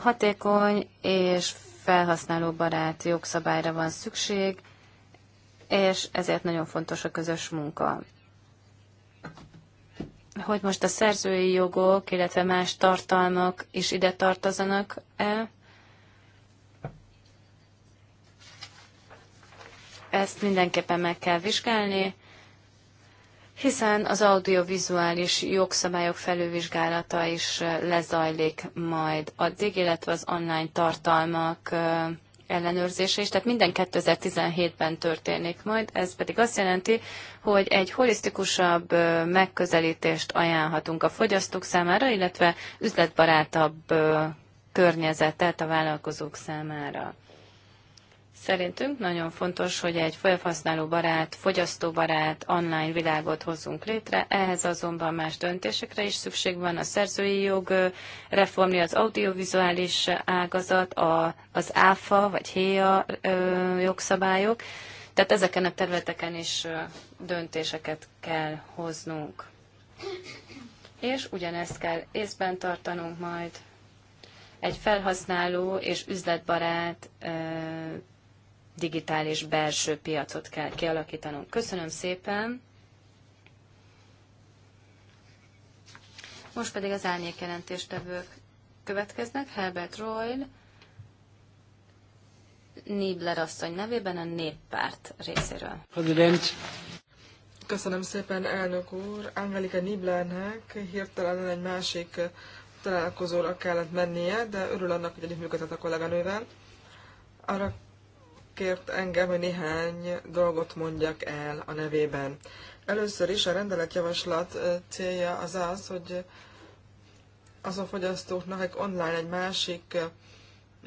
Speaker 2: Hatékony és felhasználóbarát jogszabályra van szükség, és ezért nagyon fontos a közös munka. Hogy most a szerzői jogok, illetve más tartalmak is ide tartozanak-e, ezt mindenképpen meg kell vizsgálni, hiszen az audiovizuális jogszabályok felülvizsgálata is lezajlik majd addig, illetve az online tartalmak ellenőrzése is, tehát minden 2017-ben történik majd, ez pedig azt jelenti, hogy egy holisztikusabb megközelítést ajánlhatunk a fogyasztók számára, illetve üzletbarátabb környezetet a vállalkozók számára. Szerintünk nagyon fontos, hogy egy felhasználó barát, fogyasztóbarát online világot hozzunk létre, ehhez azonban más döntésekre is szükség van, a szerzői jog reformja, az audiovizuális ágazat, a, az ÁFA vagy HÉA e jogszabályok, tehát ezeken a területeken is döntéseket kell hoznunk. És ugyanezt kell észben tartanunk majd egy felhasználó és üzletbarát digitális belső piacot kell kialakítanunk. Köszönöm szépen! Most pedig az árnyékjelentéstevők következnek. Herbert Royl,
Speaker 3: Nibler asszony nevében a néppárt részéről. President. Köszönöm szépen, elnök úr. Angelika Niblernek hirtelen egy másik találkozóra kellett mennie, de örül annak, hogy működhet a kolléganővel. Arra kért engem, hogy néhány dolgot mondjak el a nevében. Először is a rendeletjavaslat célja az az, hogy a fogyasztóknak, akik online egy másik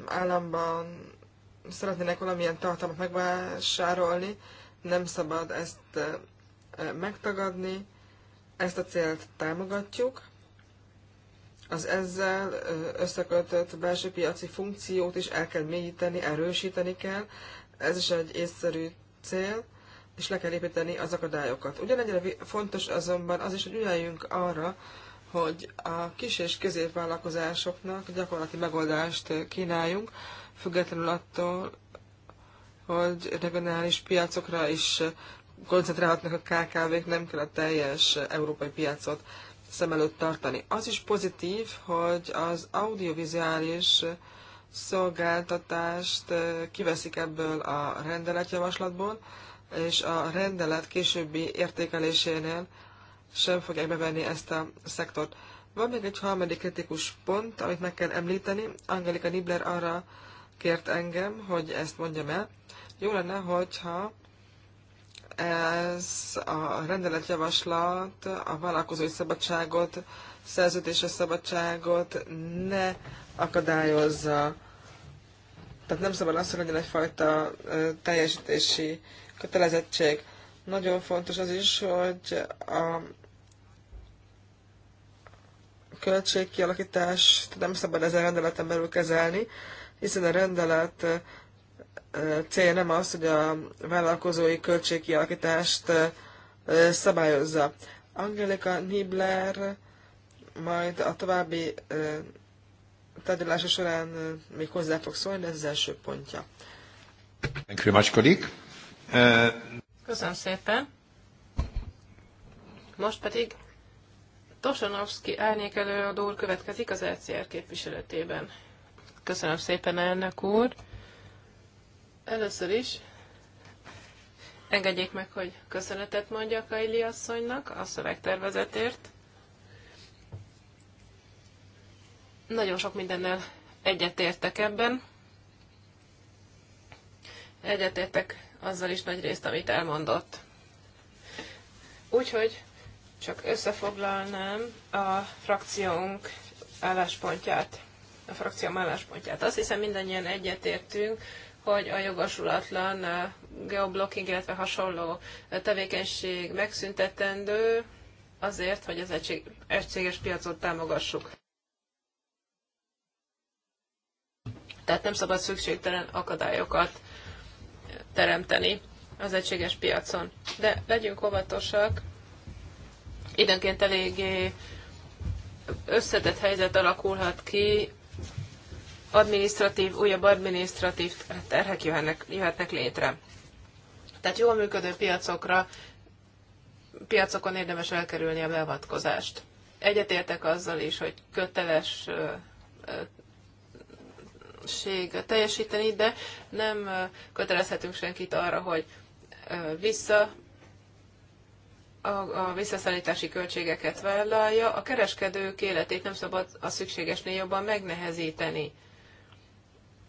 Speaker 3: államban szeretnének valamilyen tartalmat megvásárolni, nem szabad ezt megtagadni, ezt a célt támogatjuk. Az ezzel összekötött belső piaci funkciót is el kell mélyíteni, erősíteni kell, ez is egy észszerű cél, és le kell építeni az akadályokat. Ugyanegyre fontos azonban az is, hogy üljünk arra, hogy a kis és középvállalkozásoknak gyakorlati megoldást kínáljunk, függetlenül attól, hogy regionális piacokra is koncentrálhatnak a KKV-k, nem kell a teljes európai piacot szem előtt tartani. Az is pozitív, hogy az audiovizuális szolgáltatást kiveszik ebből a rendeletjavaslatból, és a rendelet későbbi értékelésénél sem fogják bevenni ezt a szektort. Van még egy harmadik kritikus pont, amit meg kell említeni. Angelika Nibler arra kért engem, hogy ezt mondjam el. Jó lenne, hogyha ez a rendeletjavaslat a vállalkozói szabadságot, szerződéses szabadságot ne akadályozza. Tehát nem szabad az, hogy legyen egyfajta teljesítési kötelezettség. Nagyon fontos az is, hogy a költségkialakítást nem szabad ezen rendeleten belül kezelni, hiszen a rendelet célja nem az, hogy a vállalkozói költségkialakítást szabályozza. Angelika Nibler majd a további tárgyalása során még hozzá fog szólni, ez az első pontja.
Speaker 2: Uh,
Speaker 1: Köszönöm szépen. Most pedig Tosanovski árnyék előadó úr következik az LCR e képviseletében. Köszönöm szépen, elnök úr. Először is engedjék meg, hogy köszönetet mondjak a Ili asszonynak a szövegtervezetért. Nagyon sok mindennel egyetértek ebben. Egyetértek azzal is nagy részt, amit elmondott. Úgyhogy csak összefoglalnám a frakciónk álláspontját, a frakcióm álláspontját. Azt hiszem mindannyian egyetértünk, hogy a jogosulatlan geoblocking, illetve hasonló tevékenység megszüntetendő azért, hogy az egység, egységes piacot támogassuk. Tehát nem szabad szükségtelen akadályokat teremteni az egységes piacon. De legyünk óvatosak, időnként eléggé összetett helyzet alakulhat ki, administratív, újabb administratív terhek jöhetnek, jöhetnek létre. Tehát jól működő piacokra, piacokon érdemes elkerülni a beavatkozást. Egyetértek azzal is, hogy köteles kötelezettség teljesíteni, de nem kötelezhetünk senkit arra, hogy vissza a, a visszaszállítási költségeket vállalja, a kereskedők életét nem szabad a szükségesnél jobban megnehezíteni.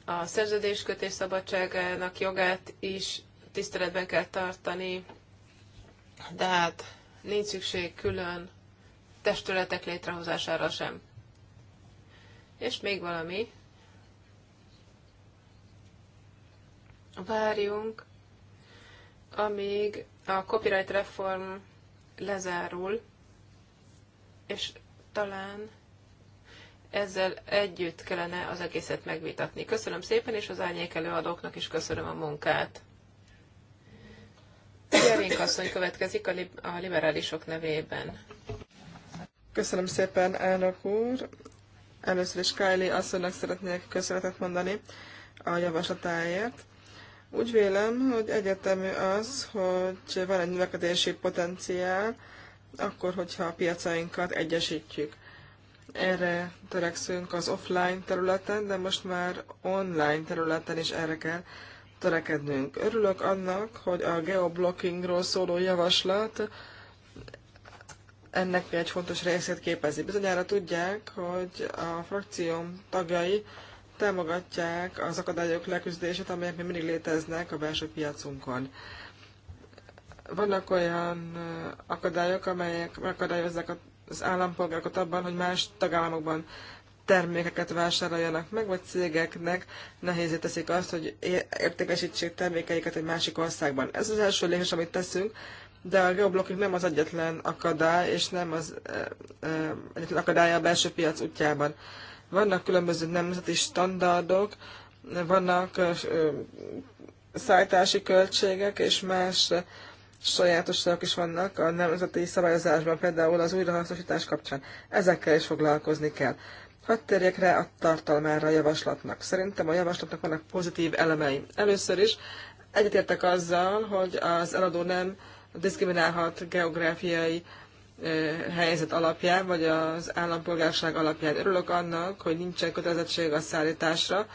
Speaker 1: A szerződéskötés szabadságának jogát is tiszteletben kell tartani, de hát nincs szükség külön testületek létrehozására sem. És még valami, várjunk, amíg a copyright reform lezárul, és talán ezzel együtt kellene az egészet megvitatni. Köszönöm szépen, és az árnyék előadóknak is köszönöm a munkát.
Speaker 3: Gyerünk asszony
Speaker 1: következik a, li- a liberálisok nevében.
Speaker 3: Köszönöm szépen, elnök úr. Először is Kylie asszonynak szeretnék köszönetet mondani a javaslatáért. Úgy vélem, hogy egyetemű az, hogy van egy növekedési potenciál, akkor, hogyha a piacainkat egyesítjük. Erre törekszünk az offline területen, de most már online területen is erre kell törekednünk. Örülök annak, hogy a geoblockingról szóló javaslat ennek egy fontos részét képezi. Bizonyára tudják, hogy a frakcióm tagjai támogatják az akadályok leküzdését, amelyek még mindig léteznek a belső piacunkon. Vannak olyan akadályok, amelyek megakadályozzák az állampolgárokat abban, hogy más tagállamokban termékeket vásároljanak meg, vagy cégeknek nehézé teszik azt, hogy értékesítsék termékeiket egy másik országban. Ez az első lépés, amit teszünk, de a geoblocking nem az egyetlen akadály, és nem az e, e, egyetlen akadály a belső piac útjában. Vannak különböző nemzeti standardok, vannak szállítási költségek és más sajátosságok is vannak a nemzeti szabályozásban, például az újrahasznosítás kapcsán. Ezekkel is foglalkozni kell. Hadd térjek rá a tartalmára a javaslatnak. Szerintem a javaslatnak vannak pozitív elemei. Először is egyetértek azzal, hogy az eladó nem diszkriminálhat geográfiai helyzet alapján, vagy az állampolgárság alapján. Örülök annak, hogy nincsen kötelezettség a szállításra.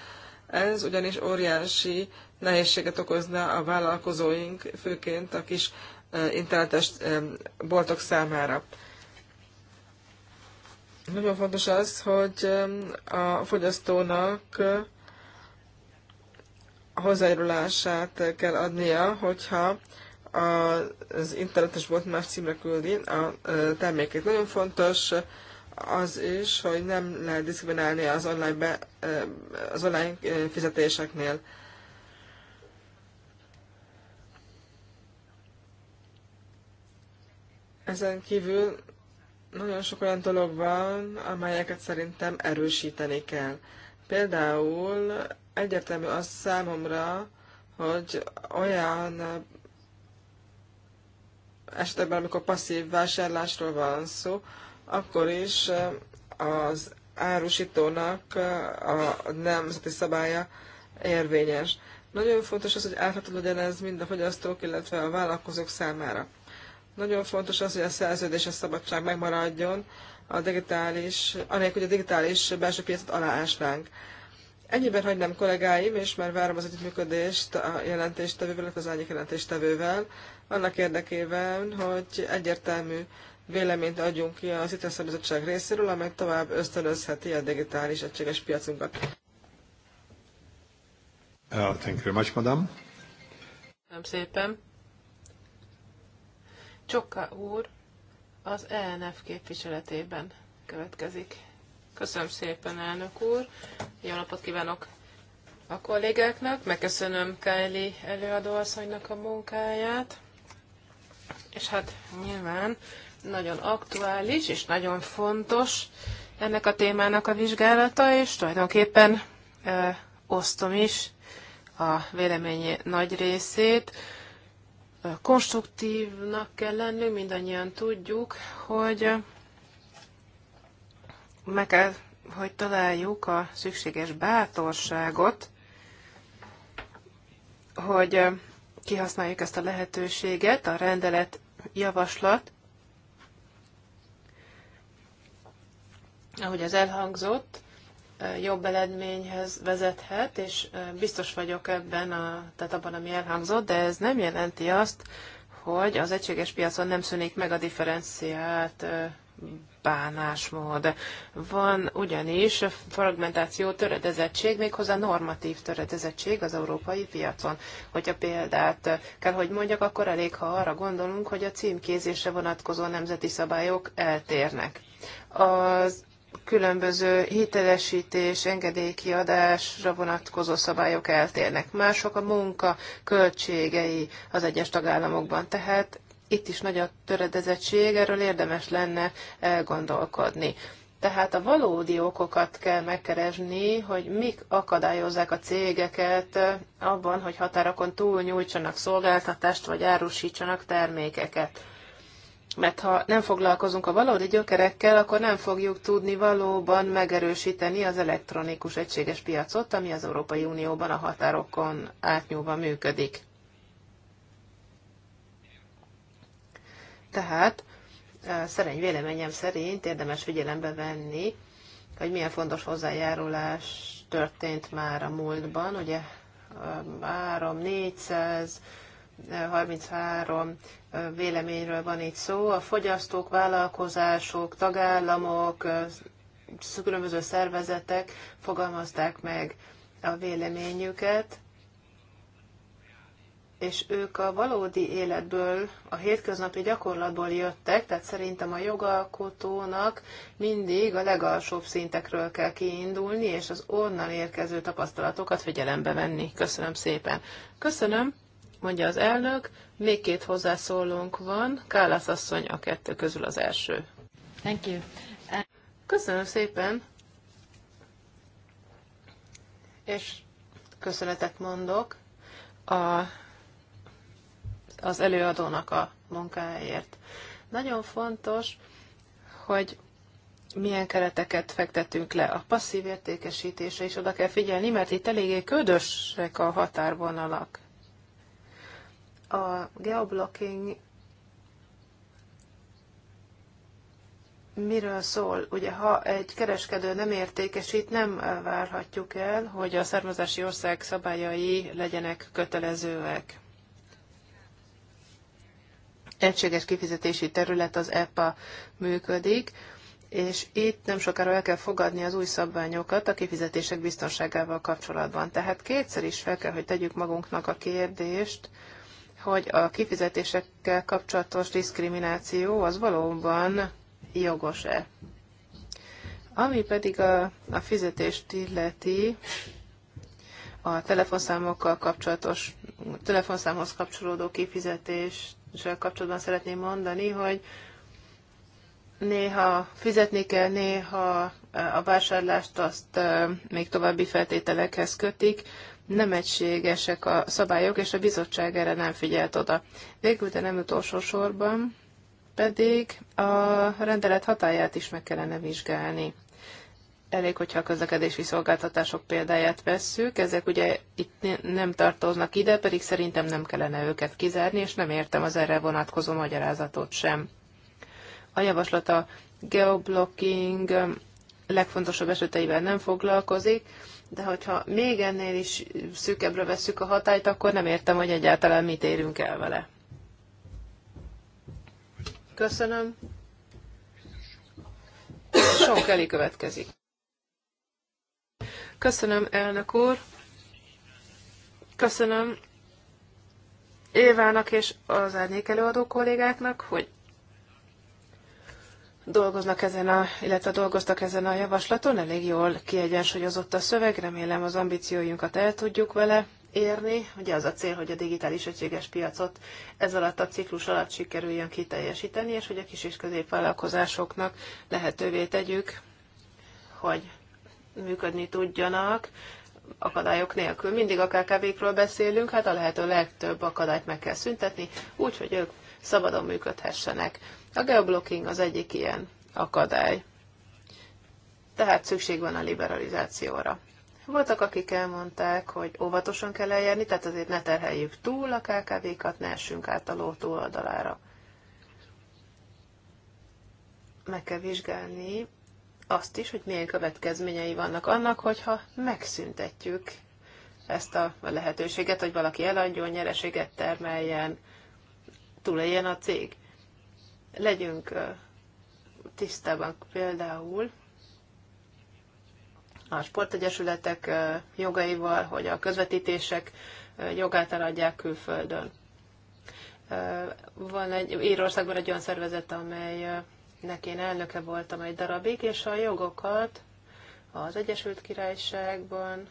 Speaker 3: Ez ugyanis óriási nehézséget okozna a vállalkozóink, főként a kis internetes boltok számára. Nagyon fontos az, hogy a fogyasztónak hozzájárulását kell adnia, hogyha az internetes volt más címre küldi a termékét. Nagyon fontos az is, hogy nem lehet diszkriminálni az online, be, az online fizetéseknél. Ezen kívül nagyon sok olyan dolog van, amelyeket szerintem erősíteni kell. Például egyértelmű az számomra, hogy olyan esetben, amikor passzív vásárlásról van szó, akkor is eh, az árusítónak eh, a nemzeti szabálya érvényes. Nagyon fontos az, hogy átható legyen ez mind a fogyasztók, illetve a vállalkozók számára. Nagyon fontos az, hogy a a szabadság megmaradjon, a digitális, anélkül, hogy a digitális belső piacot aláásnánk. Ennyiben hagynám kollégáim, és már várom az együttműködést a jelentéstevővel, az ányik jelentéstevővel, annak érdekében, hogy egyértelmű véleményt adjunk ki az ITESZ bizottság részéről, amely tovább ösztönözheti a digitális egységes piacunkat.
Speaker 2: Uh, thank you very
Speaker 1: much, madam.
Speaker 3: Köszönöm szépen. Csokka
Speaker 1: úr az ENF képviseletében következik. Köszönöm szépen, elnök úr. Jó napot kívánok a kollégáknak. Megköszönöm Kelly előadóasszonynak a munkáját. És hát nyilván nagyon aktuális és nagyon fontos ennek a témának a vizsgálata, és tulajdonképpen ö, osztom is a véleményi nagy részét. Konstruktívnak kell lennünk, mindannyian tudjuk, hogy meg kell, hogy találjuk a szükséges bátorságot, hogy kihasználjuk ezt a lehetőséget, a rendelet javaslat, ahogy az elhangzott, jobb eredményhez vezethet, és biztos vagyok ebben, a, tehát abban, ami elhangzott, de ez nem jelenti azt, hogy az egységes piacon nem szűnik meg a differenciált bánásmód. Van ugyanis fragmentáció, töredezettség, méghozzá normatív töredezettség az európai piacon. Hogyha példát kell, hogy mondjak, akkor elég, ha arra gondolunk, hogy a címkézésre vonatkozó nemzeti szabályok eltérnek. Az különböző hitelesítés, engedélykiadásra vonatkozó szabályok eltérnek. Mások a munka költségei az egyes tagállamokban. Tehát itt is nagy a töredezettség, erről érdemes lenne elgondolkodni. Tehát a valódi okokat kell megkeresni, hogy mik akadályozzák a cégeket abban, hogy határokon túl nyújtsanak szolgáltatást, vagy árusítsanak termékeket. Mert ha nem foglalkozunk a valódi gyökerekkel, akkor nem fogjuk tudni valóban megerősíteni az elektronikus egységes piacot, ami az Európai Unióban a határokon átnyúlva működik. Tehát szerény véleményem szerint érdemes figyelembe venni, hogy milyen fontos hozzájárulás történt már a múltban, ugye 3, 400, 33 véleményről van itt szó. A fogyasztók, vállalkozások, tagállamok, különböző szervezetek fogalmazták meg a véleményüket, és ők a valódi életből, a hétköznapi gyakorlatból jöttek, tehát szerintem a jogalkotónak mindig a legalsóbb szintekről kell kiindulni, és az onnan érkező tapasztalatokat figyelembe venni. Köszönöm szépen. Köszönöm, mondja az elnök. Még két hozzászólónk van. Kálasz asszony a kettő közül az első. Thank you. Köszönöm szépen. És köszönetet mondok a az előadónak a munkájáért. Nagyon fontos, hogy milyen kereteket fektetünk le a passzív értékesítése, és oda kell figyelni, mert itt eléggé ködösek a határvonalak. A geoblocking miről szól? Ugye, ha egy kereskedő nem értékesít, nem várhatjuk el, hogy a származási ország szabályai legyenek kötelezőek egységes kifizetési terület, az EPA működik, és itt nem sokára el kell fogadni az új szabványokat a kifizetések biztonságával kapcsolatban. Tehát kétszer is fel kell, hogy tegyük magunknak a kérdést, hogy a kifizetésekkel kapcsolatos diszkrimináció az valóban jogos-e. Ami pedig a, a fizetést illeti, a telefonszámokkal kapcsolatos, telefonszámhoz kapcsolódó kifizetést kapcsolatban szeretném mondani, hogy néha fizetni kell, néha e, a vásárlást azt e, még további feltételekhez kötik, nem egységesek a szabályok, és a bizottság erre nem figyelt oda. Végül, de nem utolsó sorban, pedig a rendelet hatáját is meg kellene vizsgálni elég, hogyha a közlekedési szolgáltatások példáját vesszük, ezek ugye itt nem tartoznak ide, pedig szerintem nem kellene őket kizárni, és nem értem az erre vonatkozó magyarázatot sem. A javaslat a geoblocking um, legfontosabb eseteivel nem foglalkozik, de hogyha még ennél is szűkebbre vesszük a hatályt, akkor nem értem, hogy egyáltalán mit érünk el vele. Köszönöm. Sok elé következik. Köszönöm, elnök úr. Köszönöm Évának és az árnyék előadó kollégáknak, hogy dolgoznak ezen a, illetve dolgoztak ezen a javaslaton, elég jól kiegyensúlyozott a szöveg, remélem az ambícióinkat el tudjuk vele érni. Ugye az a cél, hogy a digitális egységes piacot ez alatt a ciklus alatt sikerüljön kiteljesíteni, és hogy a kis és középvállalkozásoknak lehetővé tegyük, hogy működni tudjanak akadályok nélkül. Mindig a KKV-król beszélünk, hát a lehető legtöbb akadályt meg kell szüntetni, úgy, hogy ők szabadon működhessenek. A geoblocking az egyik ilyen akadály. Tehát szükség van a liberalizációra. Voltak, akik elmondták, hogy óvatosan kell eljárni, tehát azért ne terheljük túl a KKV-kat, ne essünk át a ló túloldalára. Meg kell vizsgálni azt is, hogy milyen következményei vannak annak, hogyha megszüntetjük ezt a lehetőséget, hogy valaki eladjon, nyereséget termeljen, túléljen a cég. Legyünk tisztában például a sportegyesületek jogaival, hogy a közvetítések jogát eladják külföldön. Van egy Írországban egy olyan szervezet, amely amelynek én elnöke voltam egy darabig, és a jogokat az Egyesült Királyságban,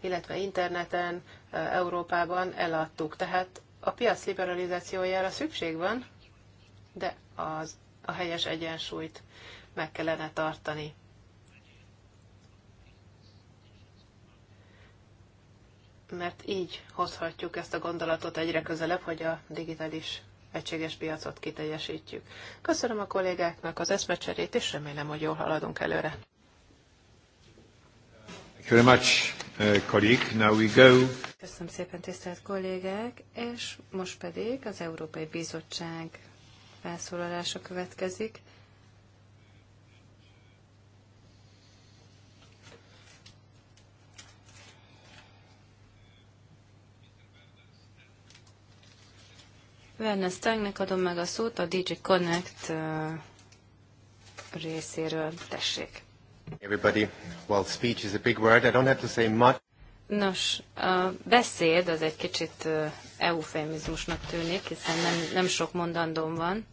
Speaker 1: illetve interneten, Európában eladtuk. Tehát a piac liberalizációjára szükség van, de az, a helyes egyensúlyt meg kellene tartani. Mert így hozhatjuk ezt a gondolatot egyre közelebb, hogy a digitális egységes piacot kiteljesítjük. Köszönöm a kollégáknak az eszmecserét, és remélem, hogy jól haladunk előre.
Speaker 2: Uh, Köszönöm szépen, tisztelt kollégák, és most pedig az Európai Bizottság felszólalása következik. Werner Stangnek adom meg a szót a DJ Connect részéről. Tessék. Everybody, well, speech is a big word. I don't have to say much. Nos, a beszéd az egy kicsit eufemizmusnak tűnik, hiszen nem, nem sok mondandóm van.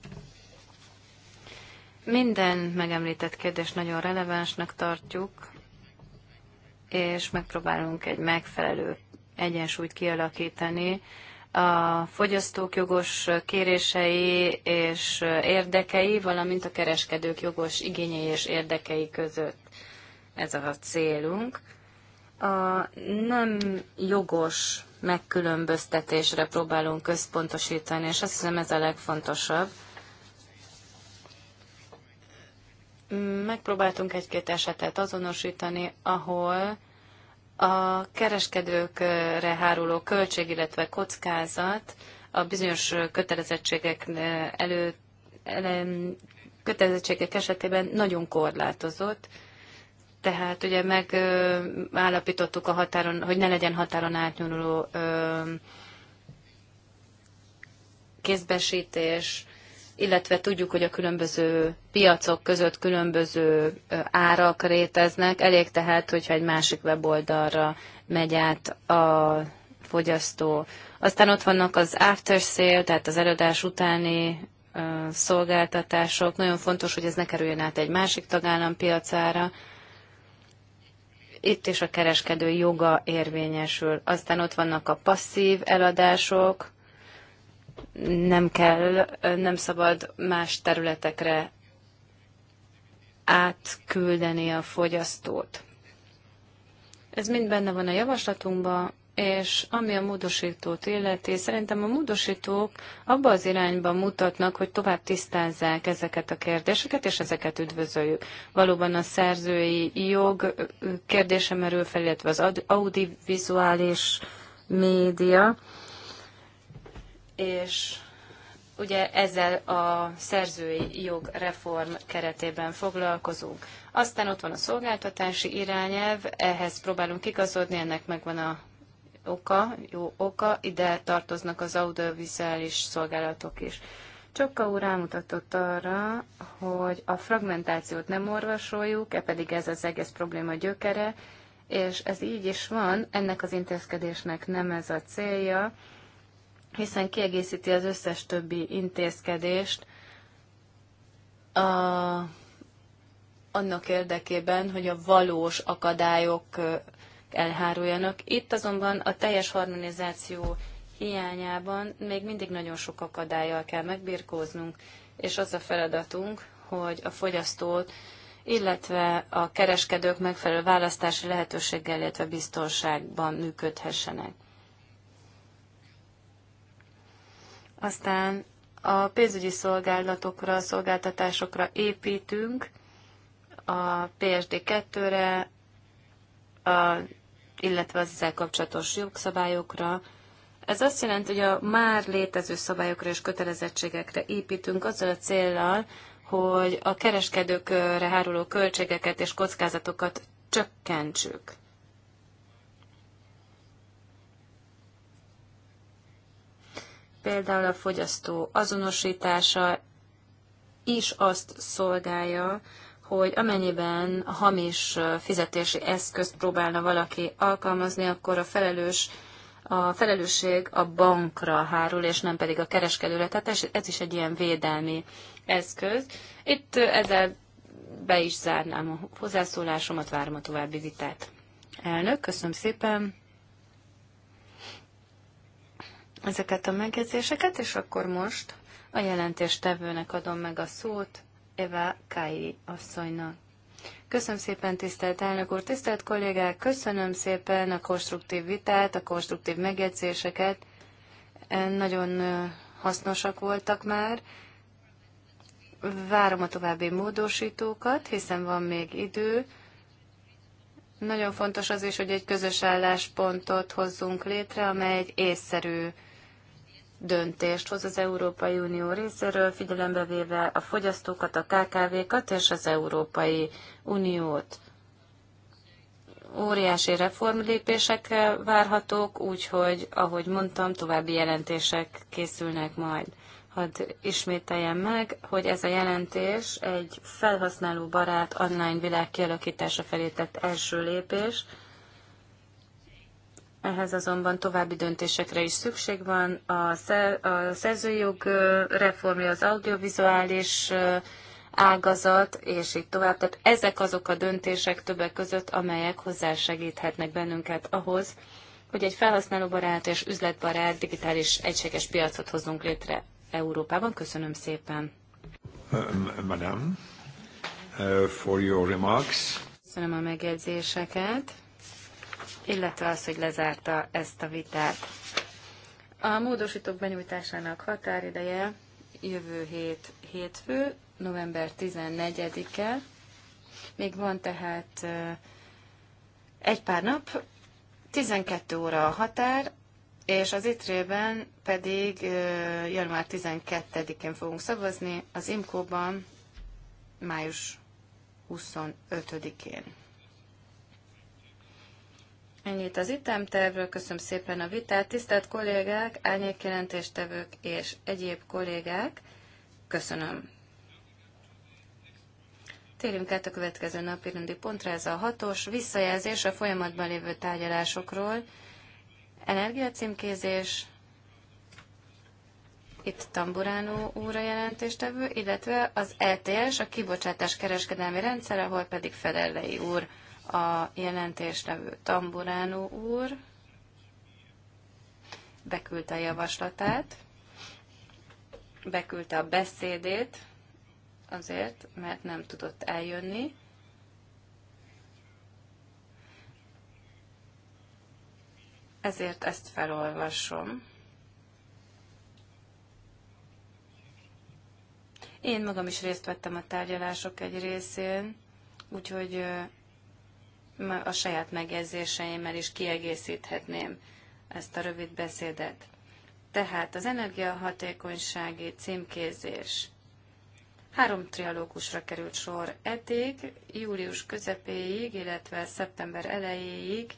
Speaker 2: Minden megemlített kérdés nagyon relevánsnak tartjuk, és megpróbálunk egy megfelelő egyensúlyt kialakítani a fogyasztók jogos kérései és érdekei, valamint a kereskedők jogos igényei és érdekei között. Ez a célunk. A nem jogos megkülönböztetésre próbálunk központosítani, és azt hiszem ez a legfontosabb. Megpróbáltunk egy-két esetet azonosítani, ahol a kereskedőkre háruló költség, illetve kockázat a bizonyos kötelezettségek elő, kötelezettségek esetében nagyon korlátozott. Tehát ugye megállapítottuk a határon, hogy ne legyen határon átnyúló kézbesítés, illetve tudjuk, hogy a különböző piacok között különböző árak réteznek. Elég tehát, hogyha egy másik weboldalra megy át a fogyasztó. Aztán ott vannak az after sale, tehát az előadás utáni szolgáltatások. Nagyon fontos, hogy ez ne kerüljön át egy másik tagállam piacára. Itt is a kereskedő joga érvényesül. Aztán ott vannak a passzív eladások, nem kell, nem szabad más területekre átküldeni a fogyasztót. Ez mind benne van a javaslatunkban, és ami a módosítót illeti, szerintem a módosítók abba az irányba mutatnak, hogy tovább tisztázzák ezeket a kérdéseket, és ezeket üdvözöljük. Valóban a szerzői jog kérdése merül fel, illetve az audiovizuális média és ugye ezzel a szerzői jog reform keretében foglalkozunk. Aztán ott van a szolgáltatási irányelv, ehhez próbálunk igazodni, ennek megvan a oka, jó oka, ide tartoznak az audiovizuális szolgálatok is. Csokka úr rámutatott arra, hogy a fragmentációt nem orvosoljuk, e pedig ez az egész probléma gyökere, és ez így is van, ennek az intézkedésnek nem ez a célja, hiszen kiegészíti az összes többi intézkedést a, annak érdekében, hogy a valós akadályok elháruljanak. Itt azonban a teljes harmonizáció hiányában még mindig nagyon sok akadályjal kell megbirkóznunk, és az a feladatunk, hogy a fogyasztót, illetve a kereskedők megfelelő választási lehetőséggel, illetve biztonságban működhessenek. Aztán a pénzügyi szolgálatokra, szolgáltatásokra építünk, a PSD2-re, illetve az ezzel kapcsolatos jogszabályokra. Ez azt jelenti, hogy a már létező szabályokra és kötelezettségekre építünk azzal a célral, hogy a kereskedőkre háruló költségeket és kockázatokat csökkentsük. például a fogyasztó azonosítása is azt szolgálja, hogy amennyiben a hamis fizetési eszközt próbálna valaki alkalmazni, akkor a felelős a felelősség a bankra hárul, és nem pedig a kereskedőre. Tehát ez is egy ilyen védelmi eszköz. Itt ezzel be is zárnám a hozzászólásomat, várom a további vitát. Elnök, köszönöm szépen ezeket a megjegyzéseket, és akkor most a jelentéstevőnek adom meg a szót, Eva Kai asszonynak. Köszönöm szépen, tisztelt elnök úr, tisztelt kollégák, köszönöm szépen a konstruktív vitát, a konstruktív megjegyzéseket. Nagyon hasznosak voltak már. Várom a további módosítókat, hiszen van még idő. Nagyon fontos az is, hogy egy közös álláspontot hozzunk létre, amely egy észszerű döntést hoz az Európai Unió részéről, figyelembe véve a fogyasztókat, a KKV-kat és az Európai Uniót. Óriási reformlépések várhatók, úgyhogy, ahogy mondtam, további jelentések készülnek majd. Hadd ismételjem meg, hogy ez a jelentés egy felhasználó barát online világ kialakítása felé tett első lépés, ehhez azonban további döntésekre is szükség van. A, szer, a szerzőjog reformja, az audiovizuális ágazat, és így tovább. Tehát ezek azok a döntések többek között, amelyek hozzásegíthetnek bennünket ahhoz, hogy egy felhasználóbarát és üzletbarát digitális egységes piacot hozzunk létre Európában. Köszönöm szépen. Madame, uh, for your remarks. Köszönöm a megjegyzéseket illetve az, hogy lezárta ezt a vitát. A módosítók benyújtásának határideje jövő hét hétfő, november 14-e. Még van tehát egy pár nap, 12 óra a határ, és az ITRE-ben pedig január 12-én fogunk szavazni, az IMKO-ban május 25-én. Ennyit az itemtervről, köszönöm szépen a vitát. Tisztelt kollégák, árnyékjelentéstevők és egyéb kollégák, köszönöm. Térjünk át a következő napi rendi pontra, ez a hatos visszajelzés a folyamatban lévő tárgyalásokról, energiacímkézés, itt Tamburánó úra jelentéstevő, illetve az ETS, a kibocsátás kereskedelmi rendszer, ahol pedig Federlei úr a jelentéstevő Tamburánó úr beküldte a javaslatát, beküldte a beszédét, azért, mert nem tudott eljönni. Ezért ezt felolvasom. Én magam is részt vettem a tárgyalások egy részén, úgyhogy a saját megjegyzéseimmel is kiegészíthetném ezt a rövid beszédet. Tehát az energiahatékonysági címkézés. Három trialógusra került sor eddig, július közepéig, illetve szeptember elejéig,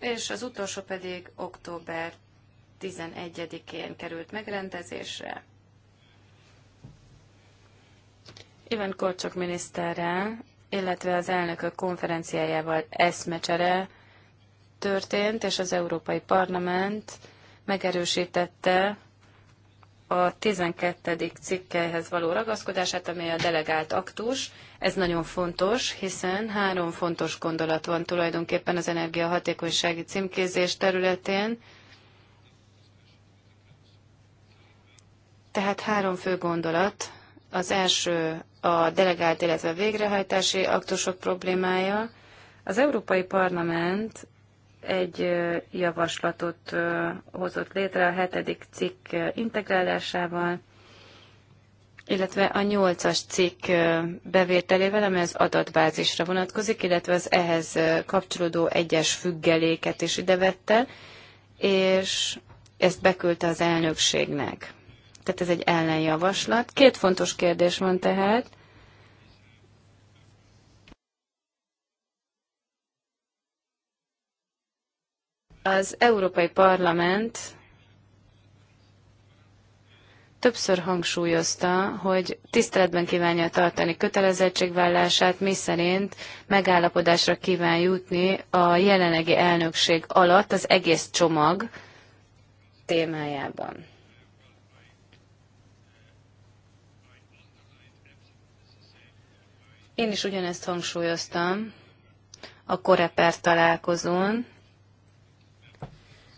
Speaker 2: és az utolsó pedig október 11-én került megrendezésre. Ivan Korcsok miniszterrel, illetve az elnökök konferenciájával eszmecsere történt, és az Európai Parlament megerősítette a 12. cikkelyhez való ragaszkodását, amely a delegált aktus. Ez nagyon fontos, hiszen három fontos gondolat van tulajdonképpen az energiahatékonysági címkézés területén. Tehát három fő gondolat az első a delegált, illetve végrehajtási aktusok problémája. Az Európai Parlament egy javaslatot hozott létre a hetedik cikk integrálásával, illetve a nyolcas cikk bevételével, amely az adatbázisra vonatkozik, illetve az ehhez kapcsolódó egyes függeléket is idevette, és ezt beküldte az elnökségnek tehát ez egy ellenjavaslat. Két fontos kérdés van tehát. Az Európai Parlament többször hangsúlyozta, hogy tiszteletben kívánja tartani kötelezettségvállását, miszerint megállapodásra kíván jutni a jelenlegi elnökség alatt az egész csomag témájában. Én is ugyanezt hangsúlyoztam a Koreper találkozón,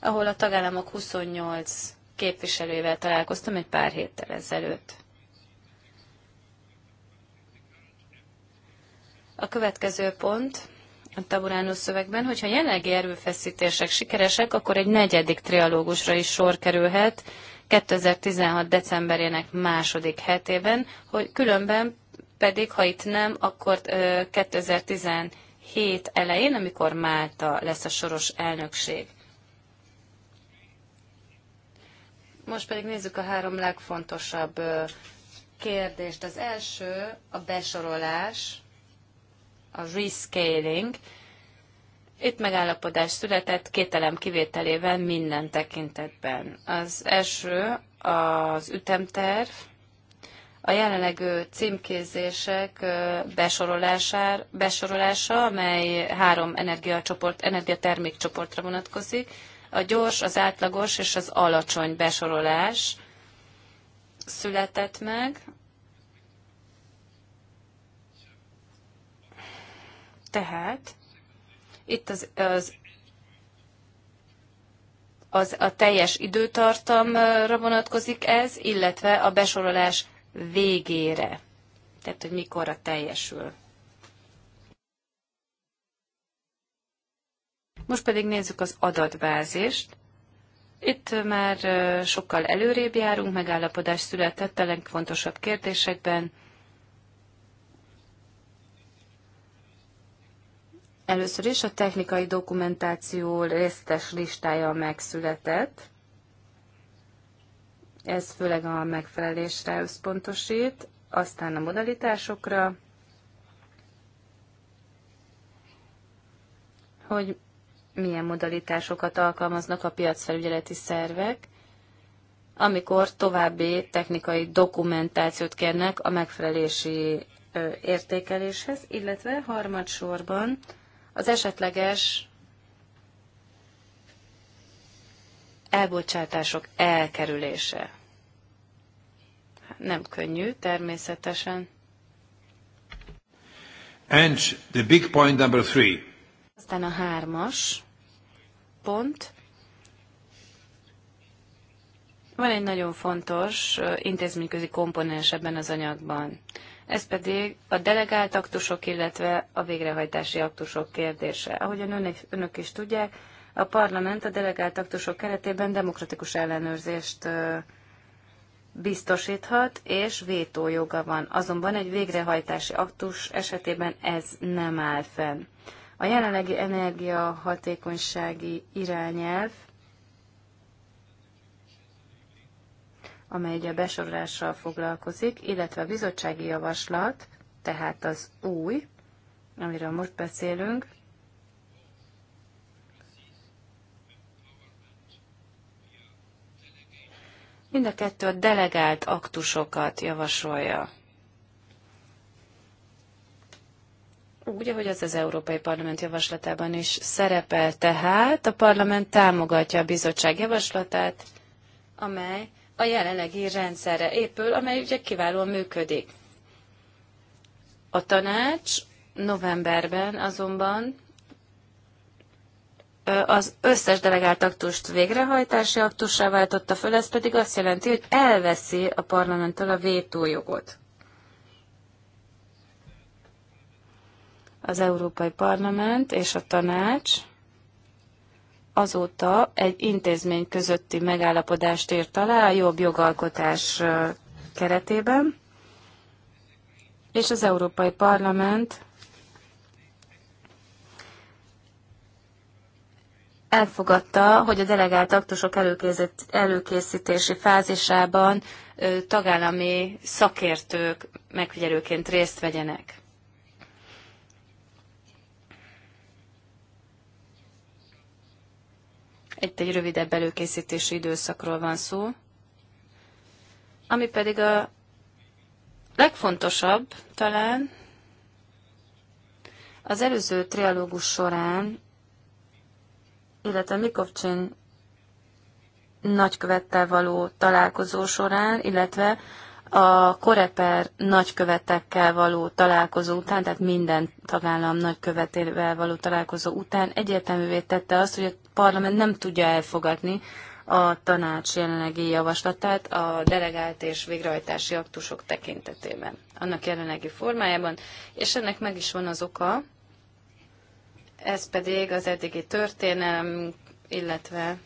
Speaker 2: ahol a tagállamok 28 képviselővel találkoztam egy pár héttel ezelőtt. A következő pont a Taburánus szövegben, hogyha jelenlegi erőfeszítések sikeresek, akkor egy negyedik trialógusra is sor kerülhet 2016. decemberének második hetében, hogy különben pedig ha itt nem, akkor 2017 elején, amikor Málta lesz a soros elnökség. Most pedig nézzük a három legfontosabb kérdést. Az első a besorolás, a rescaling. Itt megállapodás született kételem kivételével minden tekintetben. Az első az ütemterv, a jelenleg címkézések besorolására, besorolása, amely három energiacsoport, energiatermékcsoportra vonatkozik, a gyors, az átlagos és az alacsony besorolás született meg. Tehát itt az, az, az a teljes időtartamra vonatkozik ez, illetve a besorolás végére. Tehát, hogy mikorra teljesül. Most pedig nézzük az adatbázist. Itt már sokkal előrébb járunk, megállapodás született a legfontosabb kérdésekben. Először is a technikai dokumentáció résztes listája megszületett. Ez főleg a megfelelésre összpontosít, aztán a modalitásokra, hogy milyen modalitásokat alkalmaznak a piacfelügyeleti szervek, amikor további technikai dokumentációt kérnek a megfelelési értékeléshez, illetve harmadsorban az esetleges elbocsátások elkerülése nem könnyű, természetesen. And the big point number three. Aztán a hármas pont. Van egy nagyon fontos intézményközi komponens ebben az anyagban. Ez pedig a delegált aktusok, illetve a végrehajtási aktusok kérdése. Ahogyan önök, önök is tudják, a parlament a delegált aktusok keretében demokratikus ellenőrzést biztosíthat, és vétójoga van. Azonban egy végrehajtási aktus esetében ez nem áll fenn. A jelenlegi energiahatékonysági irányelv, amely ugye a besorolással foglalkozik, illetve a bizottsági javaslat, tehát az új, amiről most beszélünk, Mind a kettő a delegált aktusokat javasolja. Úgy, ahogy az az Európai Parlament javaslatában is szerepel, tehát a parlament támogatja a bizottság javaslatát, amely a jelenlegi rendszerre épül, amely ugye kiválóan működik. A tanács novemberben azonban az összes delegált aktust végrehajtási aktussá váltotta föl, ez pedig azt jelenti, hogy elveszi a parlamenttől a vétójogot. Az Európai Parlament és a tanács azóta egy intézmény közötti megállapodást ért alá a jobb jogalkotás keretében, és az Európai Parlament elfogadta, hogy a delegált aktusok előkészítési fázisában tagállami szakértők megfigyelőként részt vegyenek. Itt egy rövidebb előkészítési időszakról van szó, ami pedig a legfontosabb talán az előző trialógus során illetve Mikovcsin nagykövettel való találkozó során, illetve a koreper nagykövetekkel való találkozó után, tehát minden tagállam nagykövetével való találkozó után egyértelművé tette azt, hogy a parlament nem tudja elfogadni a tanács jelenlegi javaslatát a delegált és végrehajtási aktusok tekintetében, annak jelenlegi formájában, és ennek meg is van az oka, ez pedig az eddigi történelm, illetve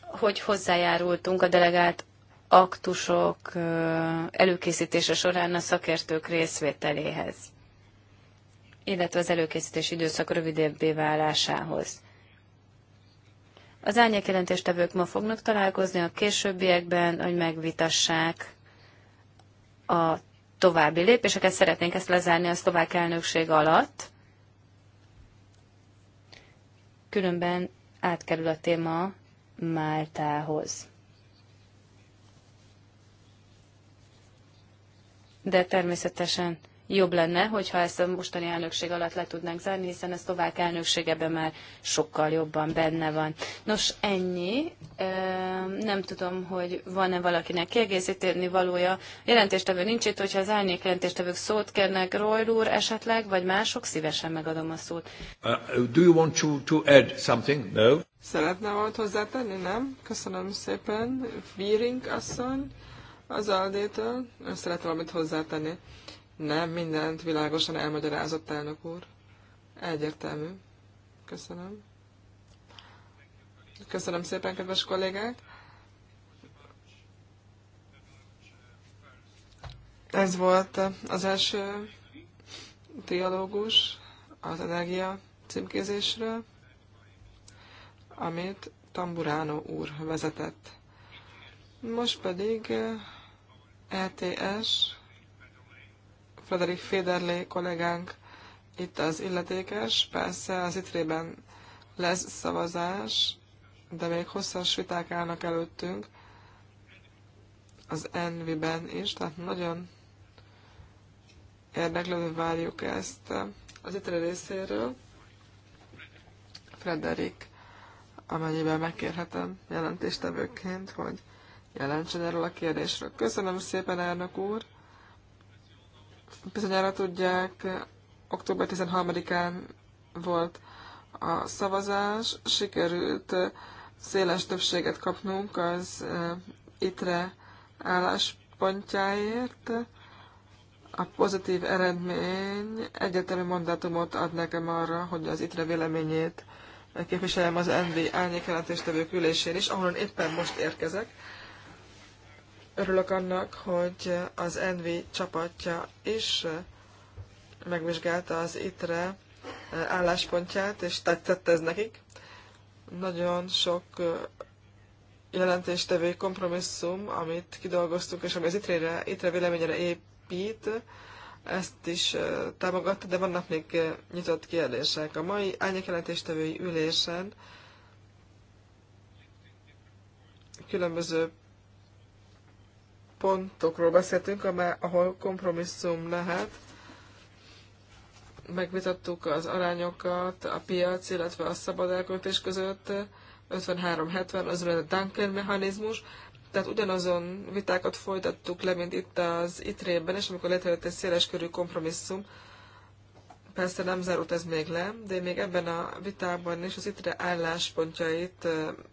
Speaker 2: hogy hozzájárultunk a delegált aktusok előkészítése során a szakértők részvételéhez, illetve az előkészítés időszak rövidebbé válásához. Az árnyékjelentéstevők ma fognak találkozni a későbbiekben, hogy megvitassák a további lépéseket. Szeretnénk ezt lezárni a szlovák elnökség alatt különben átkerül a téma Máltához. De természetesen jobb lenne, hogyha ezt a mostani elnökség alatt le tudnánk zárni, hiszen a szlovák elnökség ebben már sokkal jobban benne van. Nos, ennyi. Nem tudom, hogy van-e valakinek kiegészíteni valója. Jelentéstevő nincs itt, hogyha az árnyék jelentéstevők szót kérnek,
Speaker 3: Royl úr esetleg, vagy mások, szívesen megadom a szót.
Speaker 1: Uh, do you want to, to add
Speaker 2: something? No.
Speaker 3: Szeretne valamit hozzátenni, nem? Köszönöm szépen. Viring asszony az Aldétől. Szeretne valamit hozzátenni. Nem, mindent világosan elmagyarázott elnök úr. Egyértelmű. Köszönöm. Köszönöm szépen, kedves kollégák. Ez volt az első dialógus az energia címkézésről, amit Tamburano úr vezetett. Most pedig ETS Frederik Féderlé kollégánk itt az illetékes, persze az itrében lesz szavazás, de még hosszas viták állnak előttünk az Envi-ben is, tehát nagyon érdeklődve várjuk ezt az itre részéről. Frederik, amennyiben megkérhetem jelentéstevőként, hogy jelentsen erről a kérdésről. Köszönöm szépen, elnök úr! bizonyára tudják, október 13-án volt a szavazás, sikerült széles többséget kapnunk az ITRE álláspontjáért. A pozitív eredmény egyetemi mandátumot ad nekem arra, hogy az ITRE véleményét képviseljem az NV árnyékjelentéstevők ülésén is, ahonnan éppen most érkezek. Örülök annak, hogy az Envi csapatja is eh, megvizsgálta az ITRE eh, álláspontját, és tetszett ez nekik. Nagyon sok eh, jelentéstevő kompromisszum, amit kidolgoztunk, és ami az ITRE, ITRE véleményére épít, ezt is támogatta, de vannak még nyitott kérdések. A mai jelentéstevői ülésen különböző pontokról beszéltünk, ahol kompromisszum lehet. Megvitattuk az arányokat a piac, illetve a szabad elköltés között, 53-70, az a Duncan mechanizmus, tehát ugyanazon vitákat folytattuk le, mint itt az ITRE-ben, és amikor létrejött egy széleskörű kompromisszum, persze nem zárult ez még le, de még ebben a vitában is az ITRE álláspontjait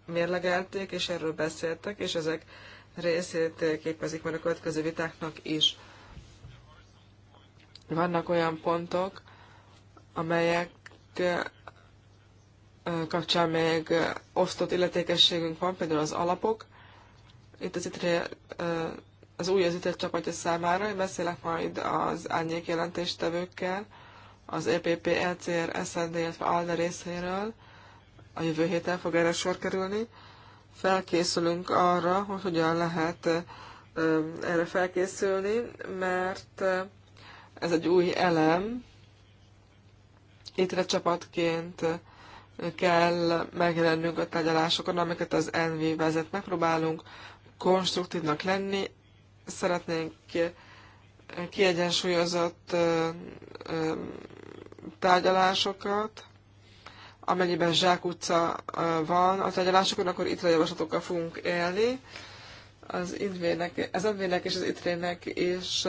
Speaker 3: mérlegelték, és erről beszéltek, és ezek részét képezik majd a következő vitáknak is. Vannak olyan pontok, amelyek kapcsán még osztott illetékességünk van, például az alapok. Itt az ITRE, az új az ITRE csapatja számára, én beszélek majd az árnyék jelentéstevőkkel, az EPP, ECR, SND, illetve ALDE részéről. A jövő héten fog erre sor kerülni felkészülünk arra, hogy hogyan lehet erre felkészülni, mert ez egy új elem. Étre csapatként kell megjelennünk a tárgyalásokon, amiket az NV vezet. Megpróbálunk konstruktívnak lenni, szeretnénk kiegyensúlyozott tárgyalásokat, amennyiben Zsák utca van a tárgyalásokon, akkor itt javaslatokkal fogunk élni. Az indvének, az indvének és az itrének is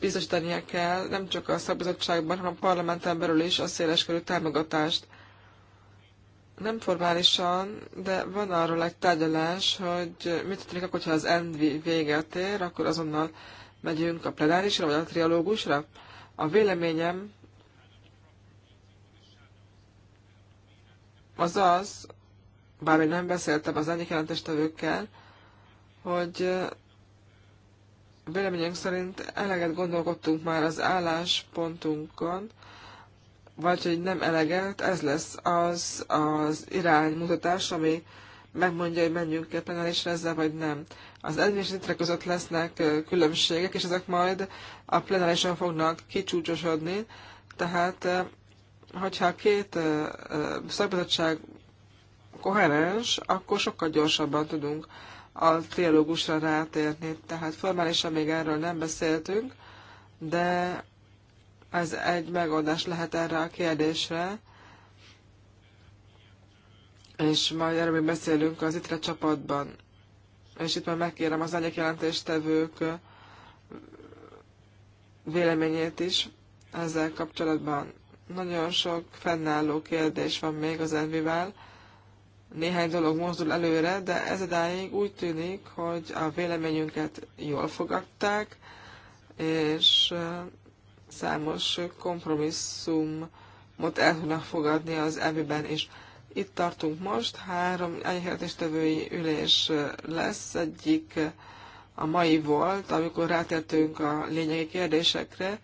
Speaker 3: biztosítania kell nem csak a szakbizottságban, hanem a parlamenten belül is a széleskörű támogatást. Nem formálisan, de van arról egy tárgyalás, hogy mit történik akkor, ha az ENDV véget ér, akkor azonnal megyünk a plenárisra vagy a trialógusra. A véleményem az az, bár még nem beszéltem az egyik jelentéstevőkkel, hogy véleményünk szerint eleget gondolkodtunk már az álláspontunkon, vagy hogy nem eleget, ez lesz az az iránymutatás, ami megmondja, hogy menjünk-e plenárisra ezzel, vagy nem. Az egyes szintre között lesznek különbségek, és ezek majd a plenárison fognak kicsúcsosodni, tehát hogyha a két szakbizottság koherens, akkor sokkal gyorsabban tudunk a dialógusra rátérni. Tehát formálisan még erről nem beszéltünk, de ez egy megoldás lehet erre a kérdésre. És majd erről még beszélünk az ITRE csapatban. És itt már megkérem az jelentéstevők véleményét is ezzel kapcsolatban. Nagyon sok fennálló kérdés van még az Envivel. Néhány dolog mozdul előre, de ez edáig úgy tűnik, hogy a véleményünket jól fogadták, és számos kompromisszumot el tudnak fogadni az elviben is. Itt tartunk most, három enyheletéstevői ülés lesz, egyik a mai volt, amikor rátértünk a lényegi kérdésekre,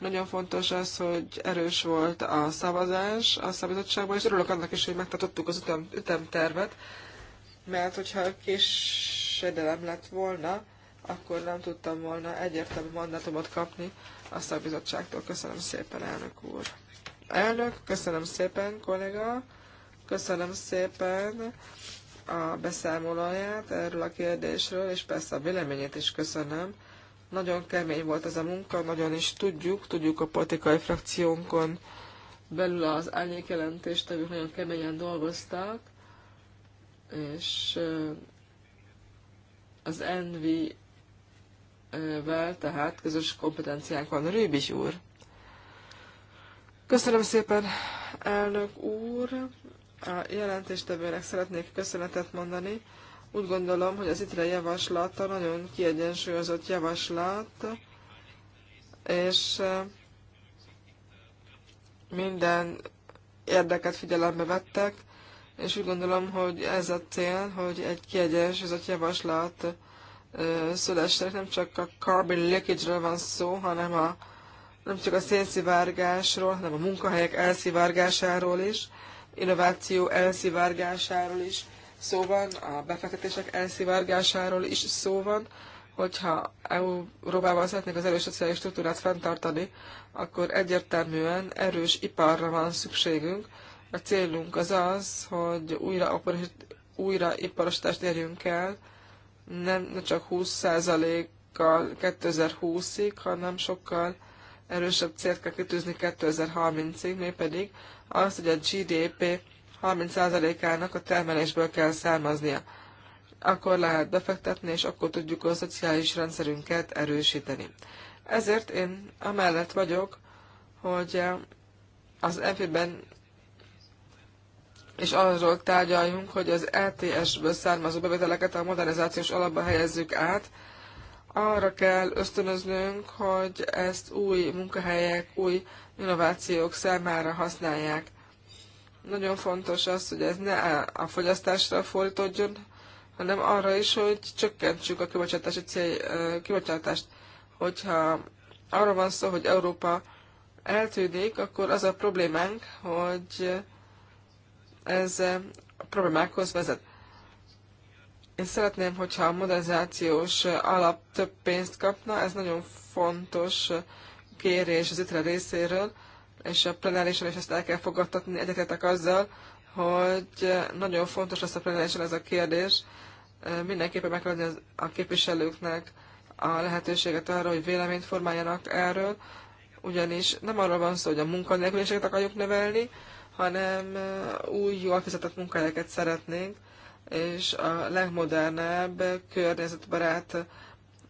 Speaker 3: nagyon fontos az, hogy erős volt a szavazás a szabadságban, és örülök annak is, hogy megtartottuk az ütem, ütemtervet, mert hogyha késedelem lett volna, akkor nem tudtam volna egyértelmű mandátumot kapni a szakbizottságtól. Köszönöm szépen, elnök úr. Elnök, köszönöm szépen, kollega. Köszönöm szépen a beszámolóját erről a kérdésről, és persze a véleményét is köszönöm. Nagyon kemény volt ez a munka, nagyon is tudjuk, tudjuk a politikai frakciónkon belül az árnyékjelentéstevők nagyon keményen dolgoztak, és az envi vel tehát közös kompetenciánk van. Rübis úr! Köszönöm szépen, elnök úr! A jelentéstevőnek szeretnék köszönetet mondani úgy gondolom, hogy az ITRE javaslata nagyon kiegyensúlyozott javaslat, és eh, minden érdeket figyelembe vettek, és úgy gondolom, hogy ez a cél, hogy egy kiegyensúlyozott javaslat eh, szülessenek, nem csak a carbon leakage van szó, hanem a, nem csak a szénszivárgásról, hanem a munkahelyek elszivárgásáról is, innováció elszivárgásáról is szó van, a befektetések elszivárgásáról is szó van, hogyha Európában szeretnék az erős szociális struktúrát fenntartani, akkor egyértelműen erős iparra van szükségünk. A célunk az az, hogy újra, újra iparosítást érjünk el, nem csak 20%-kal 2020-ig, hanem sokkal erősebb célt kell kitűzni 2030-ig, mégpedig az, hogy a GDP 30%-ának a termelésből kell származnia. Akkor lehet befektetni, és akkor tudjuk a szociális rendszerünket erősíteni. Ezért én amellett vagyok, hogy az EFI-ben és arról tárgyaljunk, hogy az ets ből származó bevételeket a modernizációs alapba helyezzük át. Arra kell ösztönöznünk, hogy ezt új munkahelyek, új innovációk számára használják. Nagyon fontos az, hogy ez ne a fogyasztásra fordítódjon, hanem arra is, hogy csökkentsük a kibocsátási cél, kibocsátást. Hogyha arra van szó, hogy Európa eltűnik, akkor az a problémánk, hogy ez a problémákhoz vezet. Én szeretném, hogyha a modernizációs alap több pénzt kapna, ez nagyon fontos kérés az ITRE részéről, és a plenárisan is ezt el kell fogadtatni, egyetetek azzal, hogy nagyon fontos lesz a plenárisan ez a kérdés. Mindenképpen meg kell adni a képviselőknek a lehetőséget arra, hogy véleményt formáljanak erről, ugyanis nem arról van szó, hogy a munkanélküliséget akarjuk növelni, hanem új, jól fizetett munkahelyeket szeretnénk, és a legmodernebb, környezetbarát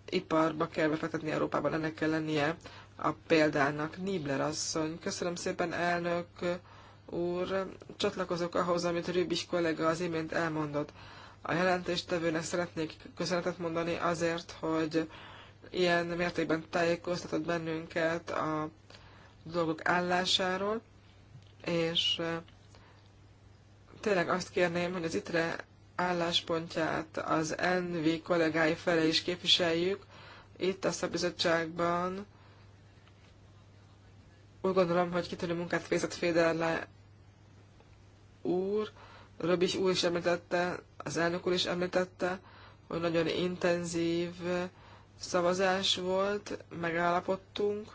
Speaker 3: iparba kell befektetni Európában, ennek kell lennie a példának. Nibler asszony, köszönöm szépen elnök úr, csatlakozok ahhoz, amit Rübis kollega az imént elmondott. A jelentéstevőnek szeretnék köszönetet mondani azért, hogy ilyen mértékben tájékoztatott bennünket a dolgok állásáról, és tényleg azt kérném, hogy az ITRE álláspontját az NV kollégái felé is képviseljük, itt a szabizottságban, úgy gondolom, hogy kitűnő munkát végzett Féderle úr, Röbis úr is említette, az elnök úr is említette, hogy nagyon intenzív szavazás volt, megállapodtunk,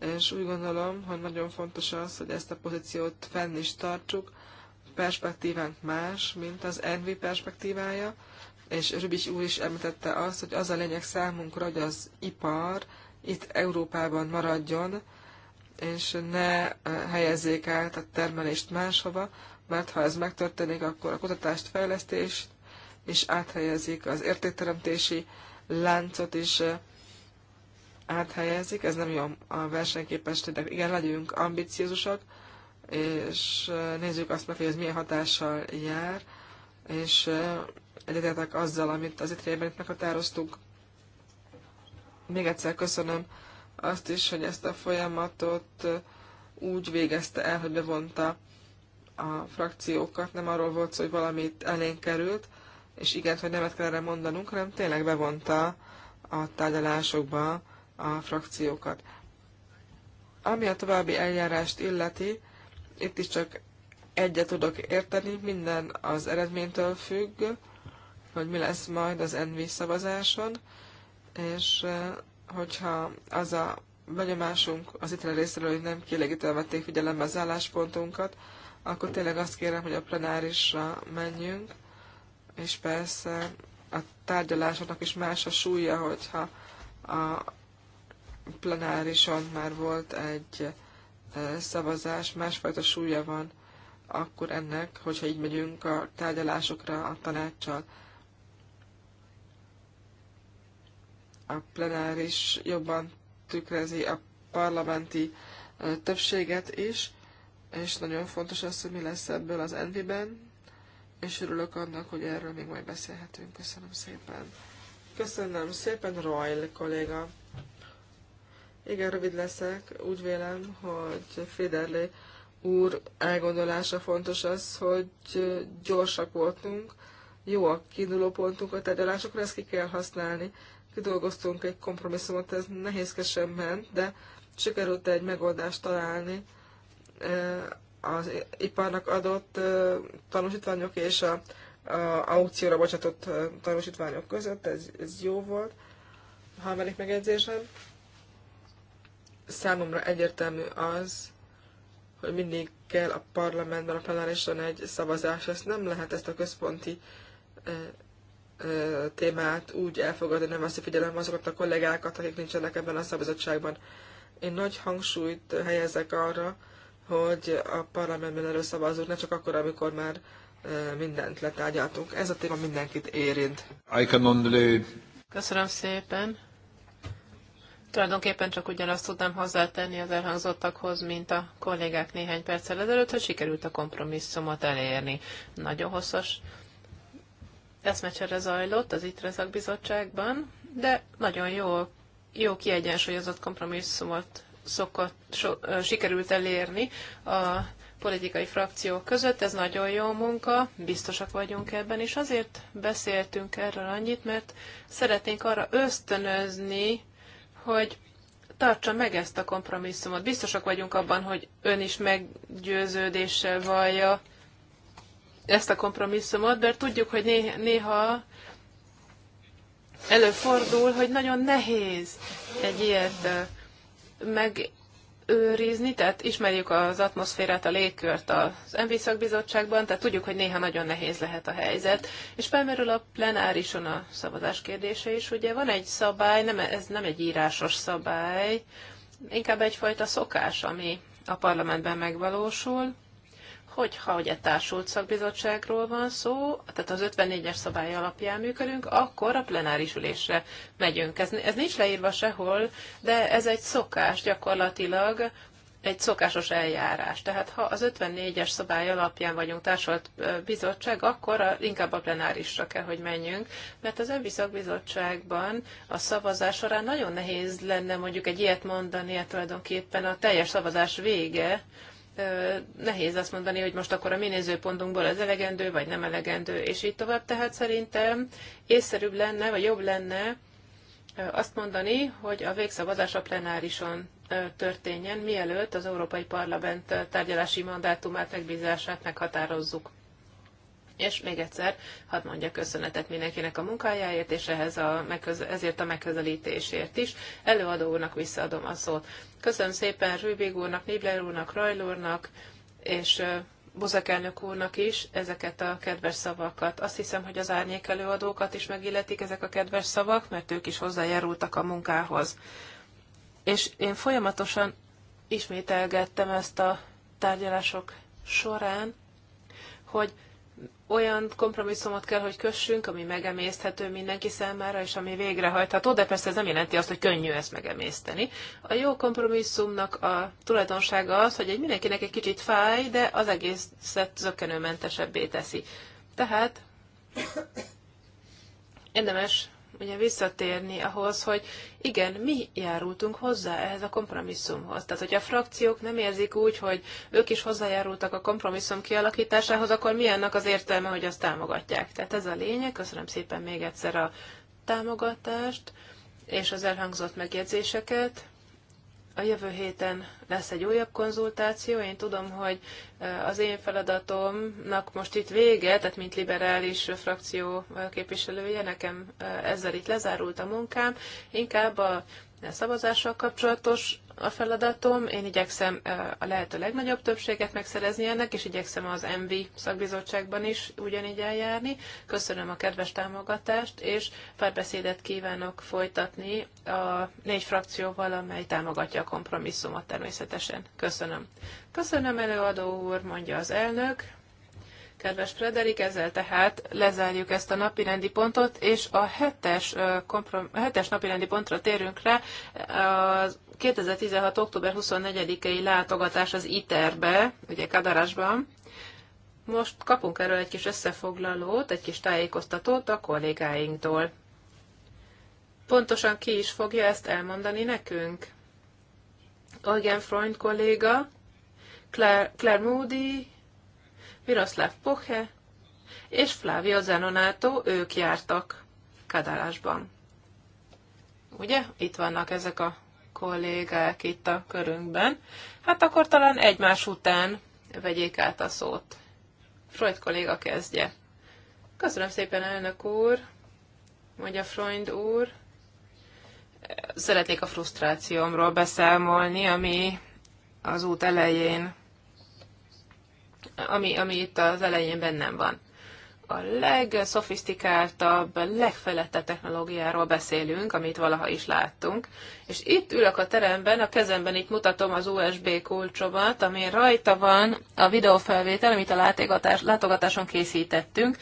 Speaker 3: és úgy gondolom, hogy nagyon fontos az, hogy ezt a pozíciót fenn is tartsuk. perspektívánk más, mint az Envi perspektívája, és Rübis úr is említette azt, hogy az a lényeg számunkra, hogy az ipar itt Európában maradjon, és ne eh, helyezzék át a termelést máshova, mert ha ez megtörténik, akkor a kutatást, fejlesztést és áthelyezik, az értékteremtési láncot is eh, áthelyezik, ez nem jó a versenyképességnek. Igen, legyünk ambiciózusak, és eh, nézzük azt meg, hogy ez milyen hatással jár, és egyetetek azzal, amit az itt meghatároztunk. Még egyszer köszönöm azt is, hogy ezt a folyamatot úgy végezte el, hogy bevonta a frakciókat, nem arról volt szó, hogy valamit elénk került, és igen, hogy nemet kell erre mondanunk, hanem tényleg bevonta a tárgyalásokba a frakciókat. Ami a további eljárást illeti, itt is csak egyet tudok érteni, minden az eredménytől függ, hogy mi lesz majd az NV szavazáson, és hogyha az a benyomásunk az itt részéről, hogy nem kielégítően vették figyelembe az álláspontunkat, akkor tényleg azt kérem, hogy a plenárisra menjünk, és persze a tárgyalásoknak is más a súlya, hogyha a plenárison már volt egy szavazás, másfajta súlya van akkor ennek, hogyha így megyünk a tárgyalásokra a tanácssal. a plenáris jobban tükrözi a parlamenti többséget is, és nagyon fontos az, hogy mi lesz ebből az enviben, és örülök annak, hogy erről még majd beszélhetünk. Köszönöm szépen. Köszönöm szépen, Royal kolléga. Igen, rövid leszek. Úgy vélem, hogy Féderlé úr elgondolása fontos az, hogy gyorsak voltunk, jó a kiinduló pontunk a tárgyalásokra, ezt ki kell használni kidolgoztunk egy kompromisszumot, ez nehézkesen ment, de sikerült egy megoldást találni az iparnak adott tanúsítványok és a, a aukcióra bocsátott tanúsítványok között, ez, ez jó volt. A harmadik megjegyzésem. Számomra egyértelmű az, hogy mindig kell a parlamentben, a plenárison egy szavazás, ezt nem lehet ezt a központi témát úgy elfogadni, nem veszi figyelem azokat a kollégákat, akik nincsenek ebben a szabadságban. Én nagy hangsúlyt helyezek arra, hogy a parlamentben előszavazunk, ne csak akkor, amikor már mindent letárgyaltunk. Ez a téma mindenkit érint. Köszönöm
Speaker 1: szépen. Tulajdonképpen csak ugyanazt tudnám hozzátenni az elhangzottakhoz, mint a kollégák néhány perccel ezelőtt, hogy sikerült a kompromisszumot elérni. Nagyon hosszas eszmecsere zajlott az ITRE szakbizottságban, de nagyon jó, jó kiegyensúlyozott kompromisszumot szokott, so, sikerült elérni a politikai frakciók között. Ez nagyon jó munka, biztosak vagyunk ebben, és azért beszéltünk erről annyit, mert szeretnénk arra ösztönözni, hogy tartsa meg ezt a kompromisszumot. Biztosak vagyunk abban, hogy ön is meggyőződéssel vallja, ezt a kompromisszumot, mert tudjuk, hogy néha előfordul, hogy nagyon nehéz egy ilyet megőrizni, tehát ismerjük az atmoszférát, a légkört az MV szakbizottságban, tehát tudjuk, hogy néha nagyon nehéz lehet a helyzet. És felmerül a plenárison a szavazás kérdése is, ugye van egy szabály, nem, ez nem egy írásos szabály, inkább egyfajta szokás, ami a parlamentben megvalósul, hogyha ugye társult szakbizottságról van szó, tehát az 54-es szabály alapján működünk, akkor a plenáris ülésre megyünk. Ez, ez nincs leírva sehol, de ez egy szokás gyakorlatilag, egy szokásos eljárás. Tehát ha az 54-es szabály alapján vagyunk társult bizottság, akkor a, inkább a plenárisra kell, hogy menjünk, mert az önbizottságban a szavazás során nagyon nehéz lenne mondjuk egy ilyet mondani, hát tulajdonképpen a teljes szavazás vége, nehéz azt mondani, hogy most akkor a mi nézőpontunkból ez elegendő, vagy nem elegendő, és így tovább. Tehát szerintem észszerűbb lenne, vagy jobb lenne azt mondani, hogy a végszavazás a plenárison történjen, mielőtt az Európai Parlament tárgyalási mandátumát, megbízását meghatározzuk. És még egyszer, hadd mondja köszönetet mindenkinek a munkájáért, és ehhez a megköze- ezért a megközelítésért is. Előadó úrnak visszaadom a szót. Köszönöm szépen Rübig úrnak, Nibler úrnak, Rajl úrnak, és Buzek elnök úrnak is ezeket a kedves szavakat. Azt hiszem, hogy az árnyék előadókat is megilletik ezek a kedves szavak, mert ők is hozzájárultak a munkához. És én folyamatosan ismételgettem ezt a tárgyalások során, hogy olyan kompromisszumot kell, hogy kössünk, ami megemészthető mindenki számára, és ami végrehajtható, de persze ez nem jelenti azt, hogy könnyű ezt megemészteni. A jó kompromisszumnak a tulajdonsága az, hogy egy mindenkinek egy kicsit fáj, de az egészet zökkenőmentesebbé teszi. Tehát érdemes ugye visszatérni ahhoz, hogy igen, mi járultunk hozzá ehhez a kompromisszumhoz. Tehát, hogy a frakciók nem érzik úgy, hogy ők is hozzájárultak a kompromisszum kialakításához, akkor mi ennek az értelme, hogy azt támogatják? Tehát ez a lényeg. Köszönöm szépen még egyszer a támogatást és az elhangzott megjegyzéseket. A jövő héten lesz egy újabb konzultáció. Én tudom, hogy eh, az én feladatomnak most itt vége, tehát mint liberális frakció eh, képviselője, nekem eh, ezzel itt lezárult a munkám. Inkább a szavazással kapcsolatos a feladatom, én igyekszem a lehető legnagyobb többséget megszerezni ennek, és igyekszem az MV szakbizottságban is ugyanígy eljárni. Köszönöm a kedves támogatást, és párbeszédet kívánok folytatni a négy frakcióval, amely támogatja a kompromisszumot természetesen. Köszönöm. Köszönöm előadó úr, mondja az elnök. Kedves Frederik, ezzel tehát lezárjuk ezt a napirendi pontot, és a hetes, komprom- hetes napirendi pontra térünk rá. Az 2016. október 24-i látogatás az ITER-be, ugye Kadarásban. Most kapunk erről egy kis összefoglalót, egy kis tájékoztatót a kollégáinktól. Pontosan ki is fogja ezt elmondani nekünk? Eugen Freund kolléga, Claire, Claire Moody, Miroslav Poche és Flávia Zenonátó, ők jártak Kadálásban. Ugye? Itt vannak ezek a kollégák itt a körünkben. Hát akkor talán egymás után vegyék át a szót. Freud kolléga kezdje. Köszönöm szépen, elnök úr, mondja Freund úr. Szeretnék a frusztrációmról beszámolni, ami az út elején ami, ami itt az elején bennem van. A legszofisztikáltabb, legfejlettebb technológiáról beszélünk, amit valaha is láttunk, és itt ülök a teremben, a kezemben itt mutatom az USB kulcsomat, ami rajta van a videófelvétel, amit a látogatáson készítettünk,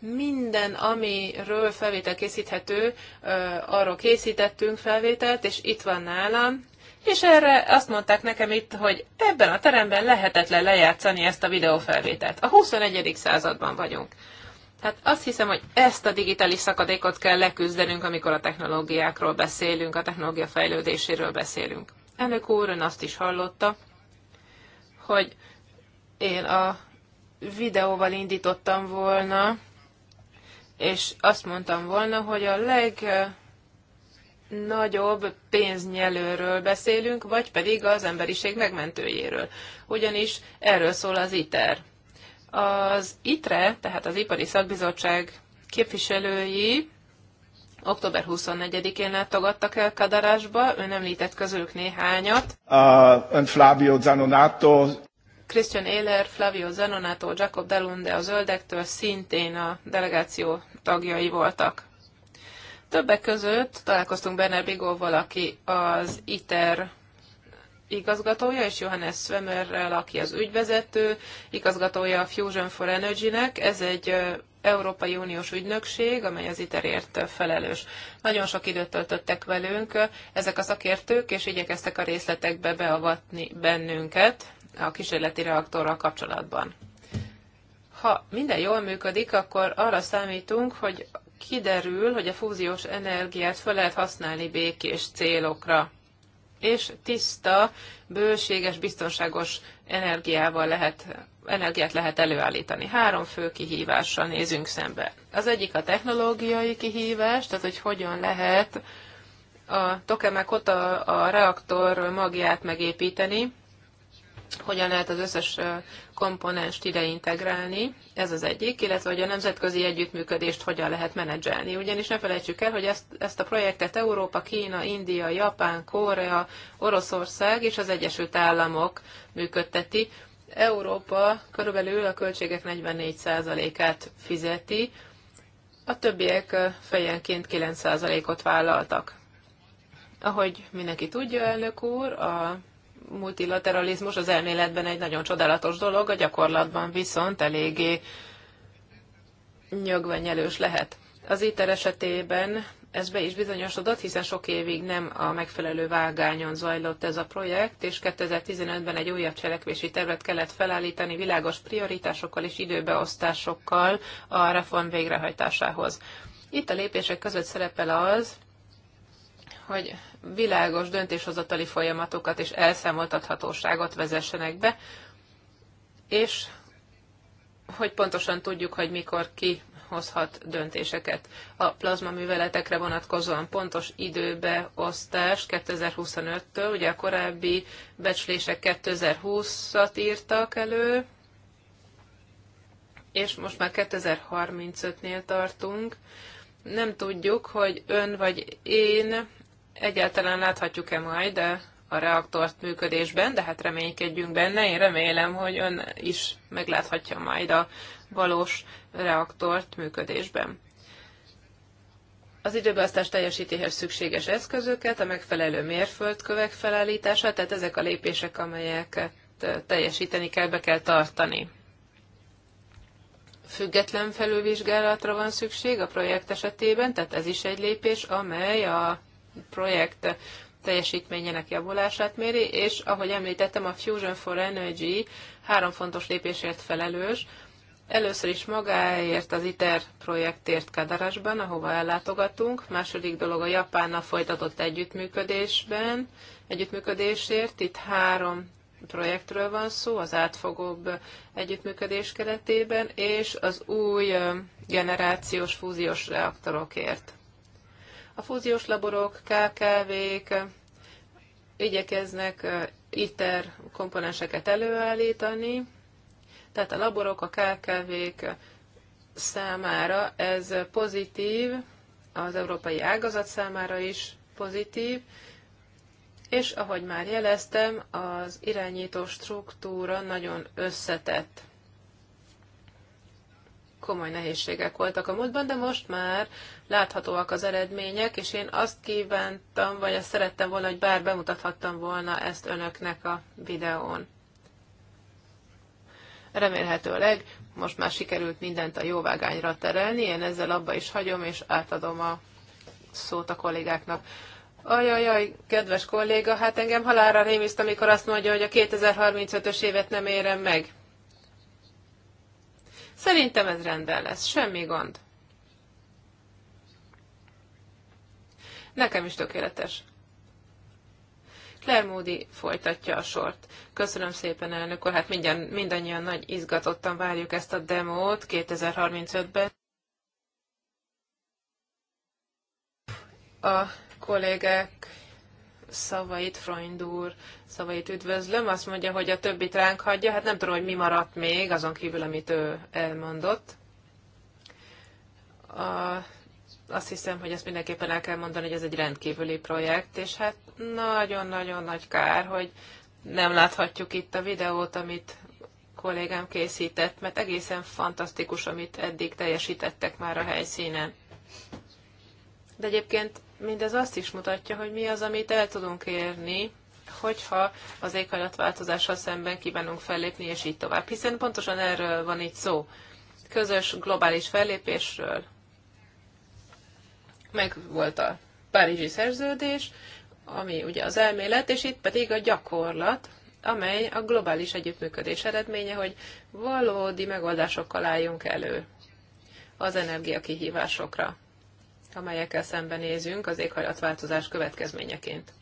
Speaker 1: minden, amiről felvétel készíthető, arról készítettünk felvételt, és itt van nálam, és erre azt mondták nekem itt, hogy ebben a teremben lehetetlen lejátszani ezt a videófelvételt. A 21. században vagyunk. Tehát azt hiszem, hogy ezt a digitális szakadékot kell leküzdenünk, amikor a technológiákról beszélünk, a technológia fejlődéséről beszélünk. Elnök úr ön azt is hallotta, hogy én a videóval indítottam volna, és azt mondtam volna, hogy a leg nagyobb pénznyelőről beszélünk, vagy pedig az emberiség megmentőjéről. Ugyanis erről szól az ITER. Az ITRE, tehát az Ipari Szakbizottság képviselői október 24-én látogattak el Kadarásba, ön említett közülük néhányat.
Speaker 3: Uh, Flavio Zanonato.
Speaker 1: Christian Ehler, Flavio Zanonato, Jacob Delunde a Zöldektől szintén a delegáció tagjai voltak. Többek között találkoztunk Berner Bigóval, aki az ITER igazgatója, és Johannes Svemerrel, aki az ügyvezető, igazgatója a Fusion for Energy-nek. Ez egy Európai Uniós ügynökség, amely az ITER ITER-ért felelős. Nagyon sok időt töltöttek velünk ezek a szakértők, és igyekeztek a részletekbe beavatni bennünket a kísérleti reaktorral kapcsolatban. Ha minden jól működik, akkor arra számítunk, hogy kiderül, hogy a fúziós energiát fel lehet használni békés célokra, és tiszta, bőséges, biztonságos energiával lehet, energiát lehet előállítani. Három fő kihívással nézünk szembe. Az egyik a technológiai kihívás, tehát hogy hogyan lehet a tokamakot, a, a reaktor magját megépíteni, hogyan lehet az összes komponenst ide integrálni, ez az egyik, illetve hogy a nemzetközi együttműködést hogyan lehet menedzselni. Ugyanis ne felejtsük el, hogy ezt, ezt a projektet Európa, Kína, India, Japán, Korea, Oroszország és az Egyesült Államok működteti. Európa körülbelül a költségek 44%-át fizeti, a többiek fejenként 9%-ot vállaltak. Ahogy mindenki tudja, elnök úr, a multilateralizmus az elméletben egy nagyon csodálatos dolog, a gyakorlatban viszont eléggé nyögvenyelős lehet. Az ITER esetében ez be is bizonyosodott, hiszen sok évig nem a megfelelő vágányon zajlott ez a projekt, és 2015-ben egy újabb cselekvési tervet kellett felállítani világos prioritásokkal és időbeosztásokkal a reform végrehajtásához. Itt a lépések között szerepel az, hogy világos döntéshozatali folyamatokat és elszámoltathatóságot vezessenek be, és hogy pontosan tudjuk, hogy mikor ki hozhat döntéseket. A műveletekre vonatkozóan pontos időbeosztás 2025-től, ugye a korábbi becslések 2020-at írtak elő, és most már 2035-nél tartunk. Nem tudjuk, hogy ön vagy én egyáltalán láthatjuk-e majd a reaktort működésben, de hát reménykedjünk benne. Én remélem, hogy ön is megláthatja majd a valós reaktort működésben. Az időbeosztás teljesítéhez szükséges eszközöket, a megfelelő mérföldkövek felállítását, tehát ezek a lépések, amelyeket teljesíteni kell, be kell tartani. Független felülvizsgálatra van szükség a projekt esetében, tehát ez is egy lépés, amely a projekt teljesítményének javulását méri, és ahogy említettem, a Fusion for Energy három fontos lépésért felelős. Először is magáért az ITER projektért Kadarasban, ahova ellátogatunk. Második dolog a Japánnal folytatott együttműködésben, együttműködésért. Itt három projektről van szó, az átfogóbb együttműködés keretében, és az új generációs fúziós reaktorokért. A fúziós laborok, KKV-k igyekeznek ITER komponenseket előállítani, tehát a laborok, a KKV-k számára ez pozitív, az európai ágazat számára is pozitív, és ahogy már jeleztem, az irányító struktúra nagyon összetett komoly nehézségek voltak a múltban, de most már láthatóak az eredmények, és én azt kívántam, vagy azt szerettem volna, hogy bár bemutathattam volna ezt önöknek a videón. Remélhetőleg most már sikerült mindent a jóvágányra terelni, én ezzel abba is hagyom, és átadom a szót a kollégáknak. Ajajaj, kedves kolléga, hát engem halára rémiszt, amikor azt mondja, hogy a 2035-ös évet nem érem meg. Szerintem ez rendben lesz, semmi gond. Nekem is tökéletes. Claire Moody folytatja a sort. Köszönöm szépen, elnök úr. Hát mindjárt, mindannyian nagy izgatottan várjuk ezt a demót 2035-ben. A kollégák szavait, Freund úr szavait üdvözlöm, azt mondja, hogy a többit ránk hagyja, hát nem tudom, hogy mi maradt még, azon kívül, amit ő elmondott. A, azt hiszem, hogy ezt mindenképpen el kell mondani, hogy ez egy rendkívüli projekt, és hát nagyon-nagyon nagy kár, hogy nem láthatjuk itt a videót, amit kollégám készített, mert egészen fantasztikus, amit eddig teljesítettek már a helyszínen. De egyébként mindez azt is mutatja, hogy mi az, amit el tudunk érni, hogyha az éghajlatváltozással szemben kívánunk fellépni, és így tovább. Hiszen pontosan erről van itt szó. Közös globális fellépésről. Meg volt a Párizsi szerződés, ami ugye az elmélet, és itt pedig a gyakorlat, amely a globális együttműködés eredménye, hogy valódi megoldásokkal álljunk elő az energiakihívásokra amelyekkel szembenézünk az éghajlatváltozás következményeként.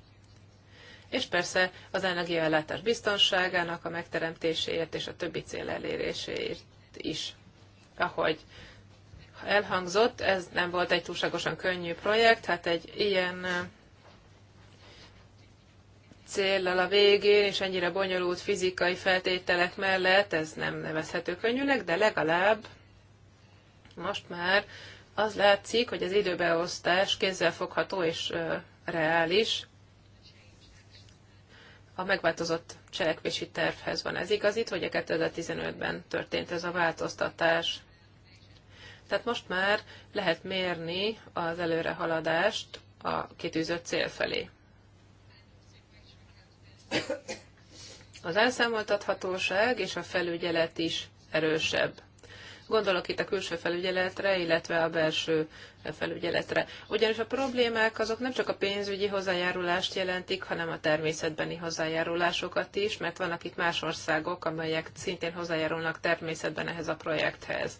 Speaker 1: És persze az energiaellátás biztonságának a megteremtéséért és a többi cél eléréséért is. Ahogy elhangzott, ez nem volt egy túlságosan könnyű projekt, hát egy ilyen céllal a végén, és ennyire bonyolult fizikai feltételek mellett ez nem nevezhető könnyűnek, de legalább most már az látszik, hogy az időbeosztás kézzelfogható és reális. A megváltozott cselekvési tervhez van ez igaz itt, hogy 2015-ben történt ez a változtatás. Tehát most már lehet mérni az előrehaladást a kitűzött cél felé. Az elszámoltathatóság és a felügyelet is erősebb. Gondolok itt a külső felügyeletre, illetve a belső felügyeletre. Ugyanis a problémák azok nem csak a pénzügyi hozzájárulást jelentik, hanem a természetbeni hozzájárulásokat is, mert vannak itt más országok, amelyek szintén hozzájárulnak természetben ehhez a projekthez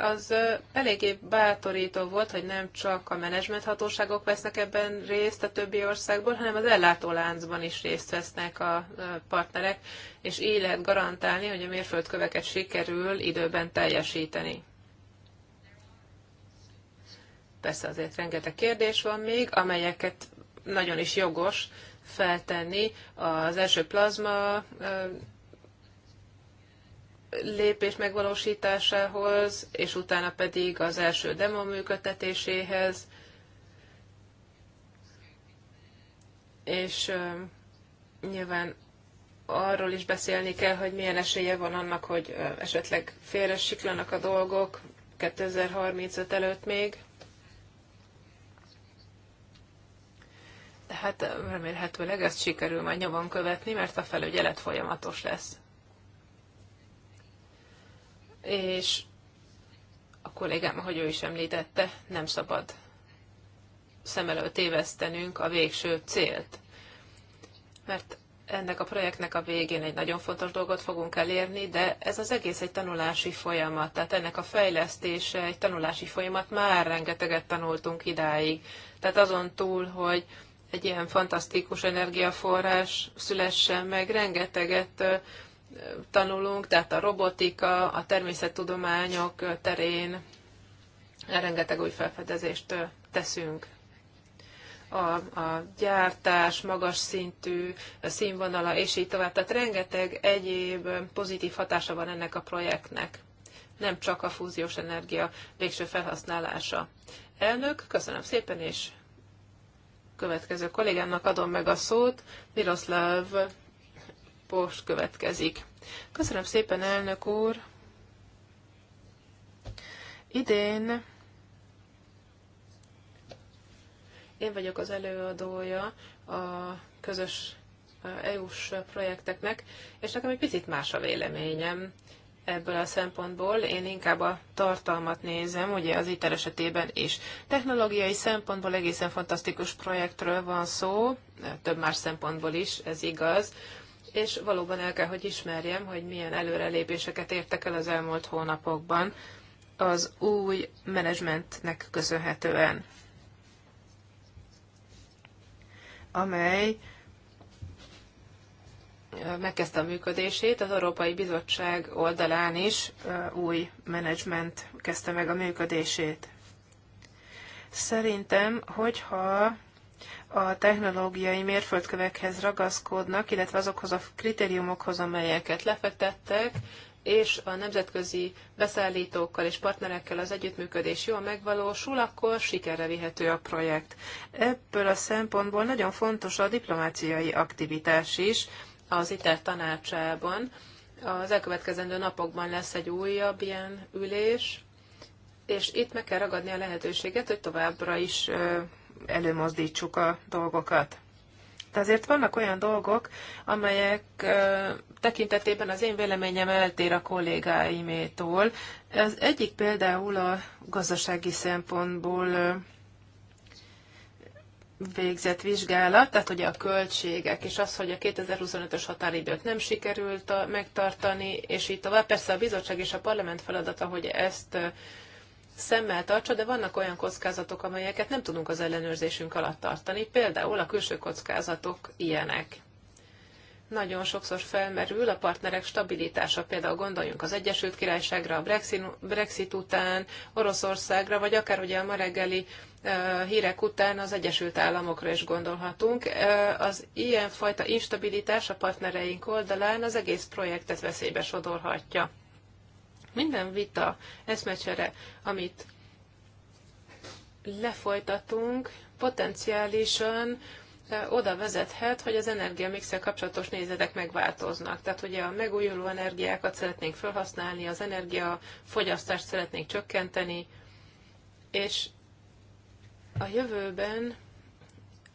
Speaker 1: az eléggé bátorító volt, hogy nem csak a menedzsmenthatóságok vesznek ebben részt a többi országból, hanem az ellátóláncban is részt vesznek a partnerek, és így lehet garantálni, hogy a mérföldköveket sikerül időben teljesíteni. Persze azért rengeteg kérdés van még, amelyeket nagyon is jogos feltenni. Az első plazma lépés megvalósításához, és utána pedig az első demo működtetéséhez, és uh, nyilván arról is beszélni kell, hogy milyen esélye van annak, hogy uh, esetleg félre siklanak a dolgok 2035 előtt még. Tehát remélhetőleg ezt sikerül majd nyomon követni, mert a felügyelet folyamatos lesz és a kollégám, ahogy ő is említette, nem szabad szem előtt évesztenünk a végső célt. Mert ennek a projektnek a végén egy nagyon fontos dolgot fogunk elérni, de ez az egész egy tanulási folyamat, tehát ennek a fejlesztése egy tanulási folyamat, már rengeteget tanultunk idáig. Tehát azon túl, hogy egy ilyen fantasztikus energiaforrás szülessen meg, rengeteget tanulunk, tehát a robotika, a természettudományok terén rengeteg új felfedezést teszünk. A, a gyártás magas szintű színvonala, és így tovább. Tehát rengeteg egyéb pozitív hatása van ennek a projektnek. Nem csak a fúziós energia végső felhasználása. Elnök, köszönöm szépen, és következő kollégámnak adom meg a szót, Miroslav Post következik. Köszönöm szépen, elnök úr! Idén én vagyok az előadója a közös EU-s projekteknek, és nekem egy picit más a véleményem ebből a szempontból. Én inkább a tartalmat nézem, ugye az ITER esetében is. Technológiai szempontból egészen fantasztikus projektről van szó, több más szempontból is, ez igaz és valóban el kell, hogy ismerjem, hogy milyen előrelépéseket értek el az elmúlt hónapokban az új menedzsmentnek köszönhetően, amely megkezdte a működését, az Európai Bizottság oldalán is új menedzsment kezdte meg a működését. Szerintem, hogyha a technológiai mérföldkövekhez ragaszkodnak, illetve azokhoz a kritériumokhoz, amelyeket lefektettek, és a nemzetközi beszállítókkal és partnerekkel az együttműködés jól megvalósul, akkor sikerre vihető a projekt. Ebből a szempontból nagyon fontos a diplomáciai aktivitás is az ITER tanácsában. Az elkövetkezendő napokban lesz egy újabb ilyen ülés, és itt meg kell ragadni a lehetőséget, hogy továbbra is előmozdítsuk a dolgokat. De azért vannak olyan dolgok, amelyek tekintetében az én véleményem eltér a kollégáimétól. Az egyik például a gazdasági szempontból végzett vizsgálat, tehát ugye a költségek, és az, hogy a 2025-ös határidőt nem sikerült megtartani, és így tovább. Persze a bizottság és a parlament feladata, hogy ezt szemmel tartsa, de vannak olyan kockázatok, amelyeket nem tudunk az ellenőrzésünk alatt tartani, például a külső kockázatok ilyenek. Nagyon sokszor felmerül a partnerek stabilitása, például gondoljunk az Egyesült Királyságra, a Brexit után, Oroszországra, vagy akár ugye a ma reggeli hírek után az Egyesült Államokra is gondolhatunk. Az ilyenfajta instabilitás a partnereink oldalán az egész projektet veszélybe sodorhatja. Minden vita, eszmecsere, amit lefolytatunk, potenciálisan e, oda vezethet, hogy az energiamixel kapcsolatos nézetek megváltoznak. Tehát ugye a megújuló energiákat szeretnénk felhasználni, az energiafogyasztást szeretnénk csökkenteni, és a jövőben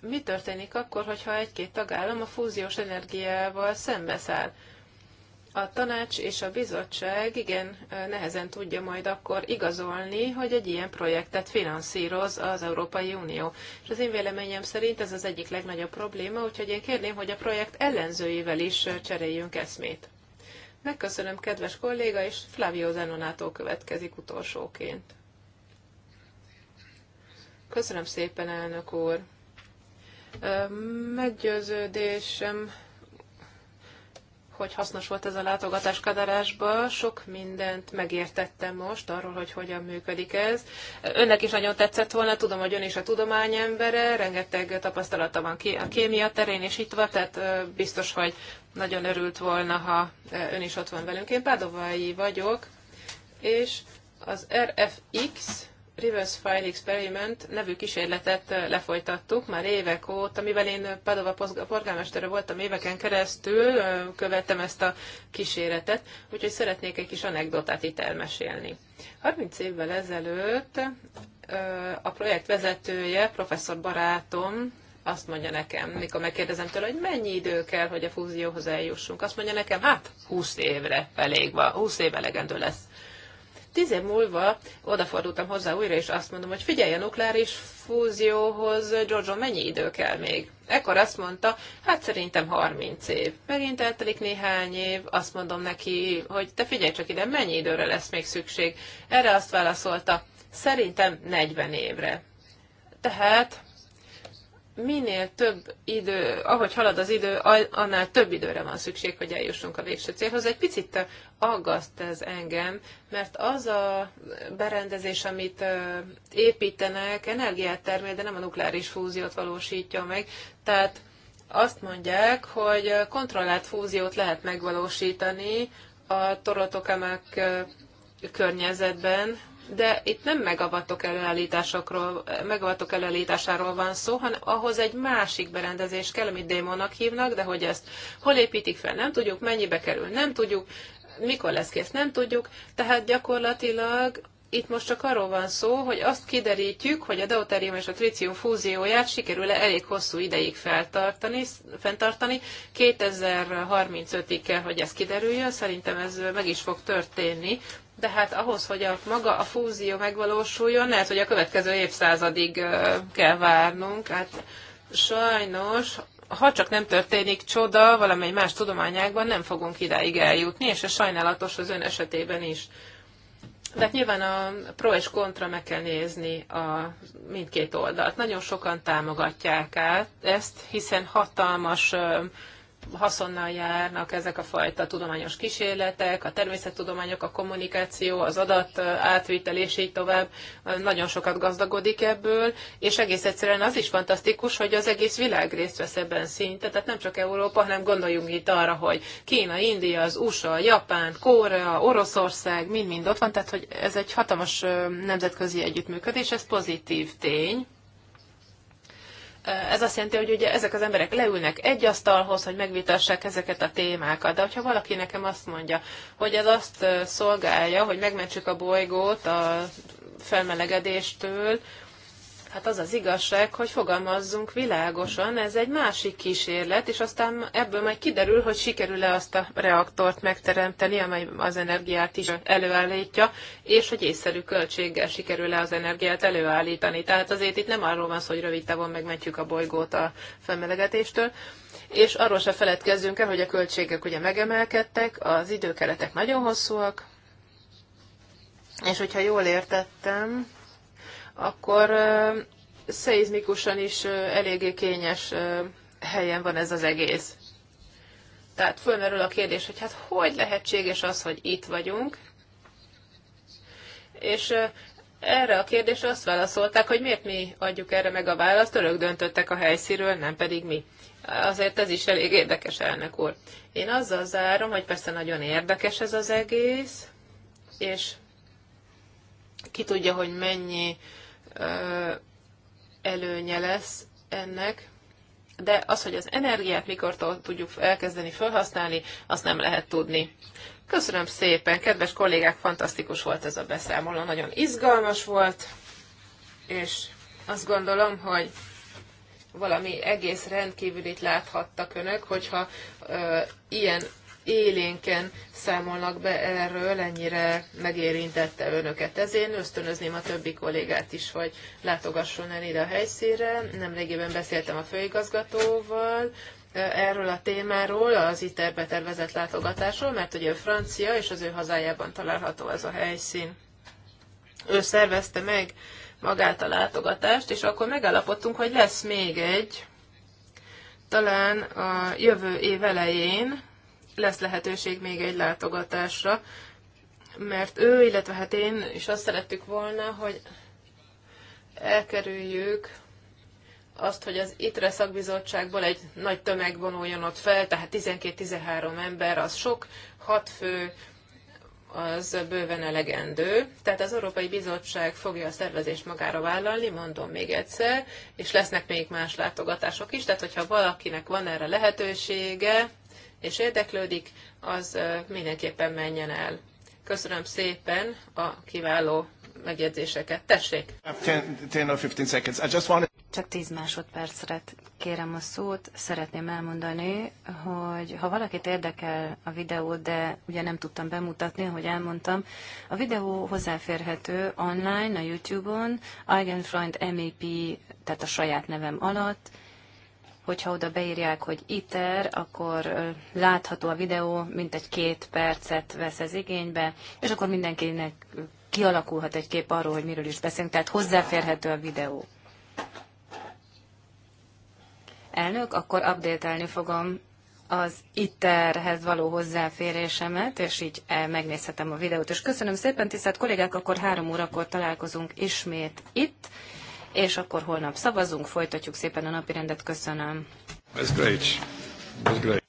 Speaker 1: mi történik akkor, hogyha egy-két tagállam a fúziós energiával szembeszáll? a tanács és a bizottság igen nehezen tudja majd akkor igazolni, hogy egy ilyen projektet finanszíroz az Európai Unió. És az én véleményem szerint ez az egyik legnagyobb probléma, úgyhogy én kérném, hogy a projekt ellenzőivel is cseréljünk eszmét. Megköszönöm, kedves kolléga, és Flavio Zenonától következik utolsóként. Köszönöm szépen, elnök úr. Meggyőződésem hogy hasznos volt ez a látogatás Kadarásba. Sok mindent megértettem most arról, hogy hogyan működik ez. Önnek is nagyon tetszett volna, tudom, hogy ön is a tudomány embere, rengeteg tapasztalata van a kémia terén, és itt van, tehát biztos, hogy nagyon örült volna, ha ön is ott van velünk. Én Pádovai vagyok, és az RFX Reverse File Experiment nevű kísérletet lefolytattuk már évek óta, mivel én Padova polgármestere voltam éveken keresztül, követtem ezt a kísérletet, úgyhogy szeretnék egy kis anekdotát itt elmesélni. 30 évvel ezelőtt a projekt vezetője, professzor barátom, azt mondja nekem, mikor megkérdezem tőle, hogy mennyi idő kell, hogy a fúzióhoz eljussunk, azt mondja nekem, hát 20 évre elég van, 20 év elegendő lesz. Tíz év múlva odafordultam hozzá újra, és azt mondom, hogy figyelj, a nukleáris fúzióhoz, Giorgio, mennyi idő kell még? Ekkor azt mondta, hát szerintem 30 év. Megint eltelik néhány év, azt mondom neki, hogy te figyelj csak ide, mennyi időre lesz még szükség? Erre azt válaszolta, szerintem 40 évre. Tehát minél több idő, ahogy halad az idő, annál több időre van szükség, hogy eljussunk a végső célhoz. Egy picit aggaszt ez engem, mert az a berendezés, amit építenek, energiát termel, de nem a nukleáris fúziót valósítja meg. Tehát azt mondják, hogy kontrollált fúziót lehet megvalósítani a torotokamak környezetben, de itt nem megavatok előállításokról, megavatok előállításáról van szó, hanem ahhoz egy másik berendezés kell, amit démonak hívnak, de hogy ezt hol építik fel, nem tudjuk, mennyibe kerül, nem tudjuk, mikor lesz kész, nem tudjuk, tehát gyakorlatilag itt most csak arról van szó, hogy azt kiderítjük, hogy a deuterium és a tritium fúzióját sikerül-e elég hosszú ideig feltartani, fenntartani. 2035-ig kell, hogy ez kiderüljön, szerintem ez meg is fog történni, de hát ahhoz, hogy a maga a fúzió megvalósuljon, lehet, hogy a következő évszázadig kell várnunk. Hát sajnos, ha csak nem történik csoda, valamely más tudományágban nem fogunk idáig eljutni, és ez sajnálatos az ön esetében is. De hát nyilván a pro és kontra meg kell nézni a mindkét oldalt. Nagyon sokan támogatják át ezt, hiszen hatalmas haszonnal járnak ezek a fajta tudományos kísérletek, a természettudományok, a kommunikáció, az adat átvitel és így tovább. Nagyon sokat gazdagodik ebből, és egész egyszerűen az is fantasztikus, hogy az egész világ részt vesz ebben szinte, tehát nem csak Európa, hanem gondoljunk itt arra, hogy Kína, India, az USA, Japán, Korea, Oroszország, mind-mind ott van, tehát hogy ez egy hatalmas nemzetközi együttműködés, ez pozitív tény ez azt jelenti, hogy ugye ezek az emberek leülnek egy asztalhoz, hogy megvitassák ezeket a témákat. De hogyha valaki nekem azt mondja, hogy ez azt szolgálja, hogy megmentsük a bolygót a felmelegedéstől, Hát az az igazság, hogy fogalmazzunk világosan, ez egy másik kísérlet, és aztán ebből majd kiderül, hogy sikerül-e azt a reaktort megteremteni, amely az energiát is előállítja, és hogy észszerű költséggel sikerül-e az energiát előállítani. Tehát azért itt nem arról van szó, hogy rövid távon megmentjük a bolygót a felmelegetéstől, és arról se feledkezzünk el, hogy a költségek ugye megemelkedtek, az időkeretek nagyon hosszúak, és hogyha jól értettem, akkor szeizmikusan is eléggé kényes helyen van ez az egész. Tehát fölmerül a kérdés, hogy hát hogy lehetséges az, hogy itt vagyunk, és erre a kérdésre azt válaszolták, hogy miért mi adjuk erre meg a választ, örök döntöttek a helyszíről, nem pedig mi. Azért ez is elég érdekes, elnök úr. Én azzal zárom, hogy persze nagyon érdekes ez az egész, és ki tudja, hogy mennyi uh, előnye lesz ennek, de az, hogy az energiát mikor tudjuk elkezdeni felhasználni, azt nem lehet tudni. Köszönöm szépen, kedves kollégák, fantasztikus volt ez a beszámoló, nagyon izgalmas volt, és azt gondolom, hogy valami egész rendkívülit láthattak önök, hogyha ö, ilyen élénken számolnak be erről, ennyire megérintette önöket. Ezért én ösztönözném a többi kollégát is, hogy látogasson el ide a helyszínre. Nemrégében beszéltem a főigazgatóval, erről a témáról, az ITER tervezett látogatásról, mert ugye ő francia, és az ő hazájában található ez a helyszín. Ő szervezte meg magát a látogatást, és akkor megállapodtunk, hogy lesz még egy, talán a jövő év elején, lesz lehetőség még egy látogatásra, mert ő, illetve hát én is azt szerettük volna, hogy elkerüljük azt, hogy az ITRE szakbizottságból egy nagy tömeg vonuljon ott fel, tehát 12-13 ember, az sok, 6 fő, az bőven elegendő. Tehát az Európai Bizottság fogja a szervezést magára vállalni, mondom még egyszer, és lesznek még más látogatások is, tehát hogyha valakinek van erre lehetősége, és érdeklődik, az mindenképpen menjen el. Köszönöm szépen a kiváló
Speaker 2: megjegyzéseket. Tessék! 10 wanted... Csak 10 másodpercre kérem a szót. Szeretném elmondani, hogy ha valakit érdekel a videó, de ugye nem tudtam bemutatni, ahogy elmondtam, a videó hozzáférhető online, a YouTube-on, Eigenfreund MEP, tehát a saját nevem alatt, hogyha oda beírják, hogy ITER, akkor látható a videó, mint egy két percet vesz ez igénybe, és akkor mindenkinek kialakulhat egy kép arról, hogy miről is beszélünk, tehát hozzáférhető a videó. Elnök, akkor update fogom az ITER-hez való hozzáférésemet, és így eh, megnézhetem a videót. És köszönöm szépen, tisztelt kollégák, akkor három órakor találkozunk ismét itt és akkor holnap szavazunk, folytatjuk szépen a napi rendet. Köszönöm. That's great. That's great.